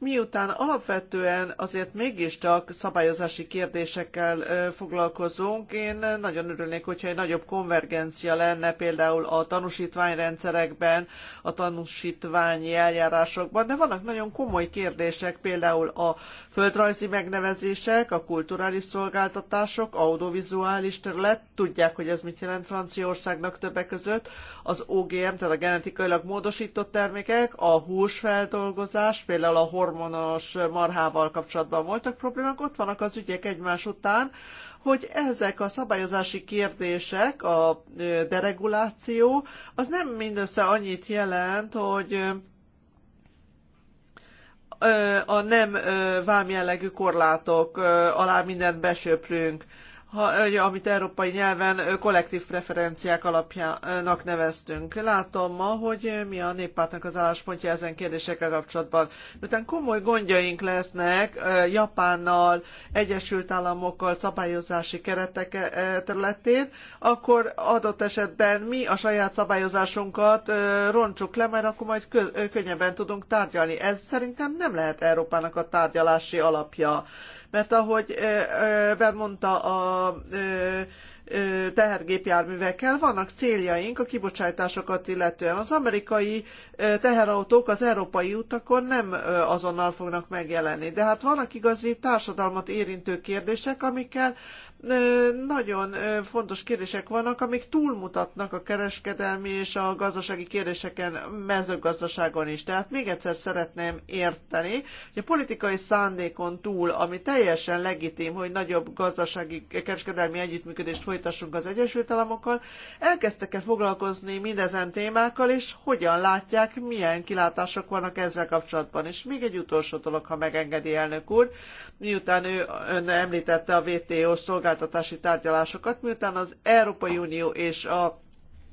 miután alapvetően azért mégiscsak szabályozási kérdésekkel foglalkozunk, én nagyon örülnék, hogyha egy nagyobb konvergencia lenne például a tanúsítványrendszerekben, a tanúsítványi eljárásokban, de vannak nagyon komoly kérdések, például a földrajzi megnevezések, a kulturális szolgáltatások, audiovizuális terület, tudják, hogy ez mit jelent Franciaországnak többek között, az OGM, tehát a genetikailag módosított termékek, a húsfeldolgozás, például a hor hormonos marhával kapcsolatban voltak problémák, ott vannak az ügyek egymás után, hogy ezek a szabályozási kérdések, a dereguláció, az nem mindössze annyit jelent, hogy a nem vámjellegű korlátok alá mindent besöprünk, ha, amit európai nyelven kollektív preferenciák alapjának neveztünk. Látom ma, hogy mi a néppártnak az álláspontja ezen kérdésekkel kapcsolatban. Miután komoly gondjaink lesznek Japánnal, Egyesült Államokkal szabályozási keretek területén, akkor adott esetben mi a saját szabályozásunkat roncsuk le, mert akkor majd könnyebben tudunk tárgyalni. Ez szerintem nem lehet Európának a tárgyalási alapja mert ahogy bemondta a tehergépjárművekkel. Vannak céljaink a kibocsátásokat illetően. Az amerikai teherautók az európai utakon nem azonnal fognak megjelenni. De hát vannak igazi társadalmat érintő kérdések, amikkel nagyon fontos kérdések vannak, amik túlmutatnak a kereskedelmi és a gazdasági kérdéseken, mezőgazdaságon is. Tehát még egyszer szeretném érteni, hogy a politikai szándékon túl, ami teljesen legitim, hogy nagyobb gazdasági kereskedelmi együttműködést folytassunk az Egyesült Államokkal, elkezdtek-e foglalkozni mindezen témákkal, és hogyan látják, milyen kilátások vannak ezzel kapcsolatban. És még egy utolsó dolog, ha megengedi elnök úr, miután ő ön említette a WTO szolgáltatást, szolgáltatási tárgyalásokat, miután az Európai Unió és a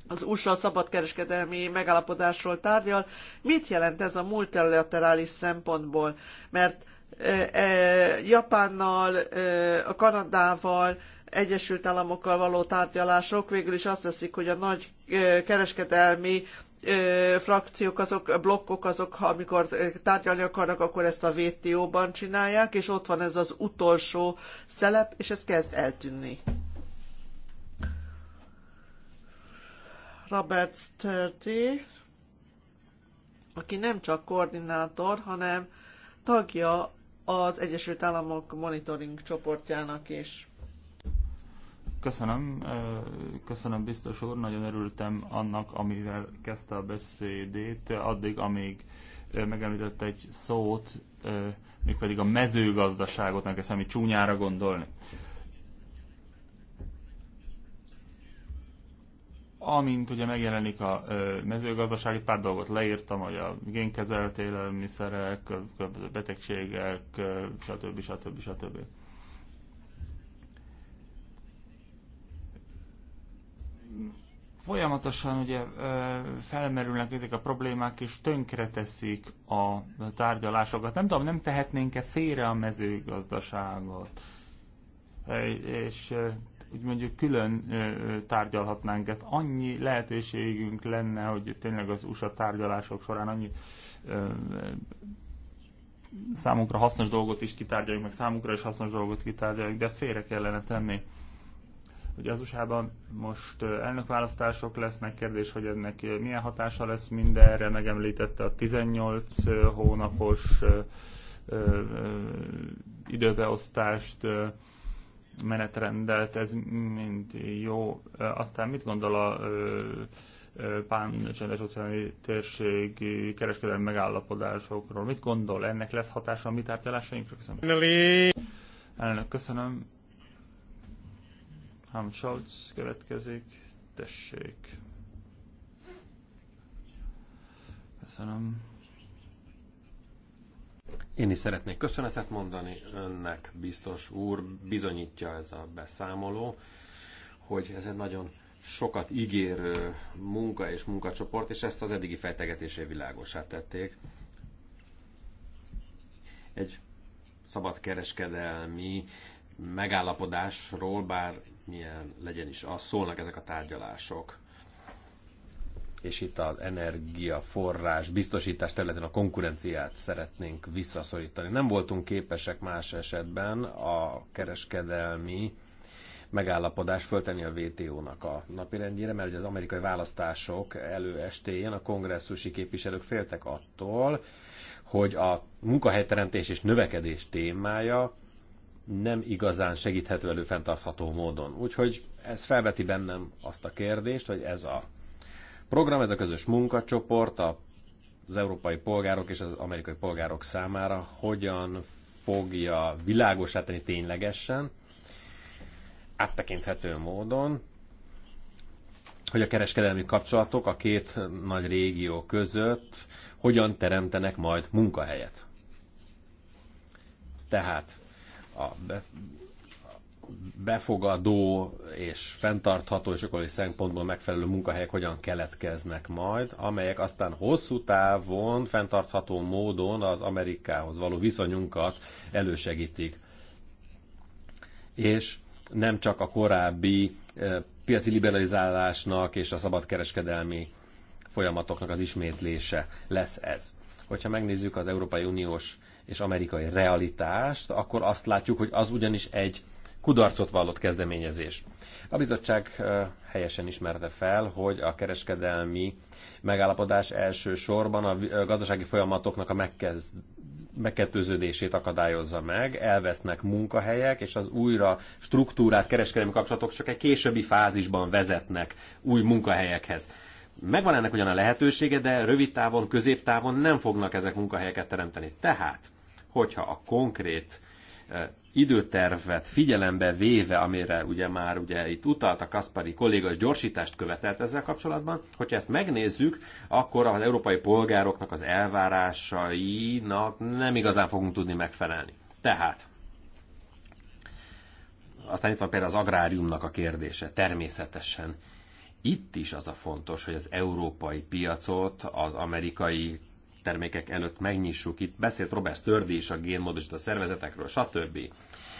az USA szabadkereskedelmi megállapodásról tárgyal. Mit jelent ez a multilaterális szempontból? Mert e, e, Japánnal, e, a Kanadával, Egyesült Államokkal való tárgyalások végül is azt teszik, hogy a nagy kereskedelmi frakciók, azok, blokkok, azok, amikor tárgyalni akarnak, akkor ezt a WTO-ban csinálják, és ott van ez az utolsó szelep, és ez kezd eltűnni. Robert Sturdy, aki nem csak koordinátor, hanem tagja az Egyesült Államok monitoring csoportjának is. Köszönöm, köszönöm biztos úr, nagyon örültem annak, amivel kezdte a beszédét, addig, amíg megemlített egy szót, mégpedig a mezőgazdaságot, meg ezt csúnyára gondolni. Amint ugye megjelenik a mezőgazdaság, pár dolgot leírtam, hogy a génkezelt élelmiszerek, betegségek, stb. stb. stb. stb. Folyamatosan ugye felmerülnek ezek a problémák, és tönkreteszik a tárgyalásokat. Nem tudom, nem tehetnénk-e félre a mezőgazdaságot? És úgy mondjuk külön tárgyalhatnánk ezt. Annyi lehetőségünk lenne, hogy tényleg az USA tárgyalások során annyi számunkra hasznos dolgot is kitárgyaljuk, meg számukra is hasznos dolgot kitárgyaljuk, de ezt félre kellene tenni. Ugye az USA-ban most elnökválasztások lesznek, kérdés, hogy ennek milyen hatása lesz mindenre, megemlítette a 18 hónapos időbeosztást, menetrendet, ez mind jó. Aztán mit gondol a pán csendes óceáni térség kereskedelmi megállapodásokról? Mit gondol? Ennek lesz hatása a mi tárgyalásainkra? Köszönöm. Elnök, köszönöm. Hamschaltz következik. Tessék. Köszönöm. Én is szeretnék köszönetet mondani önnek, biztos úr, bizonyítja ez a beszámoló, hogy ez egy nagyon sokat ígérő munka és munkacsoport, és ezt az eddigi fejtegetésé világosá tették. Egy szabadkereskedelmi megállapodásról, bár milyen legyen is az, szólnak ezek a tárgyalások. És itt az energiaforrás, biztosítás területén a konkurenciát szeretnénk visszaszorítani. Nem voltunk képesek más esetben a kereskedelmi megállapodás föltenni a vto nak a napirendjére, mert az amerikai választások előestéjén a kongresszusi képviselők féltek attól, hogy a munkahelyteremtés és növekedés témája nem igazán segíthető elő fenntartható módon. Úgyhogy ez felveti bennem azt a kérdést, hogy ez a program, ez a közös munkacsoport az európai polgárok és az amerikai polgárok számára hogyan fogja világosá tenni ténylegesen, áttekinthető módon, hogy a kereskedelmi kapcsolatok a két nagy régió között hogyan teremtenek majd munkahelyet. Tehát a befogadó és fenntartható és ökológiai szempontból megfelelő munkahelyek hogyan keletkeznek majd, amelyek aztán hosszú távon, fenntartható módon az Amerikához való viszonyunkat elősegítik. És nem csak a korábbi eh, piaci liberalizálásnak és a szabadkereskedelmi folyamatoknak az ismétlése lesz ez. Hogyha megnézzük az Európai Uniós és amerikai realitást, akkor azt látjuk, hogy az ugyanis egy kudarcot vallott kezdeményezés. A bizottság helyesen ismerte fel, hogy a kereskedelmi megállapodás elsősorban a gazdasági folyamatoknak a megkezd, megkettőződését akadályozza meg, elvesznek munkahelyek, és az újra struktúrát, kereskedelmi kapcsolatok csak egy későbbi fázisban vezetnek új munkahelyekhez. Megvan ennek ugyan a lehetősége, de rövid távon, középtávon nem fognak ezek munkahelyeket teremteni. Tehát hogyha a konkrét eh, időtervet figyelembe véve, amire ugye már ugye itt utalt a Kaspari kolléga, és gyorsítást követelt ezzel kapcsolatban, hogyha ezt megnézzük, akkor az európai polgároknak az elvárásainak nem igazán fogunk tudni megfelelni. Tehát, aztán itt van például az agráriumnak a kérdése, természetesen. Itt is az a fontos, hogy az európai piacot az amerikai termékek előtt megnyissuk. Itt beszélt Robert Stördi is a génmódosított szervezetekről, stb.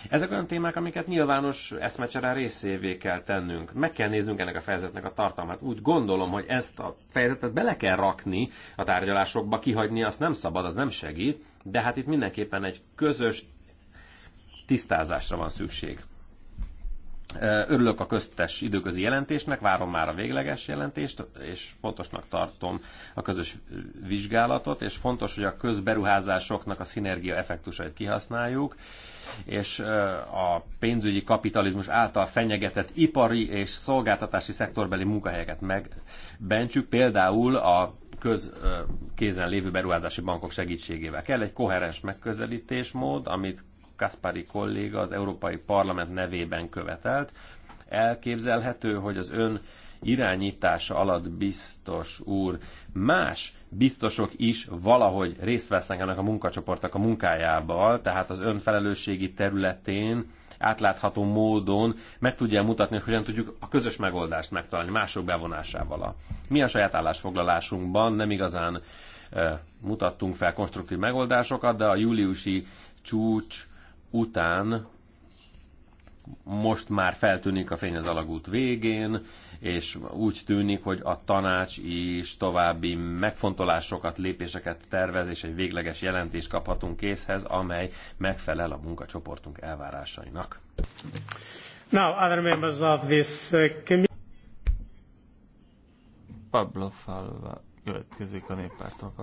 Ezek olyan témák, amiket nyilvános eszmecsere részévé kell tennünk. Meg kell néznünk ennek a fejezetnek a tartalmát. Úgy gondolom, hogy ezt a fejezetet bele kell rakni a tárgyalásokba, kihagyni azt nem szabad, az nem segít, de hát itt mindenképpen egy közös tisztázásra van szükség. Örülök a köztes időközi jelentésnek, várom már a végleges jelentést, és fontosnak tartom a közös vizsgálatot, és fontos, hogy a közberuházásoknak a szinergia effektusait kihasználjuk, és a pénzügyi kapitalizmus által fenyegetett ipari és szolgáltatási szektorbeli munkahelyeket megbentsük, például a közkézen lévő beruházási bankok segítségével. Kell egy koherens megközelítésmód, amit Kaspari kolléga az Európai Parlament nevében követelt. Elképzelhető, hogy az ön irányítása alatt biztos úr más biztosok is valahogy részt vesznek ennek a munkacsoportnak a munkájával, tehát az felelősségi területén átlátható módon meg tudja mutatni, hogy hogyan tudjuk a közös megoldást megtalálni mások bevonásával. mi a saját állásfoglalásunkban nem igazán eh, mutattunk fel konstruktív megoldásokat, de a júliusi csúcs után most már feltűnik a fény az alagút végén, és úgy tűnik, hogy a tanács is további megfontolásokat, lépéseket tervez, és egy végleges jelentést kaphatunk készhez, amely megfelel a munkacsoportunk elvárásainak. Now, other members of this uh, committee... Pablo Falva következik a néppártól.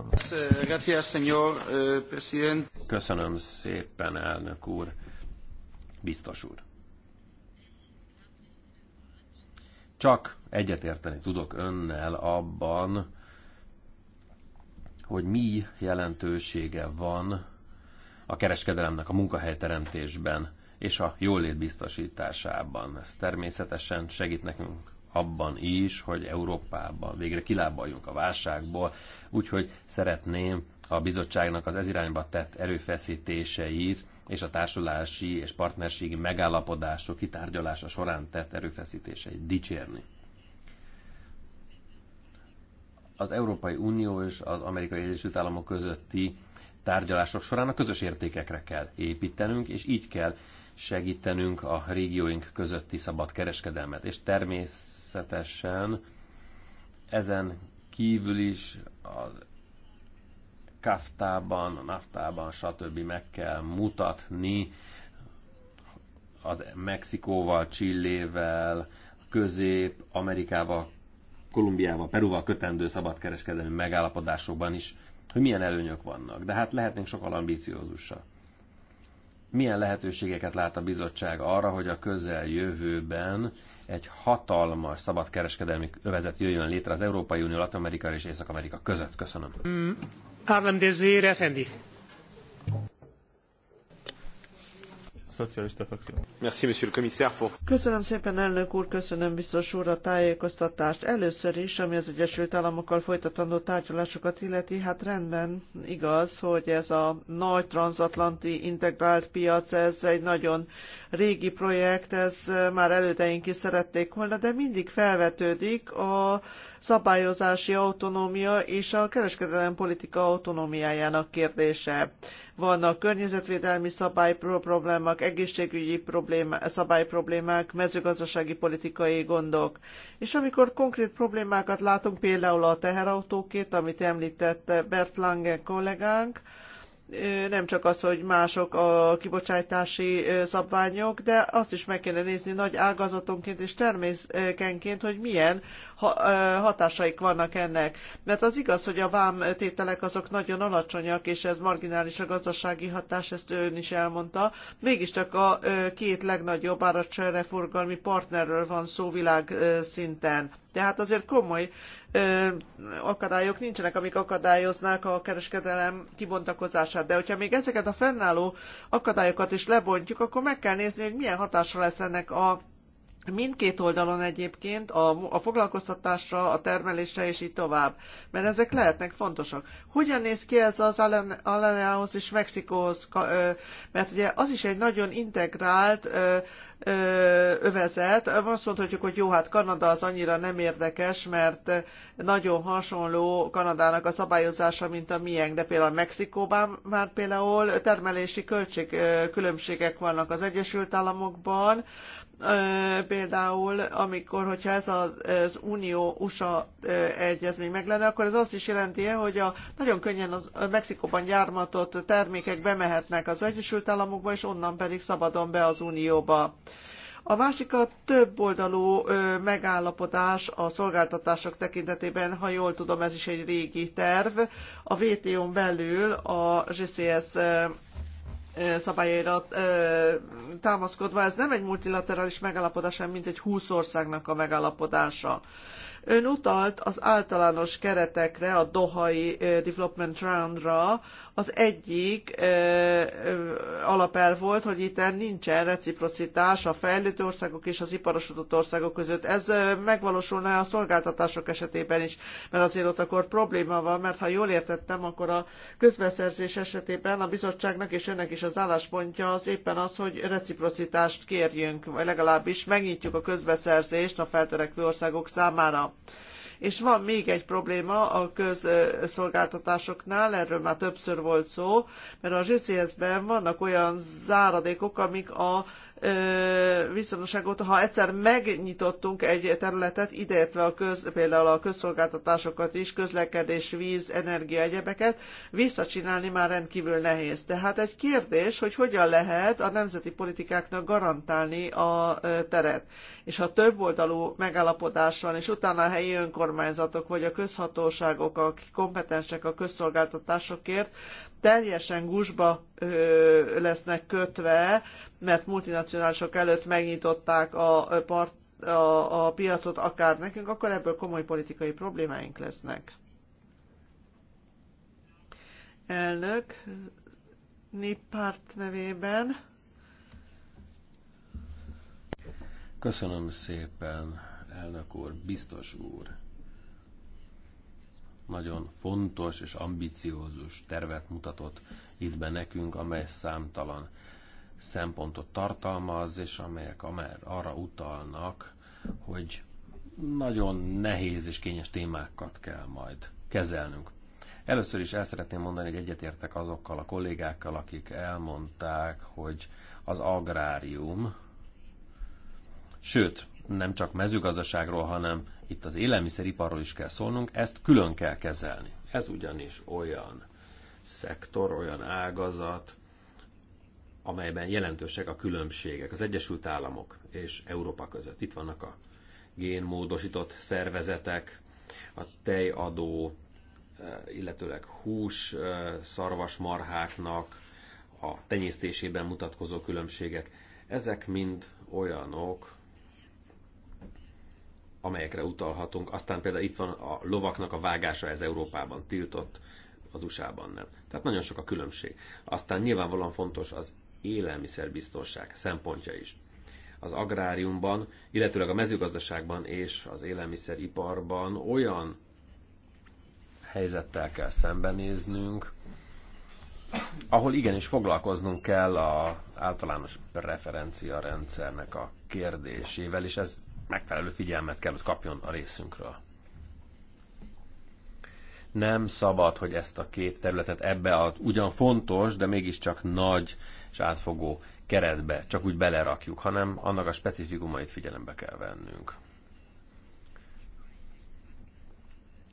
Eh, Köszönöm szépen, elnök úr, biztos úr. Csak egyetérteni tudok önnel abban, hogy mi jelentősége van a kereskedelemnek a munkahelyteremtésben és a jólét biztosításában. Ez természetesen segít nekünk abban is, hogy Európában végre kilábaljunk a válságból, úgyhogy szeretném a bizottságnak az ezirányba tett erőfeszítéseit és a társulási és partnerségi megállapodások kitárgyalása során tett erőfeszítéseit dicsérni. Az Európai Unió és az Amerikai Egyesült Államok közötti tárgyalások során a közös értékekre kell építenünk, és így kell segítenünk a régióink közötti szabad kereskedelmet. És természetesen természetesen ezen kívül is az kaftában, a naftában, stb. meg kell mutatni az Mexikóval, Csillével, Közép-Amerikával, Kolumbiával, Peruval kötendő szabadkereskedelmi megállapodásokban is, hogy milyen előnyök vannak. De hát lehetnénk sokkal ambíciózusak milyen lehetőségeket lát a bizottság arra, hogy a közeljövőben egy hatalmas szabadkereskedelmi övezet jöjjön létre az Európai Unió, Latin-Amerika és Észak-Amerika között? Köszönöm. Mm, Arlan Desir, Szocialista Frakció. Merci, monsieur le commissaire. Pour... Köszönöm szépen, elnök úr, köszönöm biztos úr a tájékoztatást. Először is, ami az Egyesült Államokkal folytatandó tárgyalásokat illeti, hát rendben igaz, hogy ez a nagy transatlanti integrált piac, ez egy nagyon régi projekt, ez már elődeink is szerették volna, de mindig felvetődik a szabályozási autonómia és a kereskedelem politika autonómiájának kérdése. Vannak környezetvédelmi szabályproblémák, egészségügyi szabályproblémák, mezőgazdasági politikai gondok. És amikor konkrét problémákat látunk, például a teherautókét, amit említett Bert Lange kollégánk, nem csak az, hogy mások a kibocsátási szabványok, de azt is meg kéne nézni nagy ágazatonként és termékenként, hogy milyen hatásaik vannak ennek. Mert az igaz, hogy a vámtételek azok nagyon alacsonyak, és ez marginális a gazdasági hatás, ezt ön is elmondta. Mégiscsak a két legnagyobb áracsereforgalmi partnerről van szó világszinten. Tehát azért komoly ö, akadályok nincsenek, amik akadályoznák a kereskedelem kibontakozását. De hogyha még ezeket a fennálló akadályokat is lebontjuk, akkor meg kell nézni, hogy milyen hatása lesz ennek a Mindkét oldalon egyébként a, a foglalkoztatásra, a termelésre és így tovább, mert ezek lehetnek fontosak. Hogyan néz ki ez az Aleneához és Mexikóhoz, mert ugye az is egy nagyon integrált övezet. Azt mondhatjuk, hogy jó, hát Kanada az annyira nem érdekes, mert nagyon hasonló Kanadának a szabályozása, mint a miénk, de például Mexikóban már például termelési költségkülönbségek vannak az Egyesült Államokban, például, amikor, hogyha ez az, az Unió-USA egyezmény meg lenne, akkor ez azt is jelenti, hogy a, nagyon könnyen az Mexikóban gyármatott termékek bemehetnek az Egyesült Államokba, és onnan pedig szabadon be az Unióba. A másik a több oldalú megállapodás a szolgáltatások tekintetében, ha jól tudom, ez is egy régi terv. A WTO-n belül a GCS szabályaira támaszkodva, ez nem egy multilaterális megállapodás, hanem mint egy 20 országnak a megállapodása. Ön utalt az általános keretekre, a Dohai Development Roundra, az egyik alapelv volt, hogy itt nincsen reciprocitás a fejlődő országok és az iparosodott országok között. Ez megvalósulna a szolgáltatások esetében is, mert azért ott akkor probléma van, mert ha jól értettem, akkor a közbeszerzés esetében a bizottságnak és önnek is az álláspontja az éppen az, hogy reciprocitást kérjünk, vagy legalábbis megnyitjuk a közbeszerzést a feltörekvő országok számára. És van még egy probléma a közszolgáltatásoknál, erről már többször volt szó, mert a GCS-ben vannak olyan záradékok, amik a viszonosságot, ha egyszer megnyitottunk egy területet, ideértve a köz, például a közszolgáltatásokat is, közlekedés, víz, energia, egyebeket, visszacsinálni már rendkívül nehéz. Tehát egy kérdés, hogy hogyan lehet a nemzeti politikáknak garantálni a teret. És ha több oldalú megállapodás van, és utána a helyi önkormányzatok vagy a közhatóságok, akik kompetensek a közszolgáltatásokért, teljesen gusba ö, lesznek kötve, mert multinacionálisok előtt megnyitották a, part, a, a piacot akár nekünk, akkor ebből komoly politikai problémáink lesznek. Elnök, néppárt nevében. Köszönöm szépen, elnök úr, biztos úr nagyon fontos és ambiciózus tervet mutatott itt be nekünk, amely számtalan szempontot tartalmaz, és amelyek arra utalnak, hogy nagyon nehéz és kényes témákat kell majd kezelnünk. Először is el szeretném mondani, hogy egyetértek azokkal a kollégákkal, akik elmondták, hogy az agrárium, sőt, nem csak mezőgazdaságról, hanem itt az élelmiszeriparról is kell szólnunk, ezt külön kell kezelni. Ez ugyanis olyan szektor, olyan ágazat, amelyben jelentősek a különbségek az Egyesült Államok és Európa között. Itt vannak a génmódosított szervezetek, a tejadó, eh, illetőleg hús eh, szarvasmarháknak a tenyésztésében mutatkozó különbségek. Ezek mind olyanok, amelyekre utalhatunk. Aztán például itt van a lovaknak a vágása, ez Európában tiltott, az USA-ban nem. Tehát nagyon sok a különbség. Aztán nyilvánvalóan fontos az élelmiszerbiztonság szempontja is. Az agráriumban, illetőleg a mezőgazdaságban és az élelmiszeriparban olyan helyzettel kell szembenéznünk, ahol igenis foglalkoznunk kell a általános preferencia rendszernek a kérdésével, és ez megfelelő figyelmet kell, hogy kapjon a részünkről. Nem szabad, hogy ezt a két területet ebbe a ugyan fontos, de mégiscsak nagy és átfogó keretbe csak úgy belerakjuk, hanem annak a specifikumait figyelembe kell vennünk.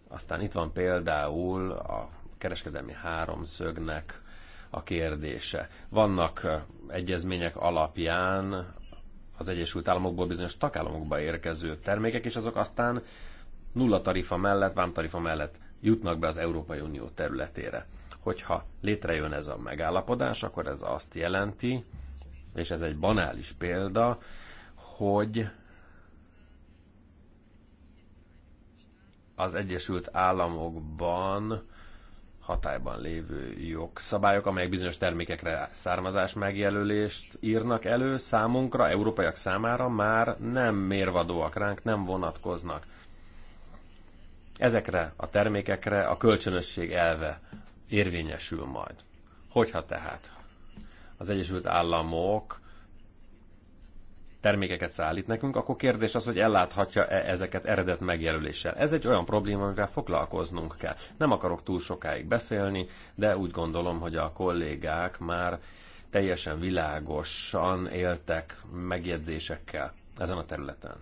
Aztán itt van például a kereskedelmi háromszögnek a kérdése. Vannak egyezmények alapján az Egyesült Államokból bizonyos tagállamokba érkező termékek, és azok aztán nulla tarifa mellett, vámtarifa mellett jutnak be az Európai Unió területére. Hogyha létrejön ez a megállapodás, akkor ez azt jelenti, és ez egy banális példa, hogy az Egyesült Államokban hatályban lévő jogszabályok, amelyek bizonyos termékekre származás megjelölést írnak elő, számunkra, európaiak számára már nem mérvadóak ránk, nem vonatkoznak. Ezekre a termékekre a kölcsönösség elve érvényesül majd. Hogyha tehát az Egyesült Államok termékeket szállít nekünk, akkor kérdés az, hogy elláthatja-e ezeket eredet megjelöléssel. Ez egy olyan probléma, amivel foglalkoznunk kell. Nem akarok túl sokáig beszélni, de úgy gondolom, hogy a kollégák már teljesen világosan éltek megjegyzésekkel ezen a területen.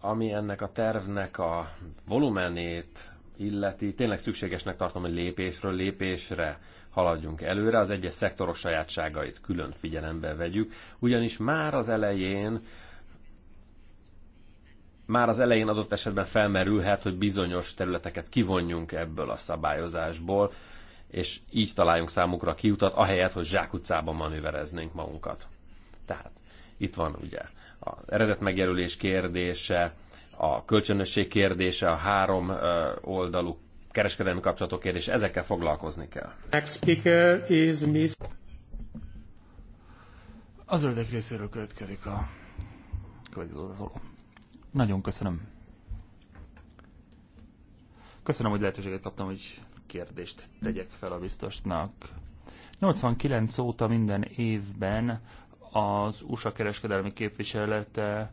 Ami ennek a tervnek a volumenét illeti, tényleg szükségesnek tartom, hogy lépésről lépésre haladjunk előre, az egyes szektorok sajátságait külön figyelembe vegyük, ugyanis már az elején már az elején adott esetben felmerülhet, hogy bizonyos területeket kivonjunk ebből a szabályozásból, és így találjunk számukra kiutat, ahelyett, hogy zsákutcában manővereznénk magunkat. Tehát itt van ugye az eredet megjelölés kérdése, a kölcsönösség kérdése, a három oldalú kereskedelmi kapcsolatok kérdés, ezekkel foglalkozni kell. Next speaker is Miss... A zöldek részéről következik a következő Nagyon köszönöm. Köszönöm, hogy lehetőséget kaptam, hogy kérdést tegyek fel a biztosnak. 89 óta minden évben az USA kereskedelmi képviselete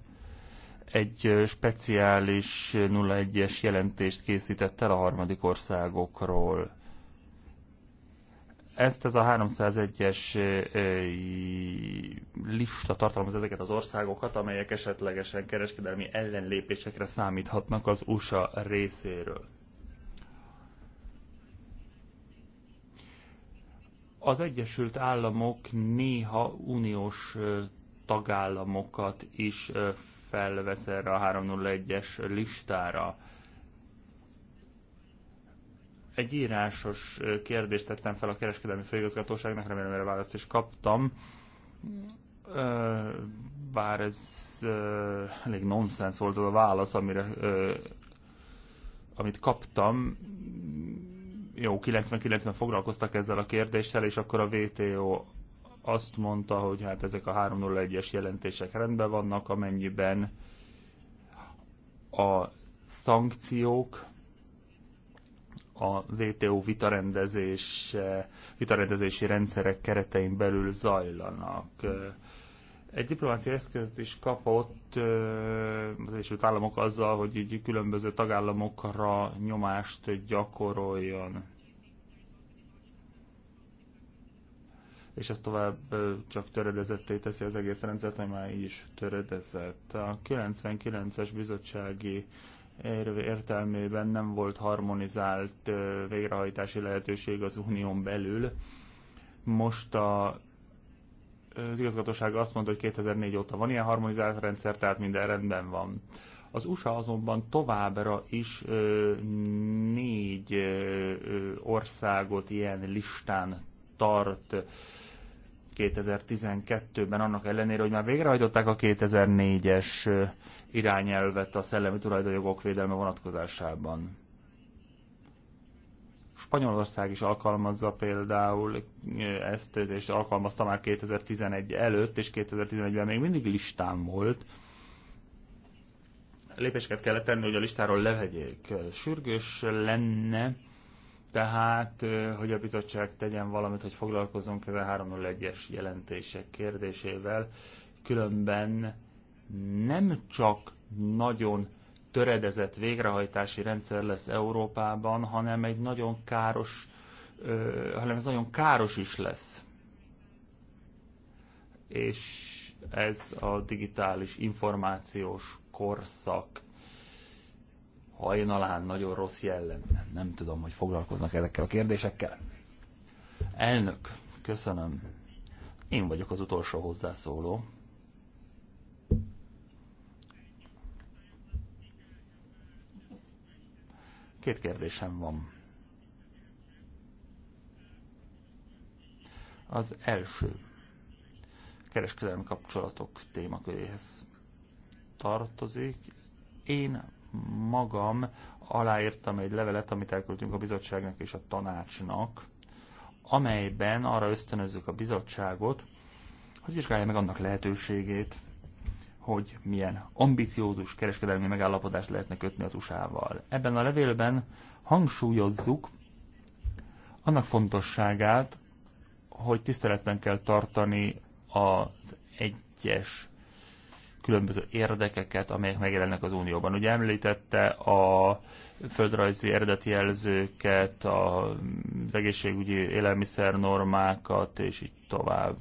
egy speciális 01-es jelentést készített el a harmadik országokról. Ezt ez a 301-es lista tartalmaz ezeket az országokat, amelyek esetlegesen kereskedelmi ellenlépésekre számíthatnak az USA részéről. Az Egyesült Államok néha uniós tagállamokat is felvesz erre a 301-es listára. Egy írásos kérdést tettem fel a kereskedelmi főigazgatóságnak, remélem erre választ is kaptam. Bár ez elég nonsens volt az a válasz, amire, amit kaptam, jó, 90-90 foglalkoztak ezzel a kérdéssel, és akkor a VTO azt mondta, hogy hát ezek a 301-es jelentések rendben vannak, amennyiben a szankciók a VTO vitarendezés, vitarendezési rendszerek keretein belül zajlanak. Egy diplomáciai eszközt is kapott az Egyesült Államok azzal, hogy így különböző tagállamokra nyomást gyakoroljon. és ez tovább csak töredezetté teszi az egész rendszert, ami már így is töredezett. A 99-es bizottsági értelmében nem volt harmonizált végrehajtási lehetőség az unión belül. Most a az igazgatóság azt mondta, hogy 2004 óta van ilyen harmonizált rendszer, tehát minden rendben van. Az USA azonban továbbra is ö, négy ö, országot ilyen listán tart 2012-ben, annak ellenére, hogy már végrehajtották a 2004-es irányelvet a szellemi tulajdonjogok védelme vonatkozásában. Spanyolország is alkalmazza például ezt, és alkalmazta már 2011 előtt, és 2011-ben még mindig listán volt. Lépéseket kellett tenni, hogy a listáról levegyék. Sürgős lenne tehát, hogy a bizottság tegyen valamit, hogy foglalkozunk ezzel 301-es jelentések kérdésével, különben nem csak nagyon töredezett végrehajtási rendszer lesz Európában, hanem egy nagyon káros, hanem ez nagyon káros is lesz. És ez a digitális információs korszak hajnalán nagyon rossz jellem. Nem, nem tudom, hogy foglalkoznak ezekkel a kérdésekkel. Elnök, köszönöm. Én vagyok az utolsó hozzászóló. Két kérdésem van. Az első kereskedelmi kapcsolatok témaköréhez tartozik. Én magam aláírtam egy levelet, amit elküldtünk a bizottságnak és a tanácsnak, amelyben arra ösztönözzük a bizottságot, hogy vizsgálja meg annak lehetőségét, hogy milyen ambiciózus kereskedelmi megállapodást lehetne kötni az USA-val. Ebben a levélben hangsúlyozzuk annak fontosságát, hogy tiszteletben kell tartani az egyes különböző érdekeket, amelyek megjelennek az Unióban. Ugye említette a földrajzi eredeti jelzőket, az egészségügyi normákat és így tovább.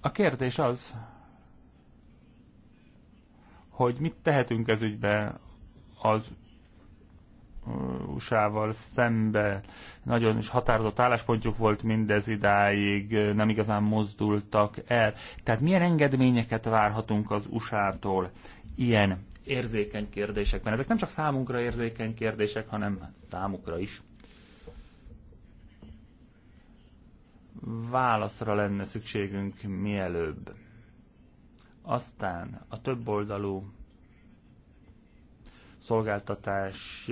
A kérdés az, hogy mit tehetünk ez ügyben az USA-val szemben nagyon is határozott álláspontjuk volt mindez idáig, nem igazán mozdultak el. Tehát milyen engedményeket várhatunk az USA-tól ilyen érzékeny kérdésekben? Ezek nem csak számunkra érzékeny kérdések, hanem számukra is. Válaszra lenne szükségünk mielőbb. Aztán a többoldalú szolgáltatás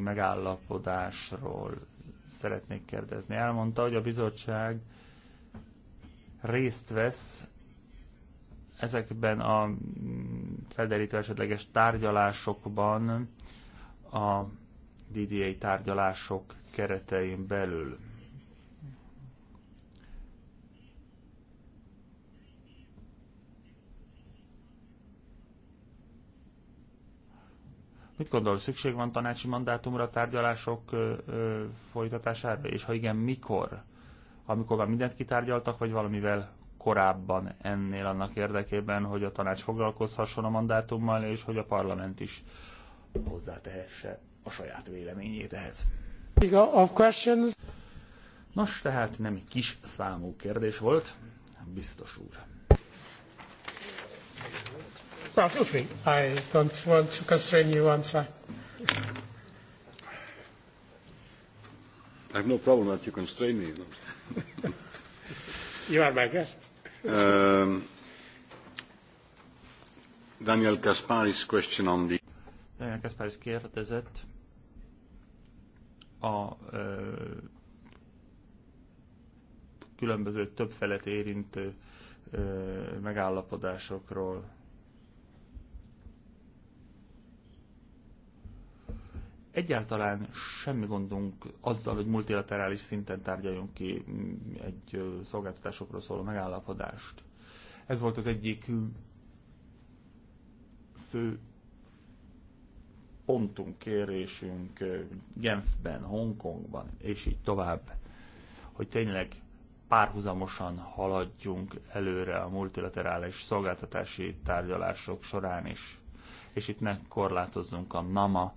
megállapodásról szeretnék kérdezni. Elmondta, hogy a bizottság részt vesz ezekben a mm, felderítő esetleges tárgyalásokban a DDA tárgyalások keretein belül. Mit gondol, szükség van tanácsi mandátumra, tárgyalások ö, ö, folytatására, és ha igen, mikor? Amikor már mindent kitárgyaltak, vagy valamivel korábban ennél annak érdekében, hogy a tanács foglalkozhasson a mandátummal, és hogy a parlament is hozzátehesse a saját véleményét ehhez. Nos, tehát nem kis számú kérdés volt, biztos úr. Well, feel free. I don't want to constrain you on time. I have no problem that you constrain me. you are my guest. Um, Daniel Kasparis question on the... Daniel Kasparis kérdezett a ö, különböző többfelet érintő ö, megállapodásokról egyáltalán semmi gondunk azzal, hogy multilaterális szinten tárgyaljunk ki mm, egy szolgáltatásokról szóló megállapodást. Ez volt az egyik mm, fő pontunk, kérésünk Genfben, Hongkongban, és így tovább, hogy tényleg párhuzamosan haladjunk előre a multilaterális szolgáltatási tárgyalások során is és itt ne korlátozzunk a NAMA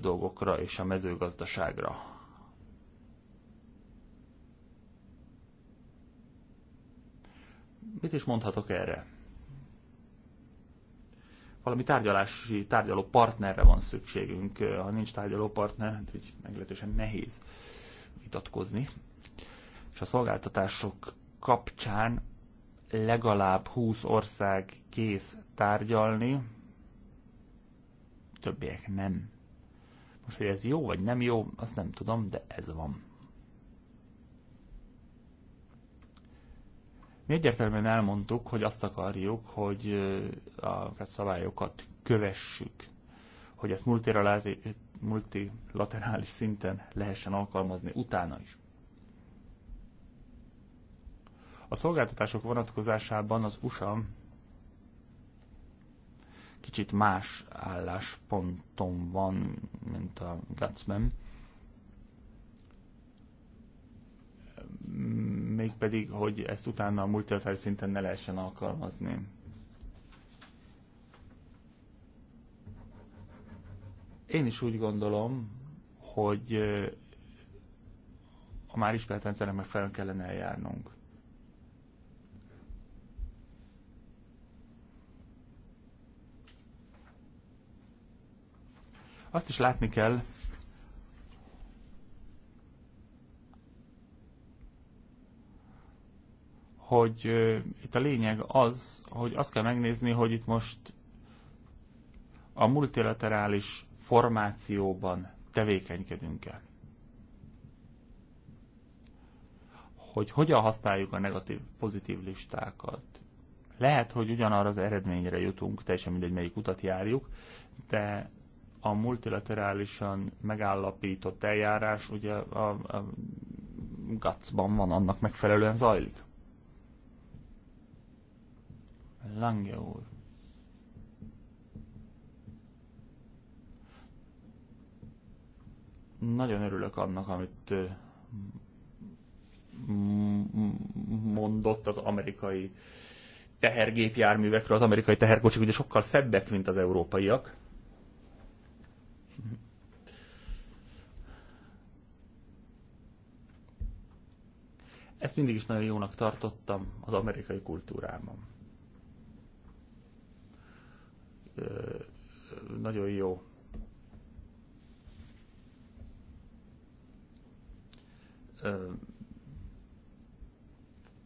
dolgokra és a mezőgazdaságra. Mit is mondhatok erre? Valami tárgyalási, tárgyaló partnerre van szükségünk. Ha nincs tárgyaló partner, hát így meglehetősen nehéz vitatkozni. És a szolgáltatások kapcsán legalább 20 ország kész tárgyalni, többiek nem. Most, hogy ez jó vagy nem jó, azt nem tudom, de ez van. Mi egyértelműen elmondtuk, hogy azt akarjuk, hogy a szabályokat kövessük, hogy ezt multilaterális szinten lehessen alkalmazni utána is. A szolgáltatások vonatkozásában az USA kicsit más állásponton van, mint a Gatsben. Mégpedig, hogy ezt utána a multilaterális szinten ne lehessen alkalmazni. Én is úgy gondolom, hogy a már ismert rendszernek megfelelően kellene eljárnunk. Azt is látni kell, hogy itt a lényeg az, hogy azt kell megnézni, hogy itt most a multilaterális formációban tevékenykedünk-e. Hogy hogyan használjuk a negatív, pozitív listákat. Lehet, hogy ugyanarra az eredményre jutunk, teljesen mindegy, melyik utat járjuk, de a multilaterálisan megállapított eljárás ugye a, a GATS-ban van, annak megfelelően zajlik. Lange úr. Nagyon örülök annak, amit mondott az amerikai tehergépjárművekről. Az amerikai teherkocsik ugye sokkal szebbek, mint az európaiak. Ezt mindig is nagyon jónak tartottam az amerikai kultúrában. Ö, nagyon jó. Ö,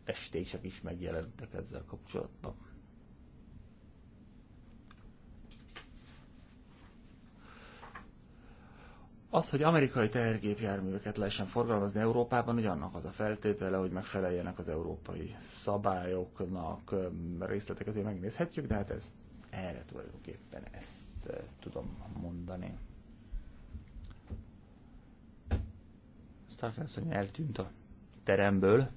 festések is megjelentek ezzel kapcsolatban. az, hogy amerikai tehergépjárműveket lehessen forgalmazni Európában, hogy annak az a feltétele, hogy megfeleljenek az európai szabályoknak, részleteket, hogy megnézhetjük, de hát ez erre tulajdonképpen ezt tudom mondani. Stark eltűnt a teremből.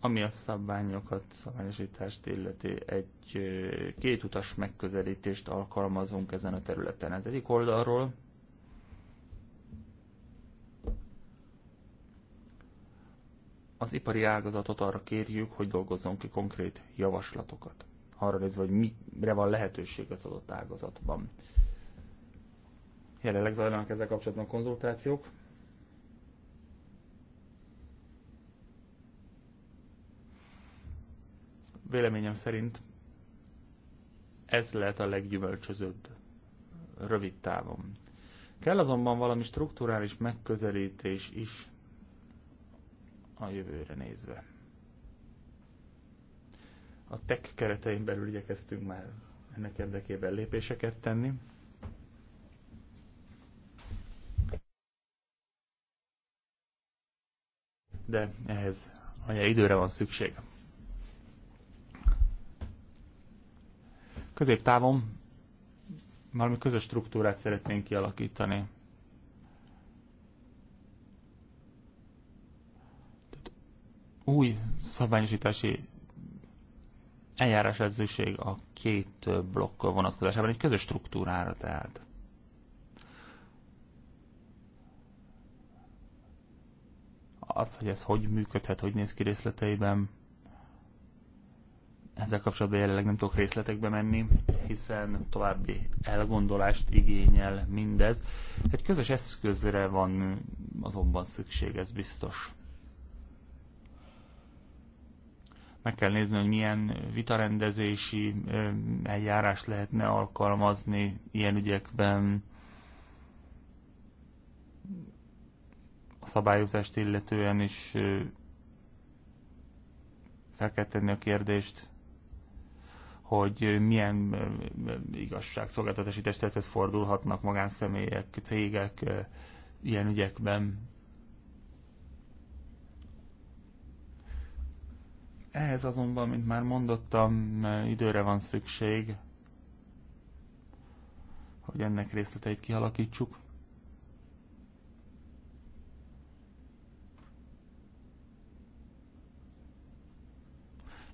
Ami a szabványokat, szabályosítást illeti, egy kétutas megközelítést alkalmazunk ezen a területen. ez egyik oldalról az ipari ágazatot arra kérjük, hogy dolgozzon ki konkrét javaslatokat. Arra nézve, hogy mire van lehetőség az adott ágazatban. Jelenleg zajlanak ezzel kapcsolatban konzultációk. Véleményem szerint ez lehet a leggyümölcsözőbb rövid távon. Kell azonban valami strukturális megközelítés is a jövőre nézve. A tech keretein belül igyekeztünk már ennek érdekében lépéseket tenni. De ehhez anya időre van szükség. Középtávon valami közös struktúrát szeretnénk kialakítani. Tehát új szabványosítási eljárás edzőség a két blokk vonatkozásában egy közös struktúrára tehát. Az, hogy ez hogy működhet, hogy néz ki részleteiben, ezzel kapcsolatban jelenleg nem tudok részletekbe menni, hiszen további elgondolást igényel mindez. Egy közös eszközre van azonban szükség, ez biztos. Meg kell nézni, hogy milyen vitarendezési eljárást lehetne alkalmazni ilyen ügyekben. A szabályozást illetően is fel kell tenni a kérdést, hogy milyen igazságszolgáltatási testülethez fordulhatnak magánszemélyek, cégek ilyen ügyekben. Ehhez azonban, mint már mondottam, időre van szükség, hogy ennek részleteit kialakítsuk.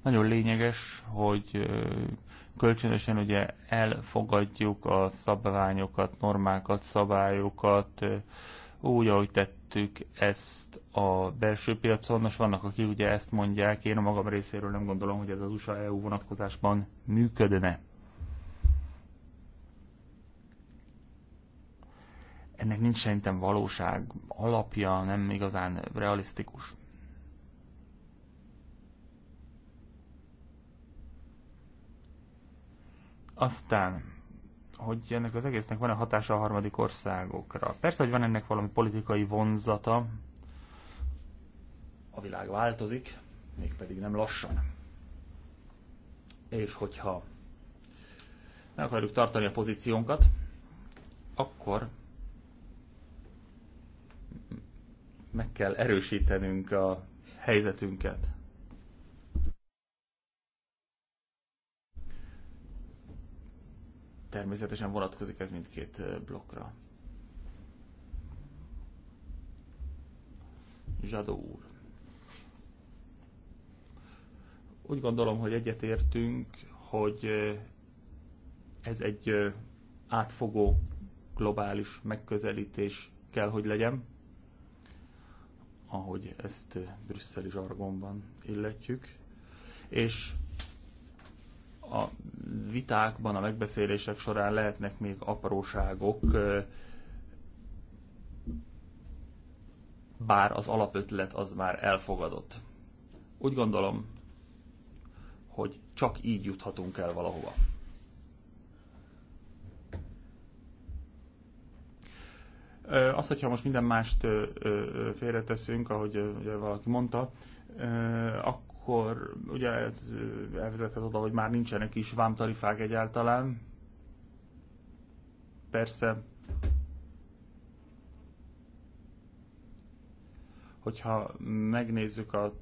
Nagyon lényeges, hogy kölcsönösen ugye elfogadjuk a szabványokat, normákat, szabályokat, úgy, ahogy tettük ezt a belső piacon. Most vannak, akik ugye ezt mondják, én a magam részéről nem gondolom, hogy ez az USA-EU vonatkozásban működne. Ennek nincs szerintem valóság alapja, nem igazán realisztikus. Aztán, hogy ennek az egésznek van-e hatása a harmadik országokra. Persze, hogy van ennek valami politikai vonzata. A világ változik, mégpedig nem lassan. És hogyha meg akarjuk tartani a pozíciónkat, akkor meg kell erősítenünk a helyzetünket. természetesen vonatkozik ez mindkét blokkra. Zsadó úr. Úgy gondolom, hogy egyetértünk, hogy ez egy átfogó globális megközelítés kell, hogy legyen, ahogy ezt brüsszeli zsargonban illetjük. És a vitákban, a megbeszélések során lehetnek még apróságok, bár az alapötlet az már elfogadott. Úgy gondolom, hogy csak így juthatunk el valahova. Azt, hogyha most minden mást félreteszünk, ahogy ugye valaki mondta, akkor akkor ugye ez elvezethet oda, hogy már nincsenek is vámtarifák egyáltalán. Persze, hogyha megnézzük a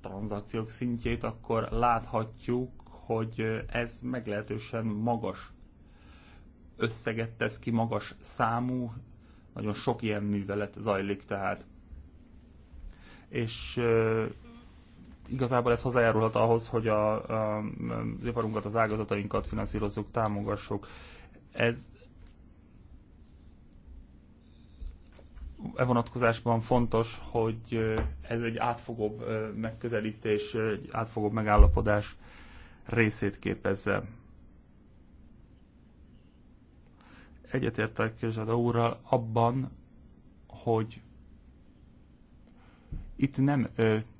tranzakciók szintjét, akkor láthatjuk, hogy ez meglehetősen magas összeget tesz ki, magas számú, nagyon sok ilyen művelet zajlik tehát. És igazából ez hozzájárulhat ahhoz, hogy a, a, az iparunkat, az ágazatainkat finanszírozzuk, támogassuk. Ez e vonatkozásban fontos, hogy ez egy átfogóbb megközelítés, egy átfogóbb megállapodás részét képezze. Egyetértek Zsada úrral abban, hogy itt nem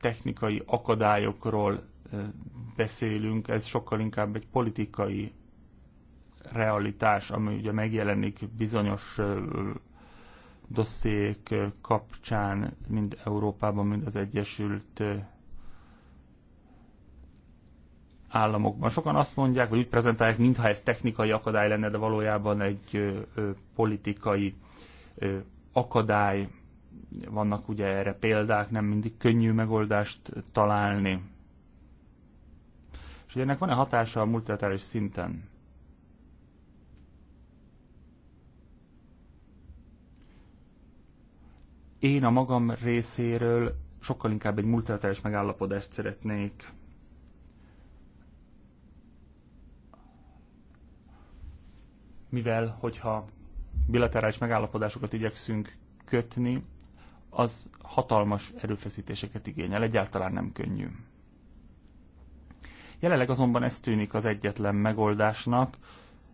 technikai akadályokról beszélünk, ez sokkal inkább egy politikai realitás, ami ugye megjelenik bizonyos dossziék kapcsán, mind Európában, mind az Egyesült államokban. Sokan azt mondják, vagy úgy prezentálják, mintha ez technikai akadály lenne, de valójában egy politikai akadály vannak ugye erre példák, nem mindig könnyű megoldást találni. És hogy ennek van-e hatása a multilaterális szinten? Én a magam részéről sokkal inkább egy multilaterális megállapodást szeretnék. Mivel, hogyha bilaterális megállapodásokat igyekszünk kötni, az hatalmas erőfeszítéseket igényel, egyáltalán nem könnyű. Jelenleg azonban ez tűnik az egyetlen megoldásnak,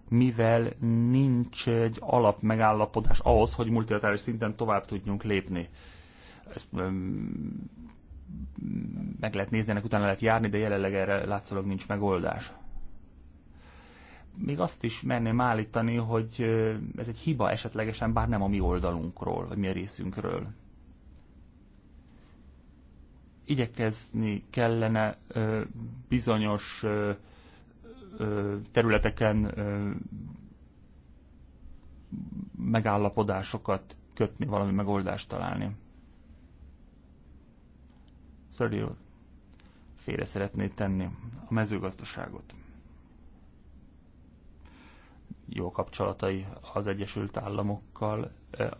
mivel nincs egy alap megállapodás ahhoz, hogy multilaterális szinten tovább tudjunk lépni. Ezt meg lehet nézni, ennek utána lehet járni, de jelenleg erre látszólag nincs megoldás. Még azt is merném állítani, hogy ez egy hiba esetlegesen, bár nem a mi oldalunkról, vagy mi a részünkről igyekezni kellene bizonyos területeken megállapodásokat kötni, valami megoldást találni. Szörnyű, félre szeretné tenni a mezőgazdaságot. Jó kapcsolatai az Egyesült Államokkal.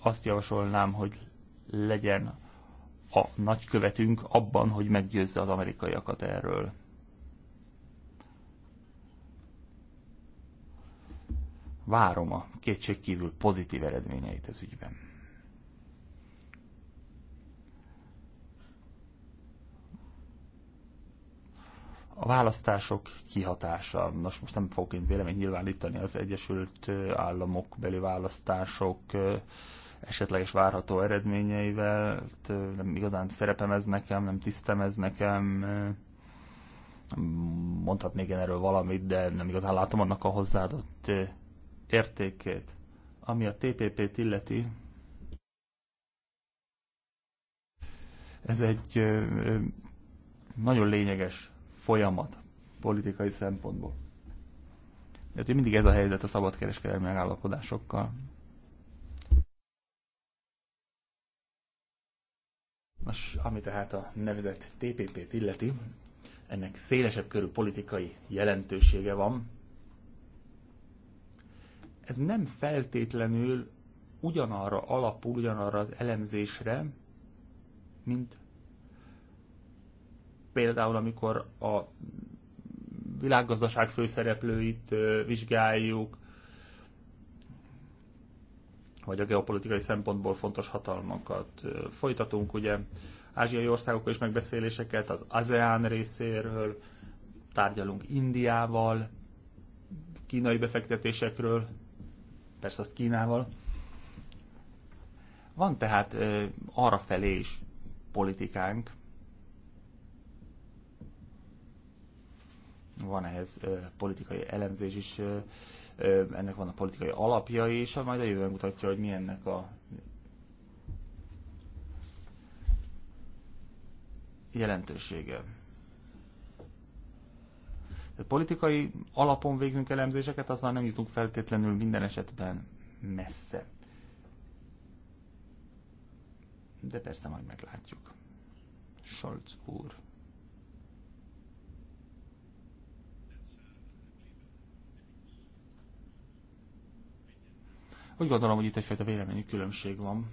Azt javasolnám, hogy legyen a nagykövetünk abban, hogy meggyőzze az amerikaiakat erről. Várom a kétségkívül pozitív eredményeit ez ügyben. A választások kihatása. Nos, most nem fogok én véleményt nyilvánítani az Egyesült Államok beli választások esetleges várható eredményeivel. Nem igazán szerepem ez nekem, nem tisztem ez nekem. Mondhatnék én erről valamit, de nem igazán látom annak a hozzáadott értékét. Ami a TPP-t illeti, ez egy nagyon lényeges folyamat politikai szempontból. Tehát mindig ez a helyzet a szabadkereskedelmi megállapodásokkal. Nos, ami tehát a nevezett TPP-t illeti, ennek szélesebb körű politikai jelentősége van. Ez nem feltétlenül ugyanarra alapul, ugyanarra az elemzésre, mint például amikor a világgazdaság főszereplőit vizsgáljuk, hogy a geopolitikai szempontból fontos hatalmakat folytatunk, ugye ázsiai országokkal is megbeszéléseket, az ASEAN részéről, tárgyalunk Indiával, kínai befektetésekről, persze azt Kínával. Van tehát arra felé is politikánk, van ehhez politikai elemzés is ennek van a politikai alapjai, és majd a jövő mutatja, hogy milyennek a jelentősége. A politikai alapon végzünk elemzéseket, azzal nem jutunk feltétlenül minden esetben messze. De persze majd meglátjuk. Scholz úr. Úgy gondolom, hogy itt egyfajta véleményi különbség van.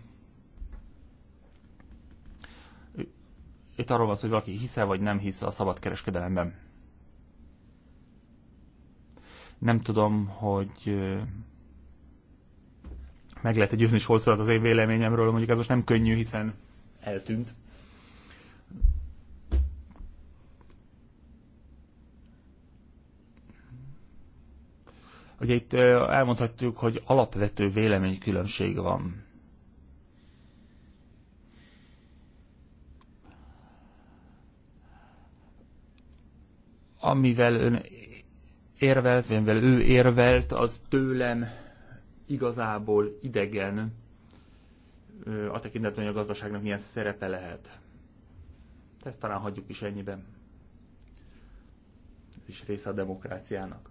Itt arról van szó, hogy valaki hisze vagy nem hisze a kereskedelemben. Nem tudom, hogy meg lehet győzni Solcorat az én véleményemről, mondjuk ez most nem könnyű, hiszen eltűnt. Ugye itt elmondhatjuk, hogy alapvető véleménykülönbség van. Amivel ön érvelt, vagy amivel ő érvelt, az tőlem igazából idegen a tekintetben, hogy a gazdaságnak milyen szerepe lehet. Ezt talán hagyjuk is ennyiben. Ez is része a demokráciának.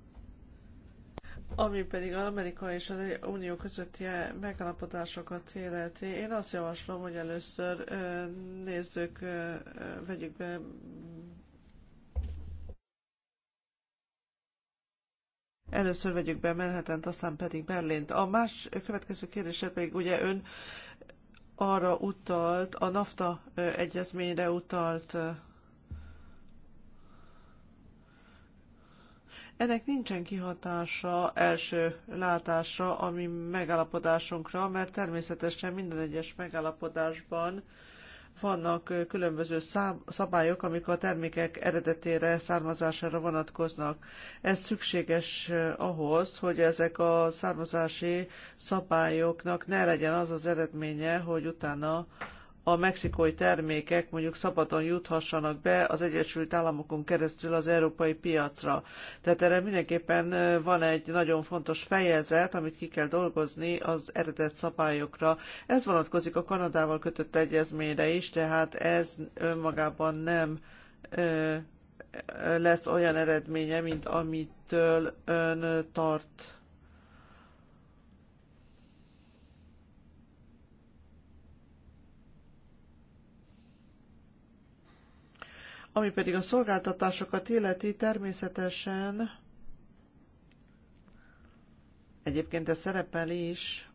Ami pedig az Amerika és az Unió közötti megállapodásokat életi, én azt javaslom, hogy először nézzük, vegyük be Először vegyük be manhattan aztán pedig Berlint. A más következő kérdése pedig ugye ön arra utalt, a NAFTA egyezményre utalt Ennek nincsen kihatása első látásra, ami megállapodásunkra, mert természetesen minden egyes megállapodásban vannak különböző szabályok, amik a termékek eredetére, származására vonatkoznak. Ez szükséges ahhoz, hogy ezek a származási szabályoknak ne legyen az az eredménye, hogy utána a mexikói termékek mondjuk szabadon juthassanak be az Egyesült Államokon keresztül az európai piacra. Tehát erre mindenképpen van egy nagyon fontos fejezet, amit ki kell dolgozni az eredet szabályokra. Ez vonatkozik a Kanadával kötött egyezményre is, tehát ez önmagában nem lesz olyan eredménye, mint amitől ön tart Ami pedig a szolgáltatásokat illeti, természetesen egyébként ez szerepel is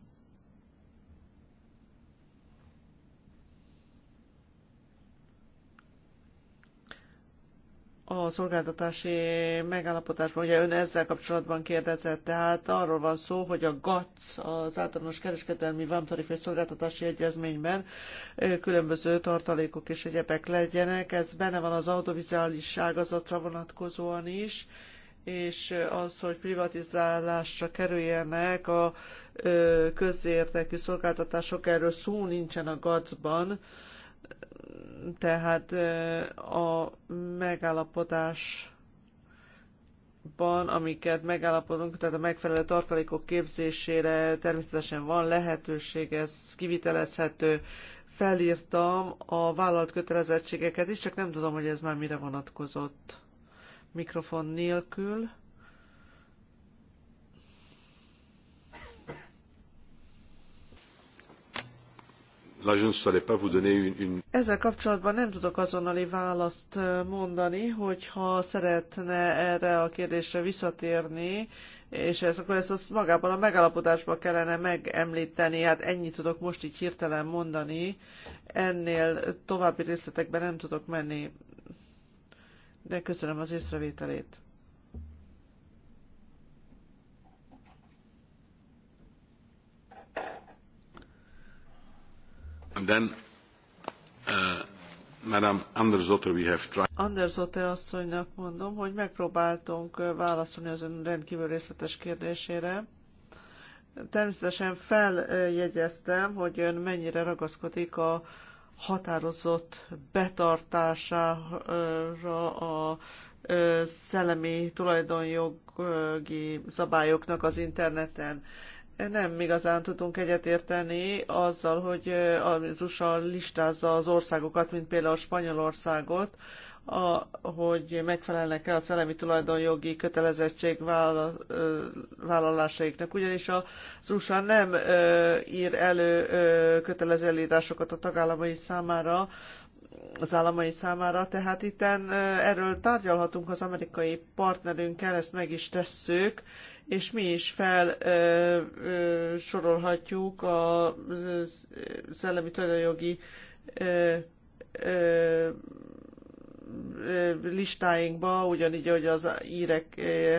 a szolgáltatási megállapodásban, ugye ön ezzel kapcsolatban kérdezett, tehát arról van szó, hogy a GATS, az általános kereskedelmi vámtarifai szolgáltatási egyezményben különböző tartalékok és egyebek legyenek. Ez benne van az audiovizuális ágazatra vonatkozóan is, és az, hogy privatizálásra kerüljenek a közérdekű szolgáltatások, erről szó nincsen a GATS-ban, tehát a megállapodásban, amiket megállapodunk, tehát a megfelelő tartalékok képzésére természetesen van lehetőség, ez kivitelezhető. Felírtam a vállalt kötelezettségeket is, csak nem tudom, hogy ez már mire vonatkozott. Mikrofon nélkül. Ezzel kapcsolatban nem tudok azonnali választ mondani, hogyha szeretne erre a kérdésre visszatérni, és ez, akkor ezt az magában a megállapodásban kellene megemlíteni, hát ennyit tudok most így hirtelen mondani, ennél további részletekben nem tudok menni. De köszönöm az észrevételét. And then, uh, Madame Andersdotter, we have tried... asszonynak mondom, hogy megpróbáltunk uh, válaszolni az ön rendkívül részletes kérdésére. Természetesen feljegyeztem, hogy ön mennyire ragaszkodik a határozott betartására a szellemi tulajdonjogi szabályoknak az interneten nem igazán tudunk egyetérteni azzal, hogy az USA listázza az országokat, mint például Spanyolországot, a, hogy megfelelnek-e a szellemi tulajdonjogi kötelezettség vállalásaiknak, ugyanis az USA nem ö, ír elő ö, kötelezelírásokat a tagállamai számára, az államai számára, tehát itt erről tárgyalhatunk az amerikai partnerünkkel, ezt meg is tesszük, és mi is felsorolhatjuk a szellemi tulajdonjogi listáinkba, ugyanígy, hogy az írek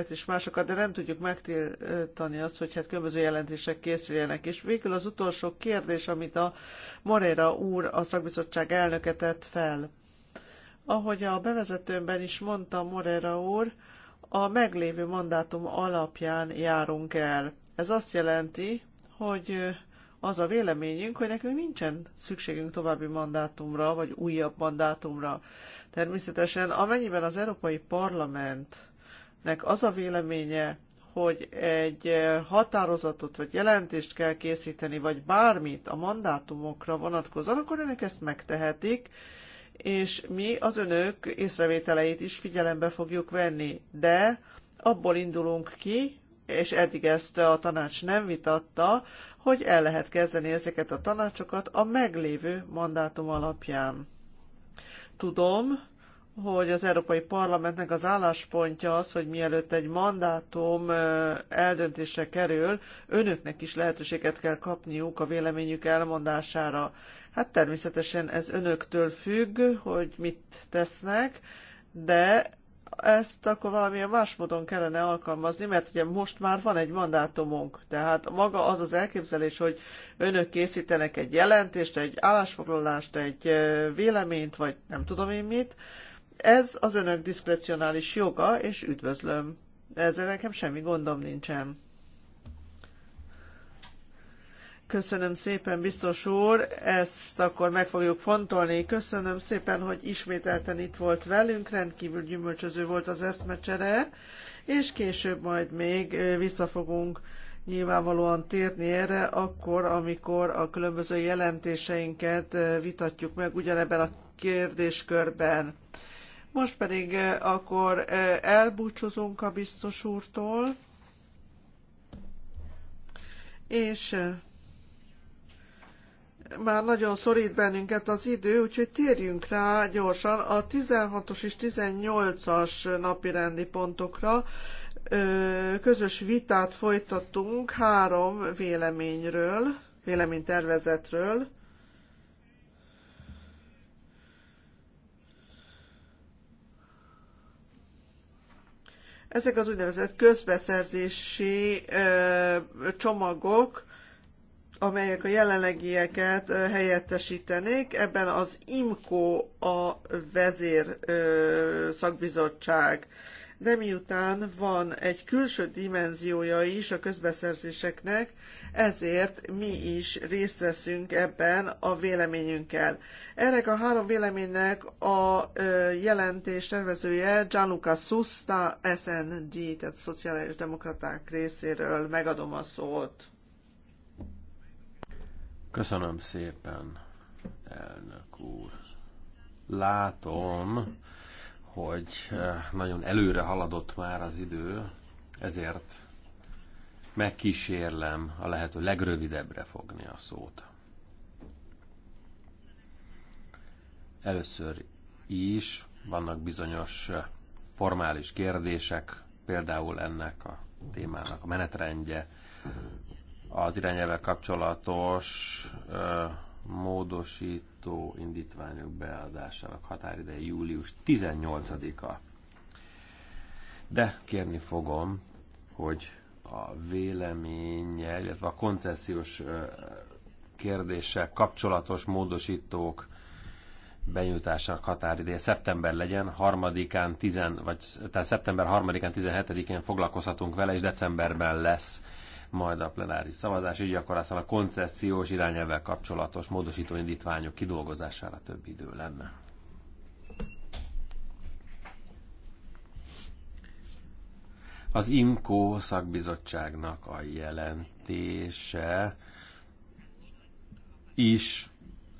és másokat, de nem tudjuk megtiltani azt, hogy hát különböző jelentések készüljenek. És végül az utolsó kérdés, amit a Moreira úr, a szakbizottság elnöke tett fel. Ahogy a bevezetőmben is mondta Moreira úr, a meglévő mandátum alapján járunk el. Ez azt jelenti, hogy az a véleményünk, hogy nekünk nincsen szükségünk további mandátumra, vagy újabb mandátumra. Természetesen amennyiben az Európai Parlamentnek az a véleménye, hogy egy eh, határozatot vagy jelentést kell készíteni, vagy bármit a mandátumokra vonatkozóan, akkor önök ezt megtehetik, és mi az önök észrevételeit is figyelembe fogjuk venni. De abból indulunk ki, és eddig ezt a tanács nem vitatta, hogy el lehet kezdeni ezeket a tanácsokat a meglévő mandátum alapján. Tudom, hogy az Európai Parlamentnek az álláspontja az, hogy mielőtt egy mandátum eldöntése kerül, önöknek is lehetőséget kell kapniuk a véleményük elmondására. Hát természetesen ez önöktől függ, hogy mit tesznek, de ezt akkor valamilyen más módon kellene alkalmazni, mert ugye most már van egy mandátumunk, tehát maga az az elképzelés, hogy önök készítenek egy jelentést, egy állásfoglalást, egy véleményt, vagy nem tudom én mit, ez az önök diszkrecionális joga, és üdvözlöm. Ezzel nekem semmi gondom nincsen. Köszönöm szépen, biztos úr, ezt akkor meg fogjuk fontolni. Köszönöm szépen, hogy ismételten itt volt velünk, rendkívül gyümölcsöző volt az eszmecsere, és később majd még vissza fogunk nyilvánvalóan térni erre, akkor, amikor a különböző jelentéseinket vitatjuk meg ugyanebben a kérdéskörben. Most pedig akkor elbúcsúzunk a biztos úrtól, és már nagyon szorít bennünket az idő, úgyhogy térjünk rá gyorsan a 16-os és 18-as napirendi pontokra. Közös vitát folytattunk három véleményről, véleménytervezetről. Ezek az úgynevezett közbeszerzési ö, csomagok, amelyek a jelenlegieket helyettesítenék. Ebben az IMCO a vezér szakbizottság. De miután van egy külső dimenziója is a közbeszerzéseknek, ezért mi is részt veszünk ebben a véleményünkkel. Ennek a három véleménynek a jelentés tervezője Gianluca Susta, SND, tehát Szociális Demokraták részéről megadom a szót. Köszönöm szépen, elnök úr. Látom, hogy eh, nagyon előre haladott már az idő, ezért megkísérlem a lehető legrövidebbre fogni a szót. Először is vannak bizonyos eh, formális kérdések, például ennek a témának a menetrendje, az irányelvvel kapcsolatos módosító indítványok beadásának határideje július 18-a. De kérni fogom, hogy a véleménye, illetve a koncesziós kérdéssel kapcsolatos módosítók benyújtásának határideje szeptember legyen, harmadikán, tizen, vagy, tehát szeptember 3-án, 17-én foglalkozhatunk vele, és decemberben lesz majd a plenáris szavazás, így akkor aztán a koncesziós irányelvvel kapcsolatos módosító indítványok kidolgozására több idő lenne. Az IMCO szakbizottságnak a jelentése is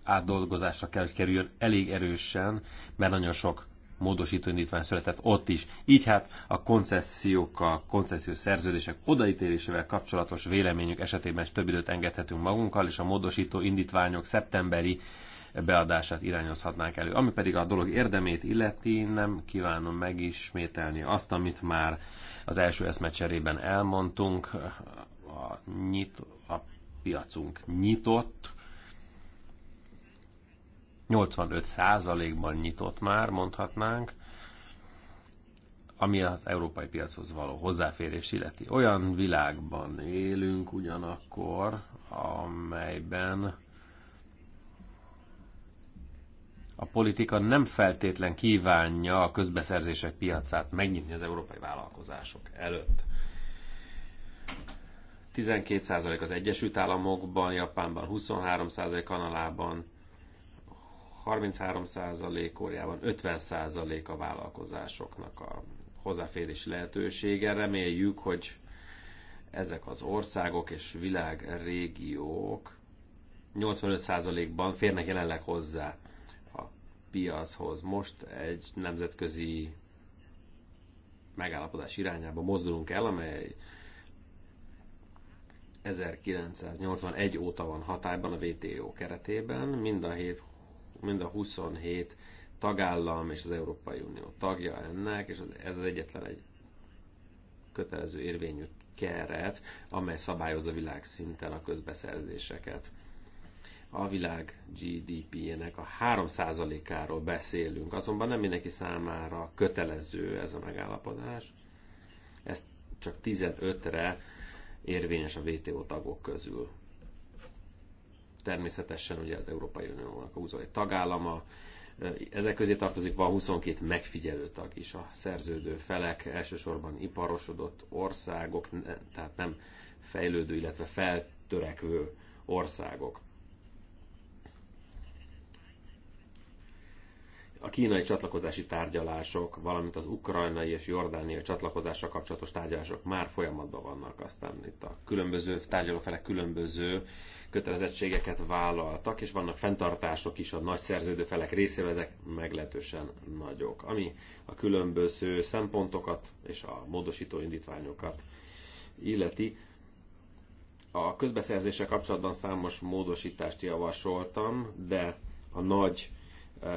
átdolgozásra kell, hogy kerüljön elég erősen, mert nagyon sok módosító indítvány született ott is. Így hát a a koncesziós szerződések odaítélésével kapcsolatos véleményük esetében is több időt engedhetünk magunkkal, és a módosító indítványok szeptemberi beadását irányozhatnánk elő. Ami pedig a dolog érdemét illeti, nem kívánom megismételni azt, amit már az első eszmecserében elmondtunk. A, nyit, a piacunk nyitott, 85%-ban nyitott már, mondhatnánk, ami az európai piachoz való hozzáférés illeti. Olyan világban élünk ugyanakkor, amelyben a politika nem feltétlen kívánja a közbeszerzések piacát megnyitni az európai vállalkozások előtt. 12% az Egyesült Államokban, Japánban, 23% Kanalában, 33% Kóriában 50% a vállalkozásoknak a hozzáférés lehetősége. Reméljük, hogy ezek az országok és világrégiók 85%-ban férnek jelenleg hozzá a piachoz. Most egy nemzetközi megállapodás irányába mozdulunk el, amely 1981 óta van hatályban a WTO keretében. Mind a hét mind a 27 tagállam és az Európai Unió tagja ennek, és ez az egyetlen egy kötelező érvényű keret, amely szabályozza világszinten a közbeszerzéseket. A világ GDP-jének a 3%-áról beszélünk, azonban nem mindenki számára kötelező ez a megállapodás. Ez csak 15-re érvényes a WTO tagok közül természetesen ugye az Európai Uniónak a 21 tagállama, ezek közé tartozik van 22 megfigyelő tag is a szerződő felek, elsősorban iparosodott országok, tehát nem fejlődő, illetve feltörekvő országok. a kínai csatlakozási tárgyalások, valamint az ukrajnai és jordániai csatlakozással kapcsolatos tárgyalások már folyamatban vannak. Aztán itt a különböző tárgyalófelek különböző kötelezettségeket vállaltak, és vannak fenntartások is a nagy szerződő felek részéről, ezek meglehetősen nagyok. Ami a különböző szempontokat és a módosító indítványokat illeti, a közbeszerzéssel kapcsolatban számos módosítást javasoltam, de a nagy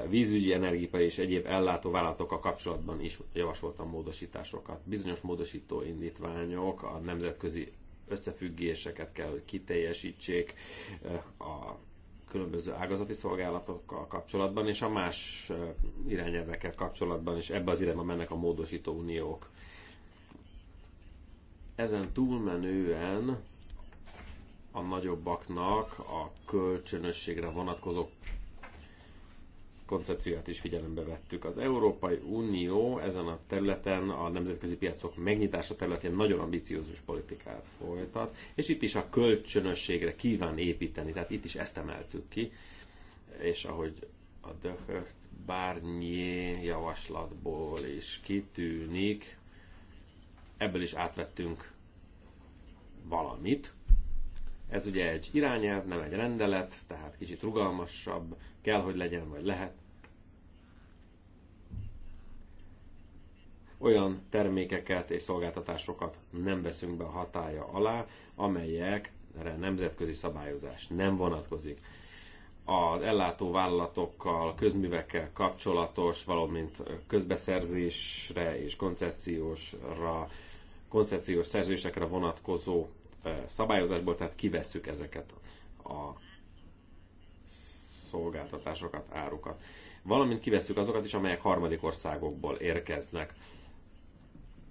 vízügyi, energiai és egyéb ellátó vállalatokkal kapcsolatban is javasoltam módosításokat. Bizonyos módosító indítványok a nemzetközi összefüggéseket kell, hogy kiteljesítsék a különböző ágazati szolgálatokkal kapcsolatban, és a más irányelvekkel kapcsolatban, és ebbe az irányba mennek a módosító uniók. Ezen túlmenően a nagyobbaknak a kölcsönösségre vonatkozó koncepcióját is figyelembe vettük. Az Európai Unió ezen a területen, a nemzetközi piacok megnyitása területén nagyon ambiciózus politikát folytat, és itt is a kölcsönösségre kíván építeni, tehát itt is ezt emeltük ki, és ahogy a Döhögt bárnyi javaslatból is kitűnik, ebből is átvettünk valamit, ez ugye egy irányelv, nem egy rendelet, tehát kicsit rugalmasabb, kell, hogy legyen, vagy lehet. Olyan termékeket és szolgáltatásokat nem veszünk be a hatája alá, amelyekre nemzetközi szabályozás nem vonatkozik az ellátó vállalatokkal, közművekkel kapcsolatos, valamint közbeszerzésre és koncesziósra, koncesziós szerzésekre vonatkozó szabályozásból, tehát kivesszük ezeket a szolgáltatásokat, árukat. Valamint kivesszük azokat is, amelyek harmadik országokból érkeznek.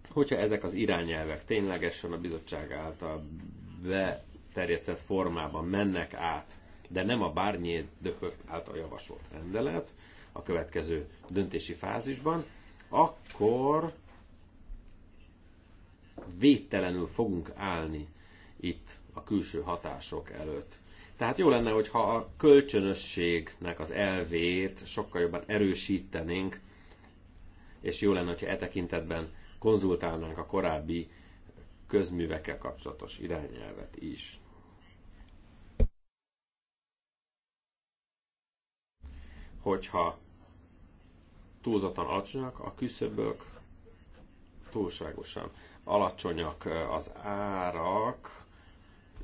Hogyha ezek az irányelvek ténylegesen a bizottság által beterjesztett formában mennek át, de nem a bárnyi Döhök által javasolt rendelet a következő döntési fázisban, akkor védtelenül fogunk állni itt a külső hatások előtt. Tehát jó lenne, hogyha a kölcsönösségnek az elvét sokkal jobban erősítenénk, és jó lenne, hogyha e tekintetben konzultálnánk a korábbi közművekkel kapcsolatos irányelvet is. Hogyha túlzottan alacsonyak a küszöbök, túlságosan alacsonyak az árak,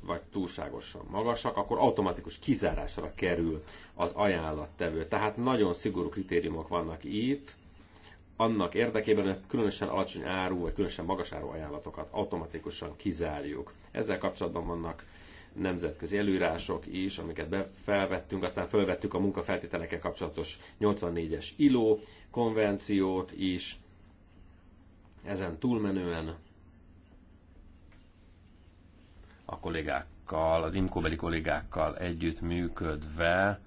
vagy túlságosan magasak, akkor automatikus kizárásra kerül az ajánlattevő. Tehát nagyon szigorú kritériumok vannak itt, annak érdekében, hogy különösen alacsony áru, vagy különösen magas áru ajánlatokat automatikusan kizárjuk. Ezzel kapcsolatban vannak nemzetközi előírások is, amiket felvettünk, aztán felvettük a munkafeltételekkel kapcsolatos 84-es ILO konvenciót is, ezen túlmenően a kollégákkal, az imkóbeli kollégákkal együtt működve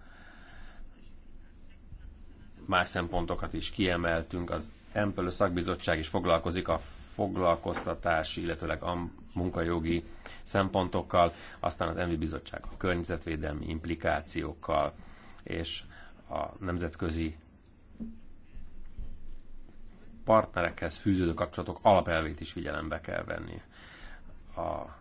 más szempontokat is kiemeltünk. Az Empölő szakbizottság is foglalkozik a foglalkoztatási, illetőleg a munkajogi szempontokkal, aztán az Envi Bizottság a környezetvédelmi implikációkkal és a nemzetközi partnerekhez fűződő kapcsolatok alapelvét is figyelembe kell venni. A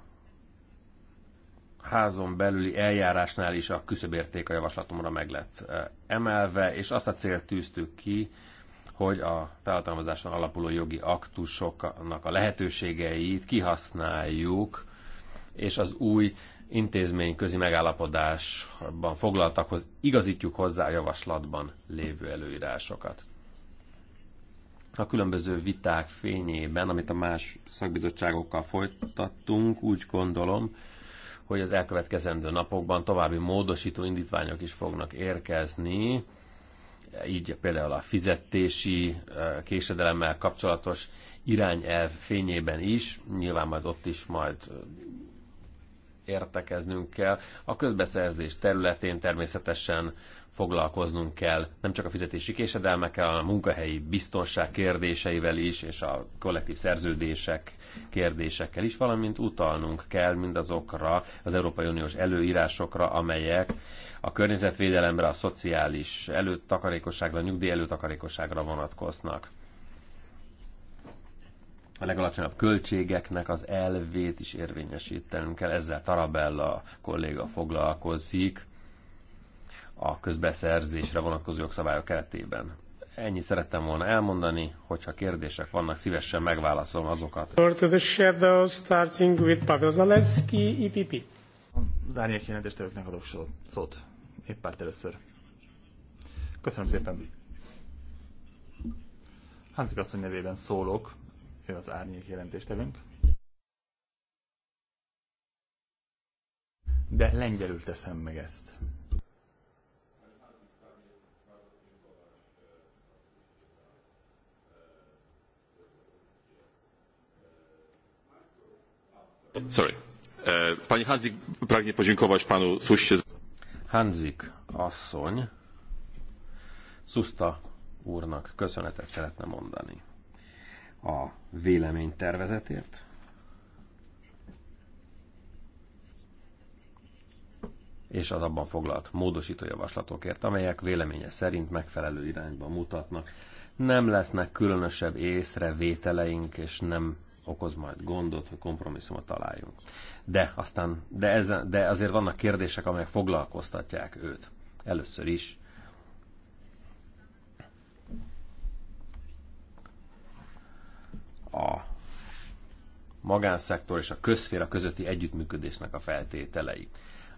házon belüli eljárásnál is a küszöbérték a javaslatomra meg lett eh, emelve, és azt a célt tűztük ki, hogy a felhatalmazáson alapuló jogi aktusoknak a lehetőségeit kihasználjuk, és az új intézményközi megállapodásban foglaltakhoz igazítjuk hozzá a javaslatban lévő előírásokat. A különböző viták fényében, amit a más szakbizottságokkal folytattunk, úgy gondolom, hogy az elkövetkezendő napokban további módosító indítványok is fognak érkezni, így például a fizetési késedelemmel kapcsolatos irányelv fényében is, nyilván majd ott is majd értekeznünk kell. A közbeszerzés területén természetesen foglalkoznunk kell nem csak a fizetési késedelmekkel, hanem a munkahelyi biztonság kérdéseivel is, és a kollektív szerződések kérdésekkel is, valamint utalnunk kell mindazokra az Európai Uniós előírásokra, amelyek a környezetvédelemre, a szociális előtakarékosságra, a nyugdíj előtakarékosságra vonatkoznak a legalacsonyabb költségeknek az elvét is érvényesítenünk kell. Ezzel Tarabella kolléga foglalkozik a közbeszerzésre vonatkozó jogszabályok keretében. Ennyi szerettem volna elmondani, hogyha kérdések vannak, szívesen megválaszolom azokat. To the shadow, starting with Pavel Zalewski, EPP. Az árnyék jelentéstevőknek adok szót. Épp párt először. Köszönöm szépen. Hanzik asszony nevében szólok, ő az árnyék jelentéstevőnk. De lengyelül teszem meg ezt. Sorry. E, pani Hanzik pragnie podziękować panu Suście. Hanzik asszony Szuszta úrnak köszönetet szeretne mondani a véleménytervezetért. és az abban foglalt módosító javaslatokért, amelyek véleménye szerint megfelelő irányba mutatnak. Nem lesznek különösebb észrevételeink, és nem okoz majd gondot, hogy kompromisszumot találjunk. De aztán, de, ez, de azért vannak kérdések, amelyek foglalkoztatják őt. Először is. A magánszektor és a közféra közötti együttműködésnek a feltételei.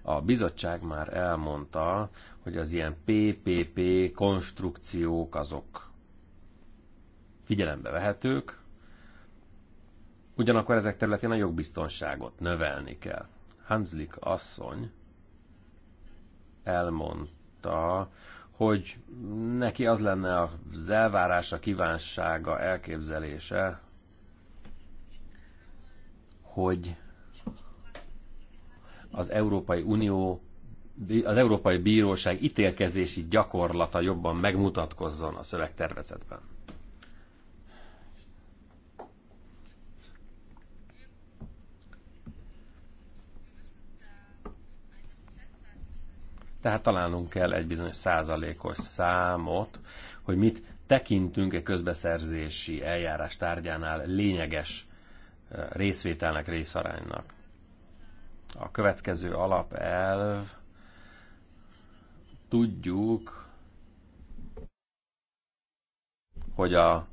A bizottság már elmondta, hogy az ilyen PPP konstrukciók azok figyelembe vehetők, Ugyanakkor ezek területén a jogbiztonságot növelni kell. Hanslik asszony elmondta, hogy neki az lenne az elvárása, kívánsága, elképzelése, hogy az Európai Unió, az Európai Bíróság ítélkezési gyakorlata jobban megmutatkozzon a szövegtervezetben. Tehát találnunk kell egy bizonyos százalékos számot, hogy mit tekintünk egy közbeszerzési eljárás tárgyánál lényeges részvételnek, részaránynak. A következő alapelv tudjuk, hogy a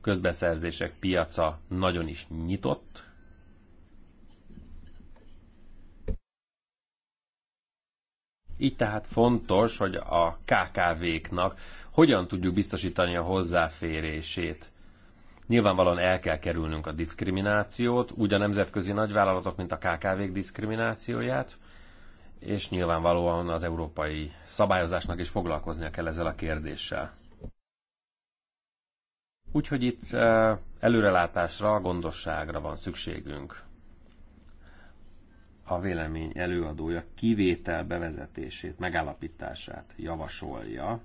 közbeszerzések piaca nagyon is nyitott, Így tehát fontos, hogy a KKV-knak hogyan tudjuk biztosítani a hozzáférését. Nyilvánvalóan el kell kerülnünk a diszkriminációt, úgy a nemzetközi nagyvállalatok, mint a KKV-k diszkriminációját, és nyilvánvalóan az európai szabályozásnak is foglalkoznia kell ezzel a kérdéssel. Úgyhogy itt eh, előrelátásra, gondosságra van szükségünk a vélemény előadója kivétel bevezetését, megállapítását javasolja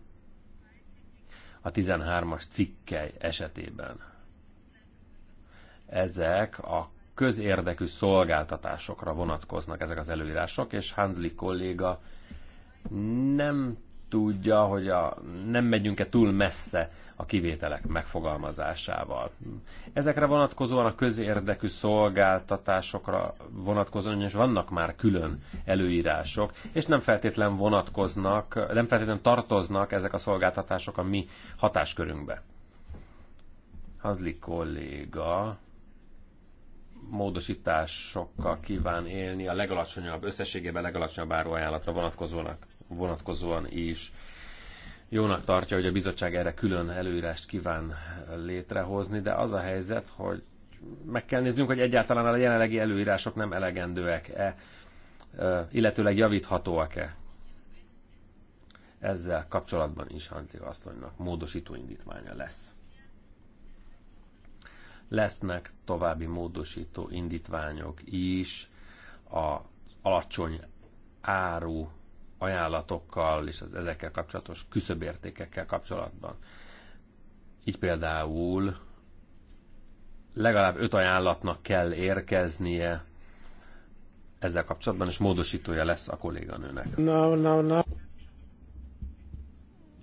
a 13-as cikkely esetében. Ezek a közérdekű szolgáltatásokra vonatkoznak ezek az előírások, és Hansli kolléga nem tudja, hogy a, nem megyünk-e túl messze a kivételek megfogalmazásával. Ezekre vonatkozóan a közérdekű szolgáltatásokra vonatkozóan is vannak már külön előírások, és nem feltétlen vonatkoznak, nem feltétlen tartoznak ezek a szolgáltatások a mi hatáskörünkbe. Hazli kolléga módosításokkal kíván élni a legalacsonyabb, összességében legalacsonyabb áruajánlatra vonatkozónak vonatkozóan is jónak tartja, hogy a bizottság erre külön előírást kíván létrehozni, de az a helyzet, hogy meg kell néznünk, hogy egyáltalán a jelenlegi előírások nem elegendőek-e, illetőleg javíthatóak-e. Ezzel kapcsolatban is Antik Asztonynak módosító indítványa lesz. Lesznek további módosító indítványok is a alacsony áru ajánlatokkal és az ezekkel kapcsolatos küszöbértékekkel kapcsolatban. Így például legalább öt ajánlatnak kell érkeznie ezzel kapcsolatban, és módosítója lesz a kolléganőnek. No, no, no.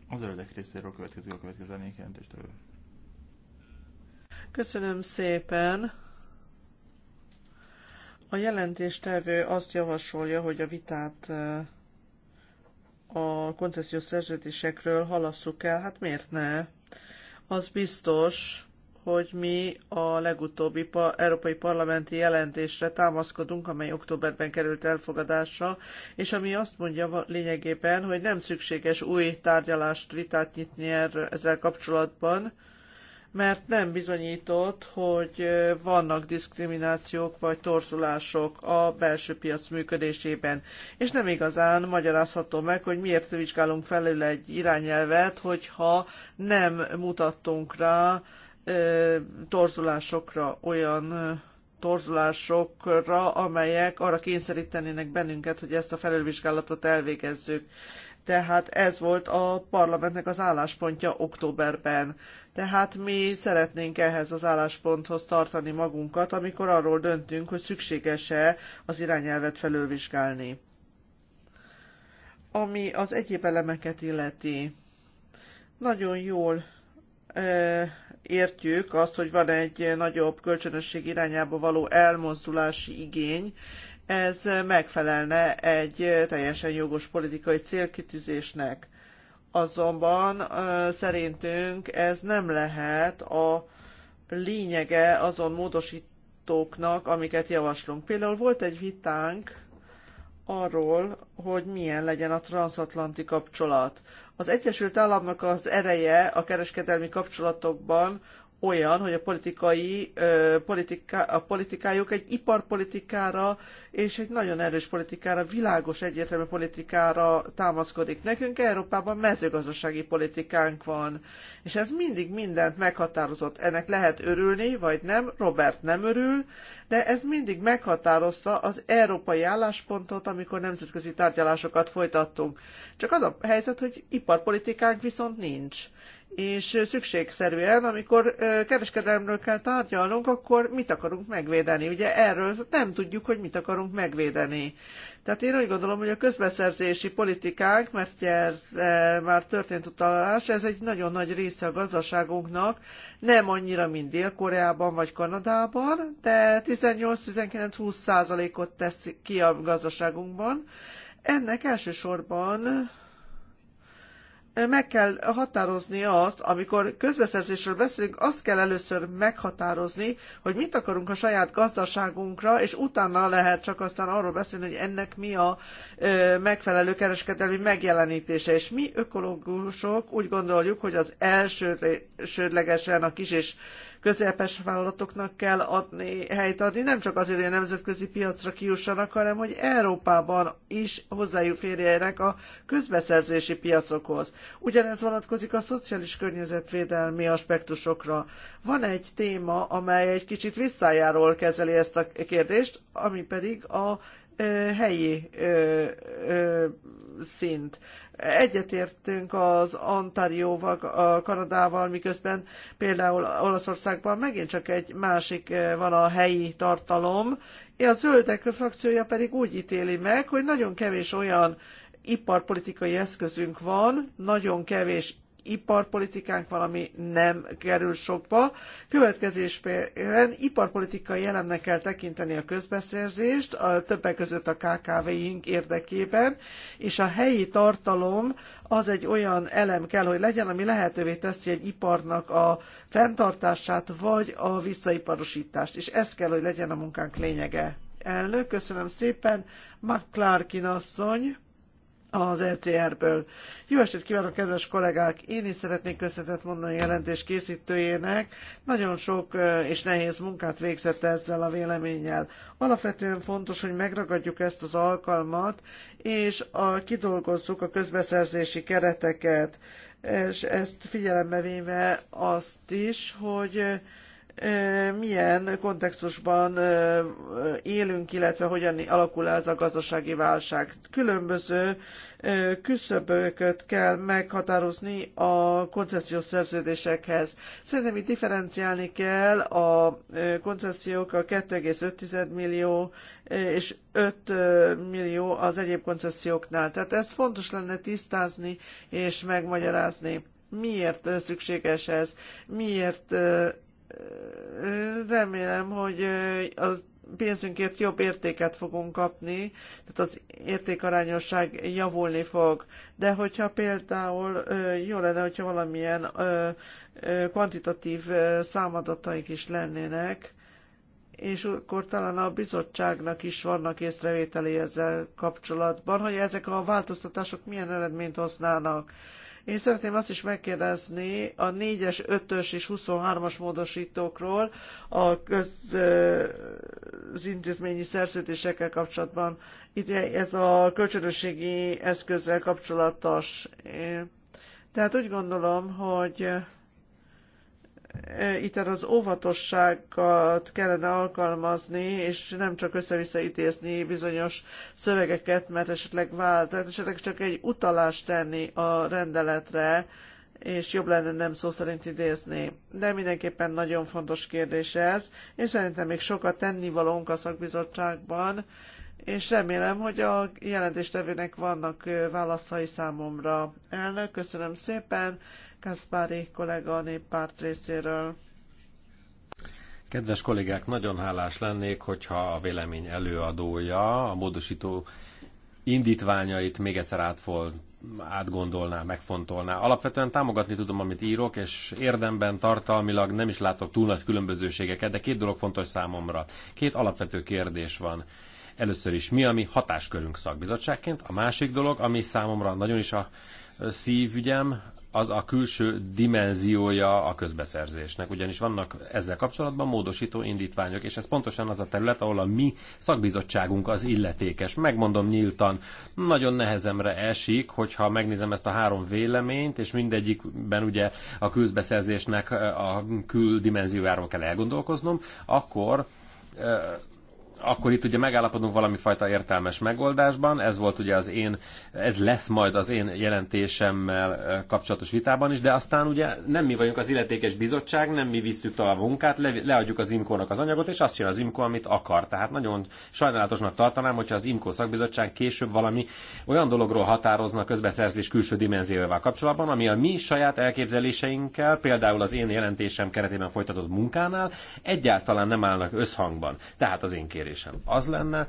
Az zöldek részéről következő a következő jelentéstől. Köszönöm szépen. A jelentéstevő azt javasolja, hogy a vitát eh, a koncesziós szerződésekről halasszuk el, hát miért ne? Az biztos, hogy mi a legutóbbi pa- európai parlamenti jelentésre támaszkodunk, amely októberben került elfogadásra, és ami azt mondja lényegében, hogy nem szükséges új tárgyalást, vitát nyitni erről ezzel kapcsolatban, mert nem bizonyított, hogy vannak diszkriminációk vagy torzulások a belső piac működésében. És nem igazán magyarázható meg, hogy miért vizsgálunk felül egy irányelvet, hogyha nem mutattunk rá torzulásokra olyan torzulásokra, amelyek arra kényszerítenének bennünket, hogy ezt a felülvizsgálatot elvégezzük. Tehát ez volt a parlamentnek az álláspontja októberben. Tehát mi szeretnénk ehhez az állásponthoz tartani magunkat, amikor arról döntünk, hogy szükséges-e az irányelvet felülvizsgálni. Ami az egyéb elemeket illeti, nagyon jól e, értjük azt, hogy van egy nagyobb kölcsönösség irányába való elmozdulási igény, ez megfelelne egy teljesen jogos politikai célkitűzésnek. Azonban szerintünk ez nem lehet a lényege azon módosítóknak, amiket javaslunk. Például volt egy vitánk arról, hogy milyen legyen a transatlanti kapcsolat. Az Egyesült Államok az ereje a kereskedelmi kapcsolatokban olyan, hogy a politikai, politika a politikájuk egy iparpolitikára és egy nagyon erős politikára, világos egyértelmű politikára támaszkodik. Nekünk Európában mezőgazdasági politikánk van, és ez mindig mindent meghatározott. Ennek lehet örülni, vagy nem, Robert nem örül, de ez mindig meghatározta az európai álláspontot, amikor nemzetközi tárgyalásokat folytattunk. Csak az a helyzet, hogy iparpolitikánk viszont nincs és szükségszerűen, amikor kereskedelemről kell tárgyalnunk, akkor mit akarunk megvédeni? Ugye erről nem tudjuk, hogy mit akarunk megvédeni. Tehát én úgy gondolom, hogy a közbeszerzési politikánk, mert ugye ez e, már történt utalás, ez egy nagyon nagy része a gazdaságunknak, nem annyira, mint Dél-Koreában vagy Kanadában, de 18-19-20 százalékot tesz ki a gazdaságunkban. Ennek elsősorban meg kell határozni azt, amikor közbeszerzésről beszélünk, azt kell először meghatározni, hogy mit akarunk a saját gazdaságunkra, és utána lehet csak aztán arról beszélni, hogy ennek mi a megfelelő kereskedelmi megjelenítése. És mi ökológusok úgy gondoljuk, hogy az elsődlegesen a kis és közepes vállalatoknak kell adni, helyt adni, nem csak azért, hogy a nemzetközi piacra kijussanak, hanem hogy Európában is hozzájuférjenek a közbeszerzési piacokhoz. Ugyanez vonatkozik a szociális környezetvédelmi aspektusokra. Van egy téma, amely egy kicsit visszájáról kezeli ezt a kérdést, ami pedig a helyi szint. Egyetértünk az Ontarióval, a Kanadával, miközben például Olaszországban megint csak egy másik eh, van a helyi tartalom, És a zöldek frakciója pedig úgy ítéli meg, hogy nagyon kevés olyan iparpolitikai eszközünk van, nagyon kevés iparpolitikánk valami nem kerül sokba. Következésben iparpolitikai elemnek kell tekinteni a közbeszerzést, a többek között a KKV-ink érdekében, és a helyi tartalom az egy olyan elem kell, hogy legyen, ami lehetővé teszi egy iparnak a fenntartását, vagy a visszaiparosítást, és ez kell, hogy legyen a munkánk lényege. Elnök, köszönöm szépen. McClarkin asszony az ECR-ből. Jó estét kívánok, kedves kollégák! Én is szeretnék köszönetet mondani a jelentés készítőjének. Nagyon sok és nehéz munkát végzett ezzel a véleménnyel. Alapvetően fontos, hogy megragadjuk ezt az alkalmat, és a, kidolgozzuk a közbeszerzési kereteket, és ezt figyelembe véve azt is, hogy milyen kontextusban élünk, illetve hogyan alakul ez a gazdasági válság. Különböző küszöböket kell meghatározni a koncesziós szerződésekhez. Szerintem itt differenciálni kell a koncesziók a 2,5 millió és 5 millió az egyéb koncesszióknál. Tehát ez fontos lenne tisztázni és megmagyarázni miért szükséges ez, miért remélem, hogy a pénzünkért jobb értéket fogunk kapni, tehát az értékarányosság javulni fog. De hogyha például jó lenne, hogyha valamilyen kvantitatív számadataik is lennének, és akkor talán a bizottságnak is vannak észrevételi ezzel kapcsolatban, hogy ezek a változtatások milyen eredményt hoznának. Én szeretném azt is megkérdezni a 4-es, 5-ös és 23-as módosítókról a közintézményi szerződésekkel kapcsolatban. Itt ez a kölcsönösségi eszközzel kapcsolatos. Tehát úgy gondolom, hogy itt az óvatosságot kellene alkalmazni, és nem csak össze-vissza ítézni bizonyos szövegeket, mert esetleg vált, tehát esetleg csak egy utalást tenni a rendeletre, és jobb lenne nem szó szerint idézni. De mindenképpen nagyon fontos kérdés ez, és szerintem még sokat tennivalónk a szakbizottságban, és remélem, hogy a jelentéstevőnek vannak válaszai számomra. Elnök, köszönöm szépen, Kaspari kollega a néppárt részéről. Kedves kollégák, nagyon hálás lennék, hogyha a vélemény előadója a módosító indítványait még egyszer átfol, átgondolná, megfontolná. Alapvetően támogatni tudom, amit írok, és érdemben, tartalmilag nem is látok túl nagy különbözőségeket, de két dolog fontos számomra. Két alapvető kérdés van. Először is mi, ami hatáskörünk szakbizottságként, a másik dolog, ami számomra nagyon is a szívügyem az a külső dimenziója a közbeszerzésnek, ugyanis vannak ezzel kapcsolatban módosító indítványok, és ez pontosan az a terület, ahol a mi szakbizottságunk az illetékes. Megmondom nyíltan, nagyon nehezemre esik, hogyha megnézem ezt a három véleményt, és mindegyikben ugye a közbeszerzésnek a küldimenziójáról kell elgondolkoznom, akkor akkor itt ugye megállapodunk valami fajta értelmes megoldásban, ez volt ugye az én, ez lesz majd az én jelentésemmel kapcsolatos vitában is, de aztán ugye nem mi vagyunk az illetékes bizottság, nem mi visszük tovább a munkát, le, leadjuk az imkónak az anyagot, és azt csinál az imkó, amit akar. Tehát nagyon sajnálatosnak tartanám, hogyha az imkó szakbizottság később valami olyan dologról határozna közbeszerzés külső dimenzióval kapcsolatban, ami a mi saját elképzeléseinkkel, például az én jelentésem keretében folytatott munkánál egyáltalán nem állnak összhangban. Tehát az én kérés kérdésem az lenne,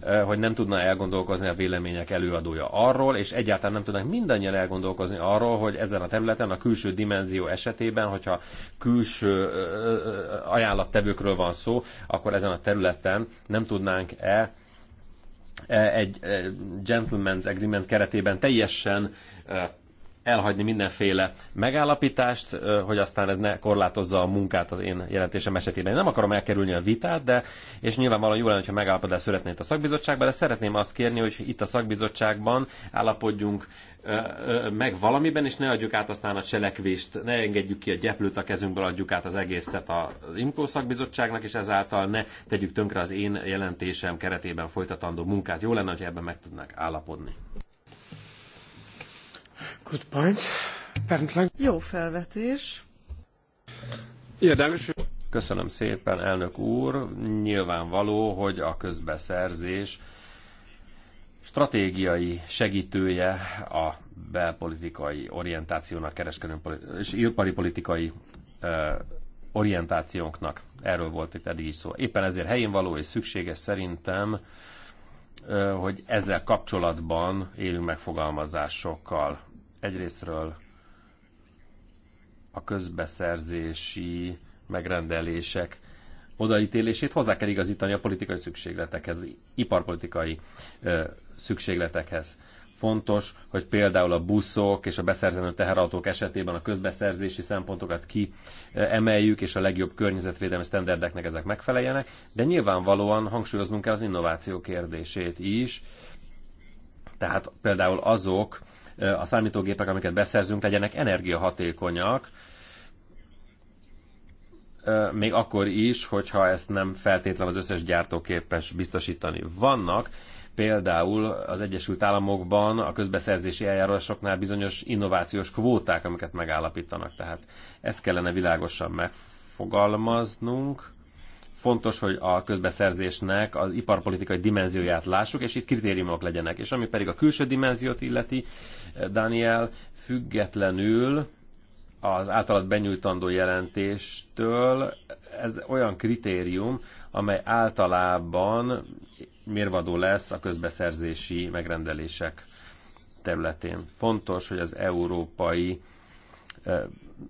e, hogy nem tudna elgondolkozni a vélemények előadója arról, és egyáltalán nem tudnak mindannyian elgondolkozni arról, hogy ezen a területen, a külső dimenzió esetében, hogyha külső e, e, ajánlattevőkről van szó, akkor ezen a területen nem tudnánk-e egy gentleman's agreement keretében teljesen elhagyni mindenféle megállapítást, hogy aztán ez ne korlátozza a munkát az én jelentésem esetében. Én nem akarom elkerülni a vitát, de és nyilvánvalóan jó lenne, ha megállapodás szeretné itt a szakbizottságban, de szeretném azt kérni, hogy itt a szakbizottságban állapodjunk meg valamiben, és ne adjuk át aztán a cselekvést, ne engedjük ki a gyeplőt a kezünkből, adjuk át az egészet az IMCO szakbizottságnak, és ezáltal ne tegyük tönkre az én jelentésem keretében folytatandó munkát. Jó lenne, hogy ebben meg tudnák állapodni. Good point. Jó felvetés. Ja, Köszönöm szépen, elnök úr. Nyilvánvaló, hogy a közbeszerzés stratégiai segítője a belpolitikai orientációnak, kereskedelmi és ipari politikai orientációnknak. Erről volt itt eddig is szó. Éppen ezért helyén való és szükséges szerintem, hogy ezzel kapcsolatban élünk megfogalmazásokkal. Egyrésztről a közbeszerzési megrendelések odaítélését hozzá kell igazítani a politikai szükségletekhez, iparpolitikai ö, szükségletekhez. Fontos, hogy például a buszok és a beszerzendő teherautók esetében a közbeszerzési szempontokat kiemeljük, és a legjobb környezetvédelmi sztenderdeknek ezek megfeleljenek, de nyilvánvalóan hangsúlyoznunk kell az innováció kérdését is, tehát például azok a számítógépek, amiket beszerzünk, legyenek energiahatékonyak, még akkor is, hogyha ezt nem feltétlen az összes gyártó képes biztosítani. Vannak például az Egyesült Államokban a közbeszerzési eljárásoknál bizonyos innovációs kvóták, amiket megállapítanak. Tehát ezt kellene világosan megfogalmaznunk fontos, hogy a közbeszerzésnek az iparpolitikai dimenzióját lássuk, és itt kritériumok legyenek. És ami pedig a külső dimenziót illeti, eh, Daniel függetlenül az általad benyújtandó jelentéstől ez olyan kritérium, amely általában mérvadó lesz a közbeszerzési megrendelések területén. Fontos, hogy az európai eh,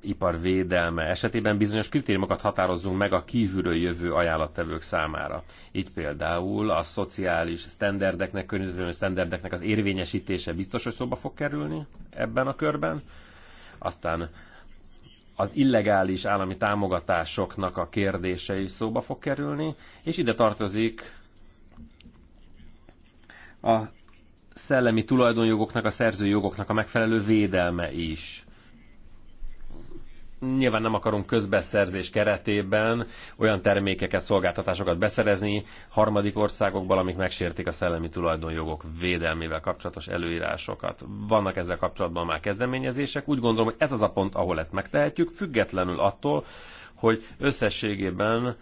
ipar védelme esetében bizonyos kritériumokat határozzunk meg a kívülről jövő ajánlattevők számára. Így például a szociális sztenderdeknek, környezetvédelmi sztenderdeknek az érvényesítése biztos, hogy szóba fog kerülni ebben a körben. Aztán az illegális állami támogatásoknak a kérdése is szóba fog kerülni, és ide tartozik a szellemi tulajdonjogoknak, a szerzőjogoknak a megfelelő védelme is nyilván nem akarunk közbeszerzés keretében olyan termékeket, szolgáltatásokat beszerezni harmadik országokból, amik megsértik a szellemi tulajdonjogok védelmével kapcsolatos előírásokat. Vannak ezzel kapcsolatban már kezdeményezések. Úgy gondolom, hogy ez az a pont, ahol ezt megtehetjük, függetlenül attól, hogy összességében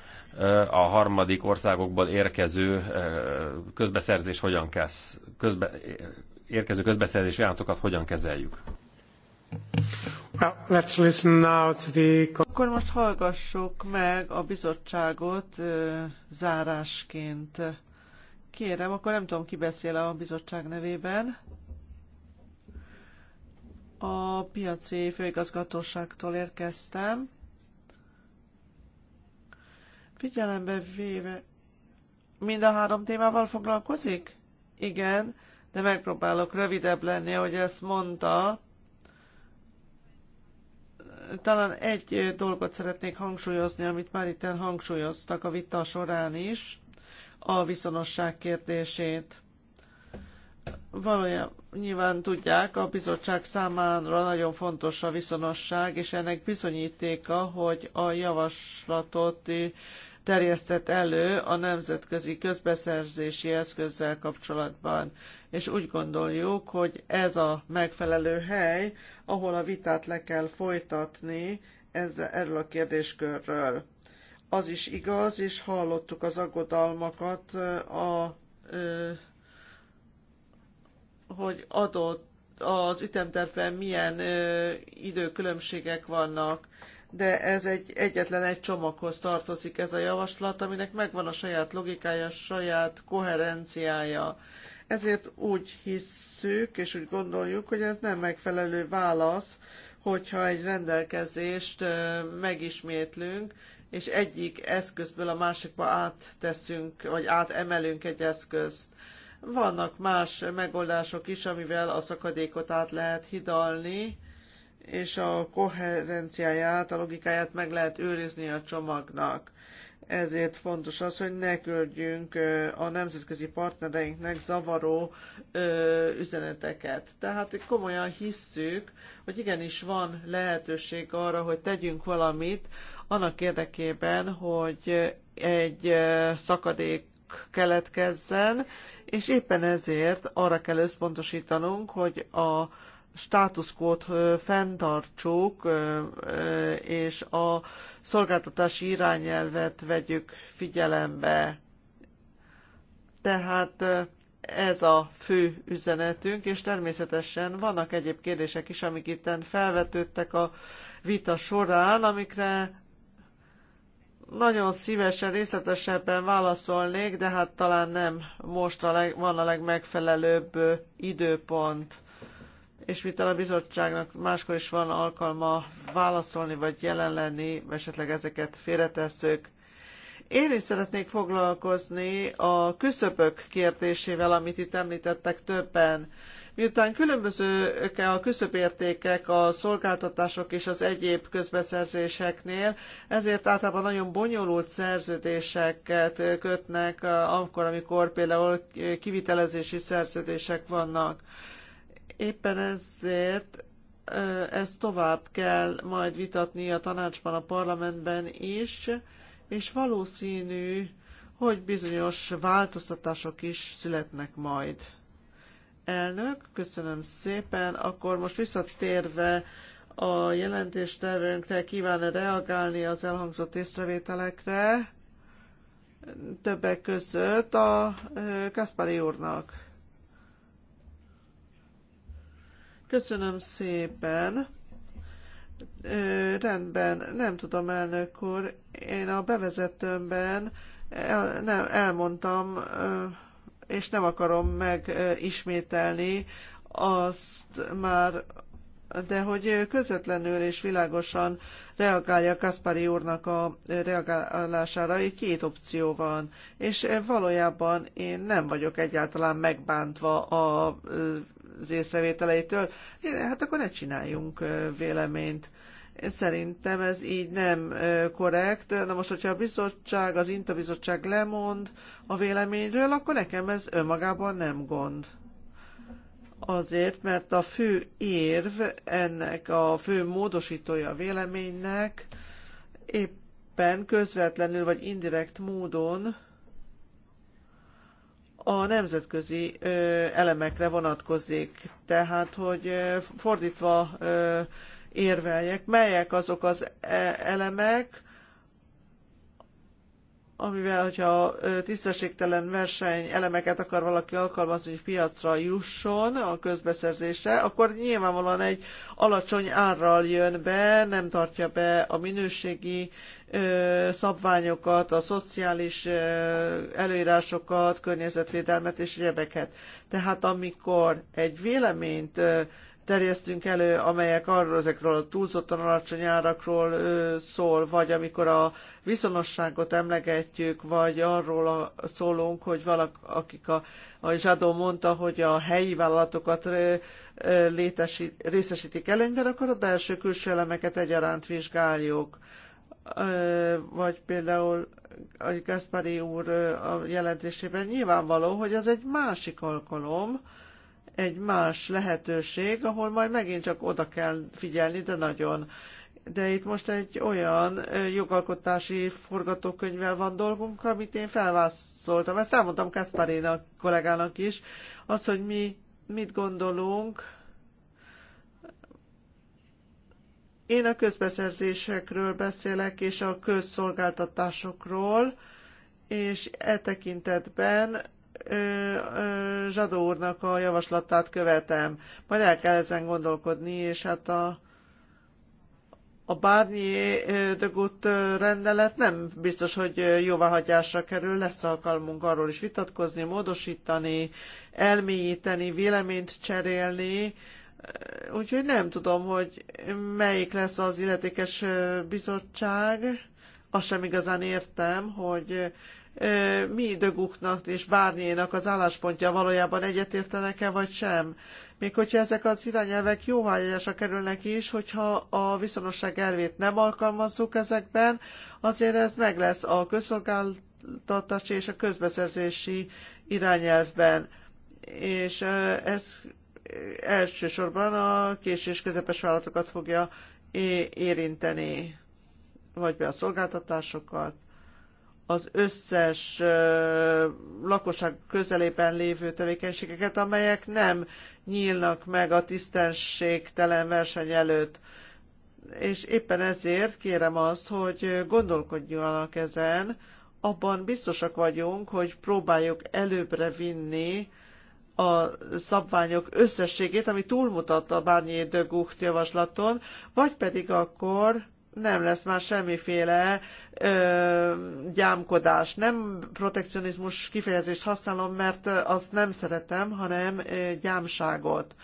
a harmadik országokból érkező közbeszerzés hogyan kezd, közbe, érkező közbeszerzési állatokat hogyan kezeljük. Akkor most hallgassuk meg a bizottságot zárásként. Kérem, akkor nem tudom, ki beszél a bizottság nevében. A piaci főigazgatóságtól érkeztem. Figyelembe véve... Mind a három témával foglalkozik? Igen, de megpróbálok rövidebb lenni, ahogy ezt mondta talán egy dolgot szeretnék hangsúlyozni, amit már itt hangsúlyoztak a vita során is, a viszonosság kérdését. Valójában nyilván tudják, a bizottság számára nagyon fontos a viszonosság, és ennek bizonyítéka, hogy a javaslatot terjesztett elő a nemzetközi közbeszerzési eszközzel kapcsolatban. És úgy gondoljuk, hogy ez a megfelelő hely, ahol a vitát le kell folytatni ezzel, erről a kérdéskörről. Az is igaz, és hallottuk az aggodalmakat, a, hogy adott az ütemtervben milyen ö, időkülönbségek vannak de ez egy egyetlen egy csomaghoz tartozik ez a javaslat, aminek megvan a saját logikája, saját koherenciája. Ezért úgy hisszük, és úgy gondoljuk, hogy ez nem megfelelő válasz, hogyha egy rendelkezést megismétlünk, és egyik eszközből a másikba átteszünk, vagy átemelünk egy eszközt. Vannak más megoldások is, amivel a szakadékot át lehet hidalni, és a koherenciáját, a logikáját meg lehet őrizni a csomagnak. Ezért fontos az, hogy ne küldjünk a nemzetközi partnereinknek zavaró üzeneteket. Tehát komolyan hisszük, hogy igenis van lehetőség arra, hogy tegyünk valamit annak érdekében, hogy egy szakadék keletkezzen, és éppen ezért arra kell összpontosítanunk, hogy a státuszkót fenntartsuk, és a szolgáltatási irányelvet vegyük figyelembe. Tehát ez a fő üzenetünk, és természetesen vannak egyéb kérdések is, amik itten felvetődtek a vita során, amikre nagyon szívesen, részletesebben válaszolnék, de hát talán nem most a leg, van a legmegfelelőbb időpont és miután a bizottságnak máskor is van alkalma válaszolni vagy jelen lenni, esetleg ezeket félretesszük. Én is szeretnék foglalkozni a küszöpök kérdésével, amit itt említettek többen. Miután különbözők a küszöpértékek a szolgáltatások és az egyéb közbeszerzéseknél, ezért általában nagyon bonyolult szerződéseket kötnek eh, akkor, amikor például kivitelezési szerződések vannak. Éppen ezért ezt tovább kell majd vitatni a tanácsban, a parlamentben is, és valószínű, hogy bizonyos változtatások is születnek majd. Elnök, köszönöm szépen. Akkor most visszatérve a jelentéstevőnkre kíván reagálni az elhangzott észrevételekre, többek között a Kaspari úrnak. Köszönöm szépen. Ö, rendben, nem tudom, elnök úr, én a bevezetőmben el, nem, elmondtam, ö, és nem akarom megismételni azt már, de hogy közvetlenül és világosan reagálja Kaspari úrnak a reagálására, hogy két opció van. És valójában én nem vagyok egyáltalán megbántva a az észrevételeitől, hát akkor ne csináljunk véleményt. Én szerintem ez így nem korrekt. Na most, hogyha a bizottság, az interbizottság lemond a véleményről, akkor nekem ez önmagában nem gond. Azért, mert a fő érv ennek a fő módosítója a véleménynek éppen közvetlenül vagy indirekt módon a nemzetközi elemekre vonatkozik. Tehát, hogy fordítva érveljek, melyek azok az e-, elemek, amivel, hogyha tisztességtelen verseny elemeket akar valaki alkalmazni, hogy piacra jusson a közbeszerzésre, akkor nyilvánvalóan egy alacsony árral jön be, nem tartja be a minőségi szabványokat, a szociális előírásokat, környezetvédelmet és egyebeket. Tehát amikor egy véleményt terjesztünk elő, amelyek arról ezekről a túlzottan alacsony árakról ö, szól, vagy amikor a viszonosságot emlegetjük, vagy arról a, szólunk, hogy valak, akik a, a Zsadó mondta, hogy a helyi vállalatokat ö, ö, létesi, részesítik előnyben, akkor a belső-külső elemeket egyaránt vizsgáljuk. Ö, vagy például a Gaspari úr a jelentésében nyilvánvaló, hogy az egy másik alkalom, ö, egy más lehetőség, ahol majd megint csak oda kell figyelni, de nagyon. De itt most egy olyan jogalkotási forgatókönyvvel van dolgunk, amit én felvászoltam. Ezt elmondtam Kasparénak kollégának is, az, hogy mi mit gondolunk, Én a közbeszerzésekről beszélek, és a közszolgáltatásokról, és e tekintetben Zsadó úrnak a javaslatát követem. Majd el kell ezen gondolkodni, és hát a, a Barnier dögút rendelet nem biztos, hogy jóváhagyásra kerül, lesz alkalmunk arról is vitatkozni, módosítani, elmélyíteni, véleményt cserélni, úgyhogy nem tudom, hogy melyik lesz az illetékes bizottság, azt sem igazán értem, hogy mi döguknak és bárnyénak az álláspontja valójában egyetértenek-e vagy sem. Még hogyha ezek az irányelvek jóhányásra kerülnek is, hogyha a viszonosság elvét nem alkalmazzuk ezekben, azért ez meg lesz a közszolgáltatási és a közbeszerzési irányelvben. És ez elsősorban a kés és közepes vállalatokat fogja érinteni, vagy be a szolgáltatásokat az összes lakosság közelében lévő tevékenységeket, amelyek nem nyílnak meg a tisztességtelen verseny előtt. És éppen ezért kérem azt, hogy gondolkodjanak ezen, abban biztosak vagyunk, hogy próbáljuk előbbre vinni a szabványok összességét, ami túlmutat a Barnier de Gucht javaslaton, vagy pedig akkor nem lesz már semmiféle ö, gyámkodás. Nem protekcionizmus kifejezést használom, mert azt nem szeretem, hanem ö, gyámságot.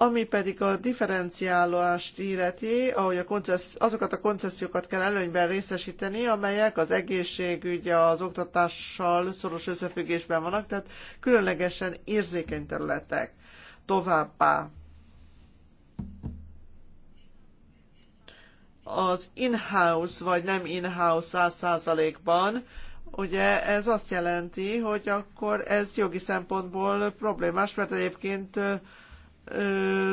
Ami pedig a differenciálást illeti, ahogy a koncesz, azokat a koncesziókat kell előnyben részesíteni, amelyek az egészségügy, az oktatással szoros összefüggésben vannak, tehát különlegesen érzékeny területek. Továbbá az in-house vagy nem in-house száz százalékban, ugye ez azt jelenti, hogy akkor ez jogi szempontból problémás, mert egyébként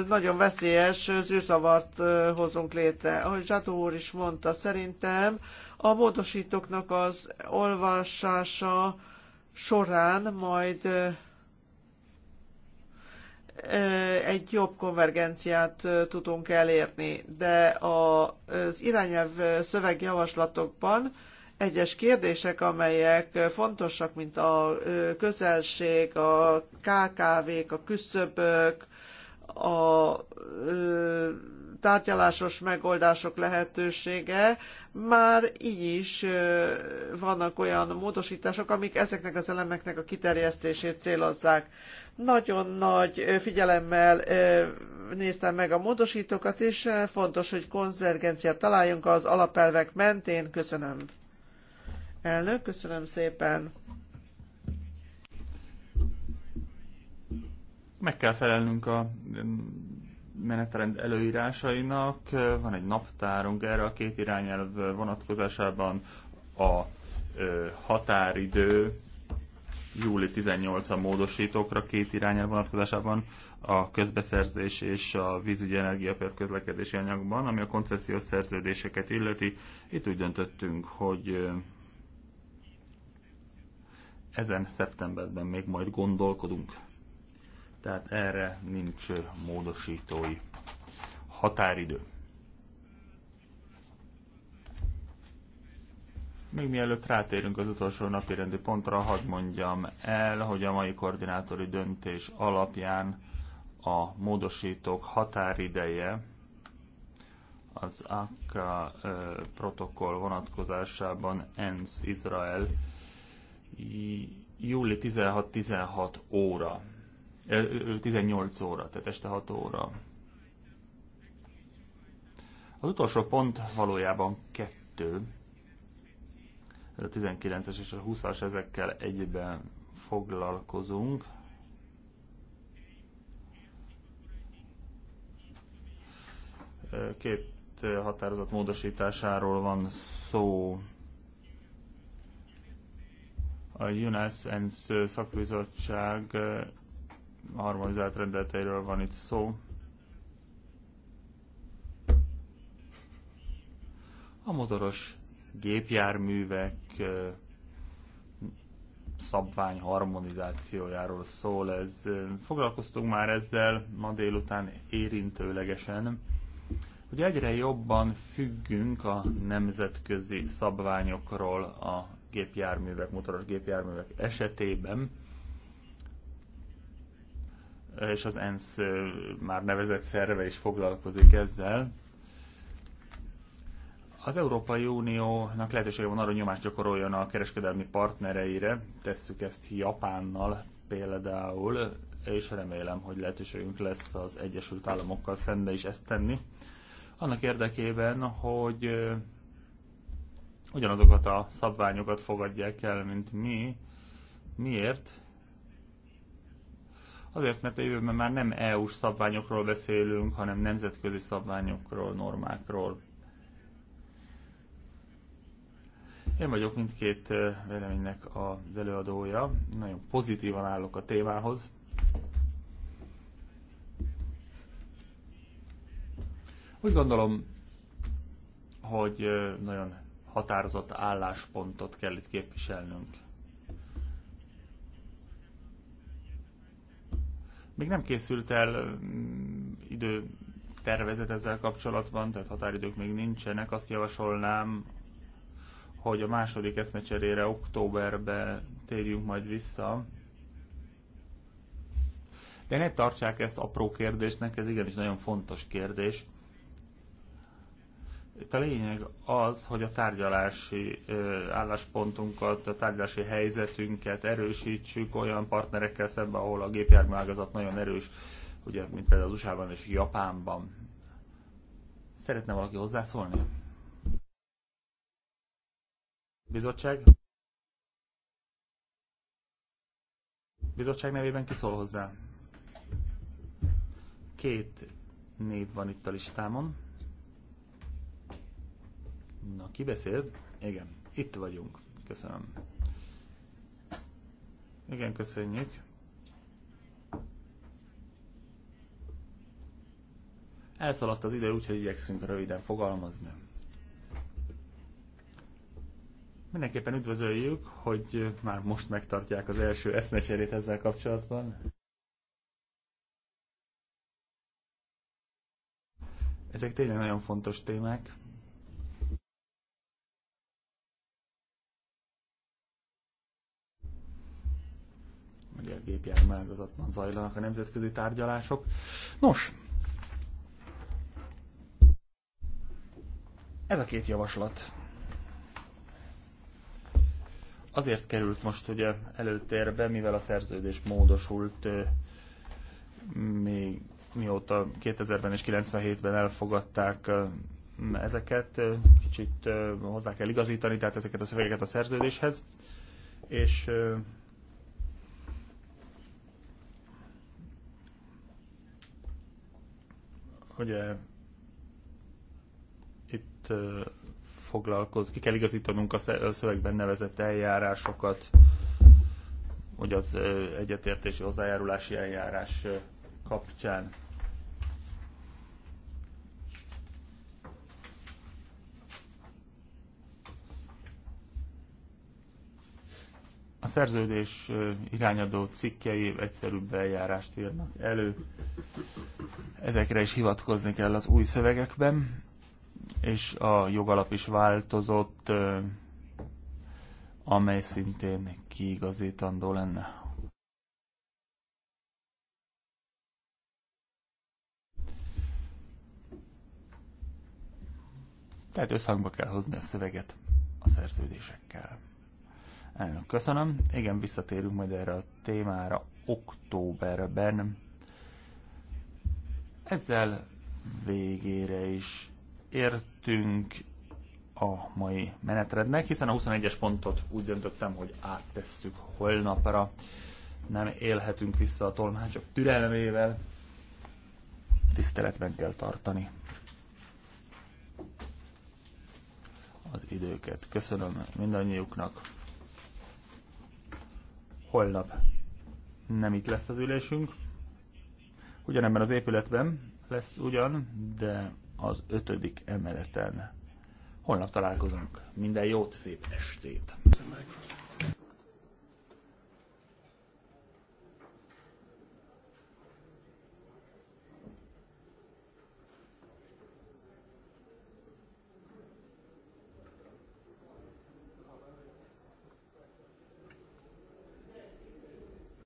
nagyon veszélyes zűrzavart hozunk létre. Ahogy Zsató úr is mondta, szerintem a módosítóknak az olvasása során majd egy jobb konvergenciát tudunk elérni, de az irányelv szövegjavaslatokban egyes kérdések, amelyek fontosak, mint a közelség, a KKV-k, a küszöbök, a tárgyalásos megoldások lehetősége, már így is vannak olyan módosítások, amik ezeknek az elemeknek a kiterjesztését célozzák. Nagyon nagy figyelemmel néztem meg a módosítókat, és fontos, hogy konzergenciát találjunk az alapelvek mentén. Köszönöm. Elnök, köszönöm szépen. Meg kell felelnünk a menetrend előírásainak. Van egy naptárunk erre a két irányelv vonatkozásában a határidő júli 18 a módosítókra két irányelv vonatkozásában a közbeszerzés és a vízügyi energiapér közlekedési anyagban, ami a koncesziós szerződéseket illeti. Itt úgy döntöttünk, hogy ezen szeptemberben még majd gondolkodunk tehát erre nincs módosítói határidő. Még mielőtt rátérünk az utolsó napi rendi pontra, hadd mondjam el, hogy a mai koordinátori döntés alapján a módosítók határideje az AKA protokoll vonatkozásában ENSZ Izrael júli 16-16 óra. 18 óra, tehát este 6 óra. Az utolsó pont valójában kettő. Ez a 19-es és a 20-as ezekkel egyben foglalkozunk. Két határozat módosításáról van szó. A UNESCO szakbizottság harmonizált rendeleteiről van itt szó. A motoros gépjárművek szabvány harmonizációjáról szól ez. Foglalkoztunk már ezzel ma délután érintőlegesen. Ugye egyre jobban függünk a nemzetközi szabványokról a gépjárművek, motoros gépjárművek esetében és az ENSZ már nevezett szerve is foglalkozik ezzel. Az Európai Uniónak lehetősége van arra, hogy nyomást gyakoroljon a kereskedelmi partnereire, tesszük ezt Japánnal például, és remélem, hogy lehetőségünk lesz az Egyesült Államokkal szembe is ezt tenni. Annak érdekében, hogy ugyanazokat a szabványokat fogadják el, mint mi. Miért? Azért, mert a jövőben már nem EU-s szabványokról beszélünk, hanem nemzetközi szabványokról, normákról. Én vagyok mindkét véleménynek az előadója, nagyon pozitívan állok a témához. Úgy gondolom, hogy nagyon határozott álláspontot kell itt képviselnünk. Még nem készült el mm, idő tervezet ezzel kapcsolatban, tehát határidők még nincsenek. Azt javasolnám, hogy a második eszmecserére októberbe térjünk majd vissza. De ne tartsák ezt apró kérdésnek, ez igenis nagyon fontos kérdés. Itt a lényeg az, hogy a tárgyalási álláspontunkat, a tárgyalási helyzetünket erősítsük olyan partnerekkel szemben, ahol a gépjárműágazat nagyon erős, ugye, mint például az USA-ban és Japánban. Szeretne valaki hozzászólni? Bizottság? Bizottság nevében ki szól hozzá. Két név van itt a listámon. Na, ki beszél? Igen, itt vagyunk. Köszönöm. Igen, köszönjük. Elszaladt az idő, úgyhogy igyekszünk röviden fogalmazni. Mindenképpen üdvözöljük, hogy már most megtartják az első eszmecserét ezzel kapcsolatban. Ezek tényleg nagyon fontos témák. lengyel gépjármű ágazatban zajlanak a nemzetközi tárgyalások. Nos, ez a két javaslat azért került most ugye előtérbe, mivel a szerződés módosult még mióta 2000-ben és 97-ben elfogadták ezeket, kicsit hozzá kell igazítani, tehát ezeket a szövegeket a szerződéshez, és Ugye eh, itt eh, foglalkoz, ki kell igazítanunk a szövegben nevezett eljárásokat, hogy az eh, egyetértési hozzájárulási eljárás kapcsán szerződés irányadó cikkei egyszerűbb eljárást írnak elő. Ezekre is hivatkozni kell az új szövegekben, és a jogalap is változott, amely szintén kiigazítandó lenne. Tehát összhangba kell hozni a szöveget a szerződésekkel. Elnök, köszönöm. Igen, visszatérünk majd erre a témára októberben. Ezzel végére is értünk a mai menetrednek, hiszen a 21-es pontot úgy döntöttem, hogy áttesszük holnapra. Nem élhetünk vissza a tolmácsok türelmével. Tiszteletben kell tartani az időket. Köszönöm mindannyiuknak holnap nem itt lesz az ülésünk. Ugyanebben az épületben lesz ugyan, de az ötödik emeleten. Holnap találkozunk. Minden jót, szép estét!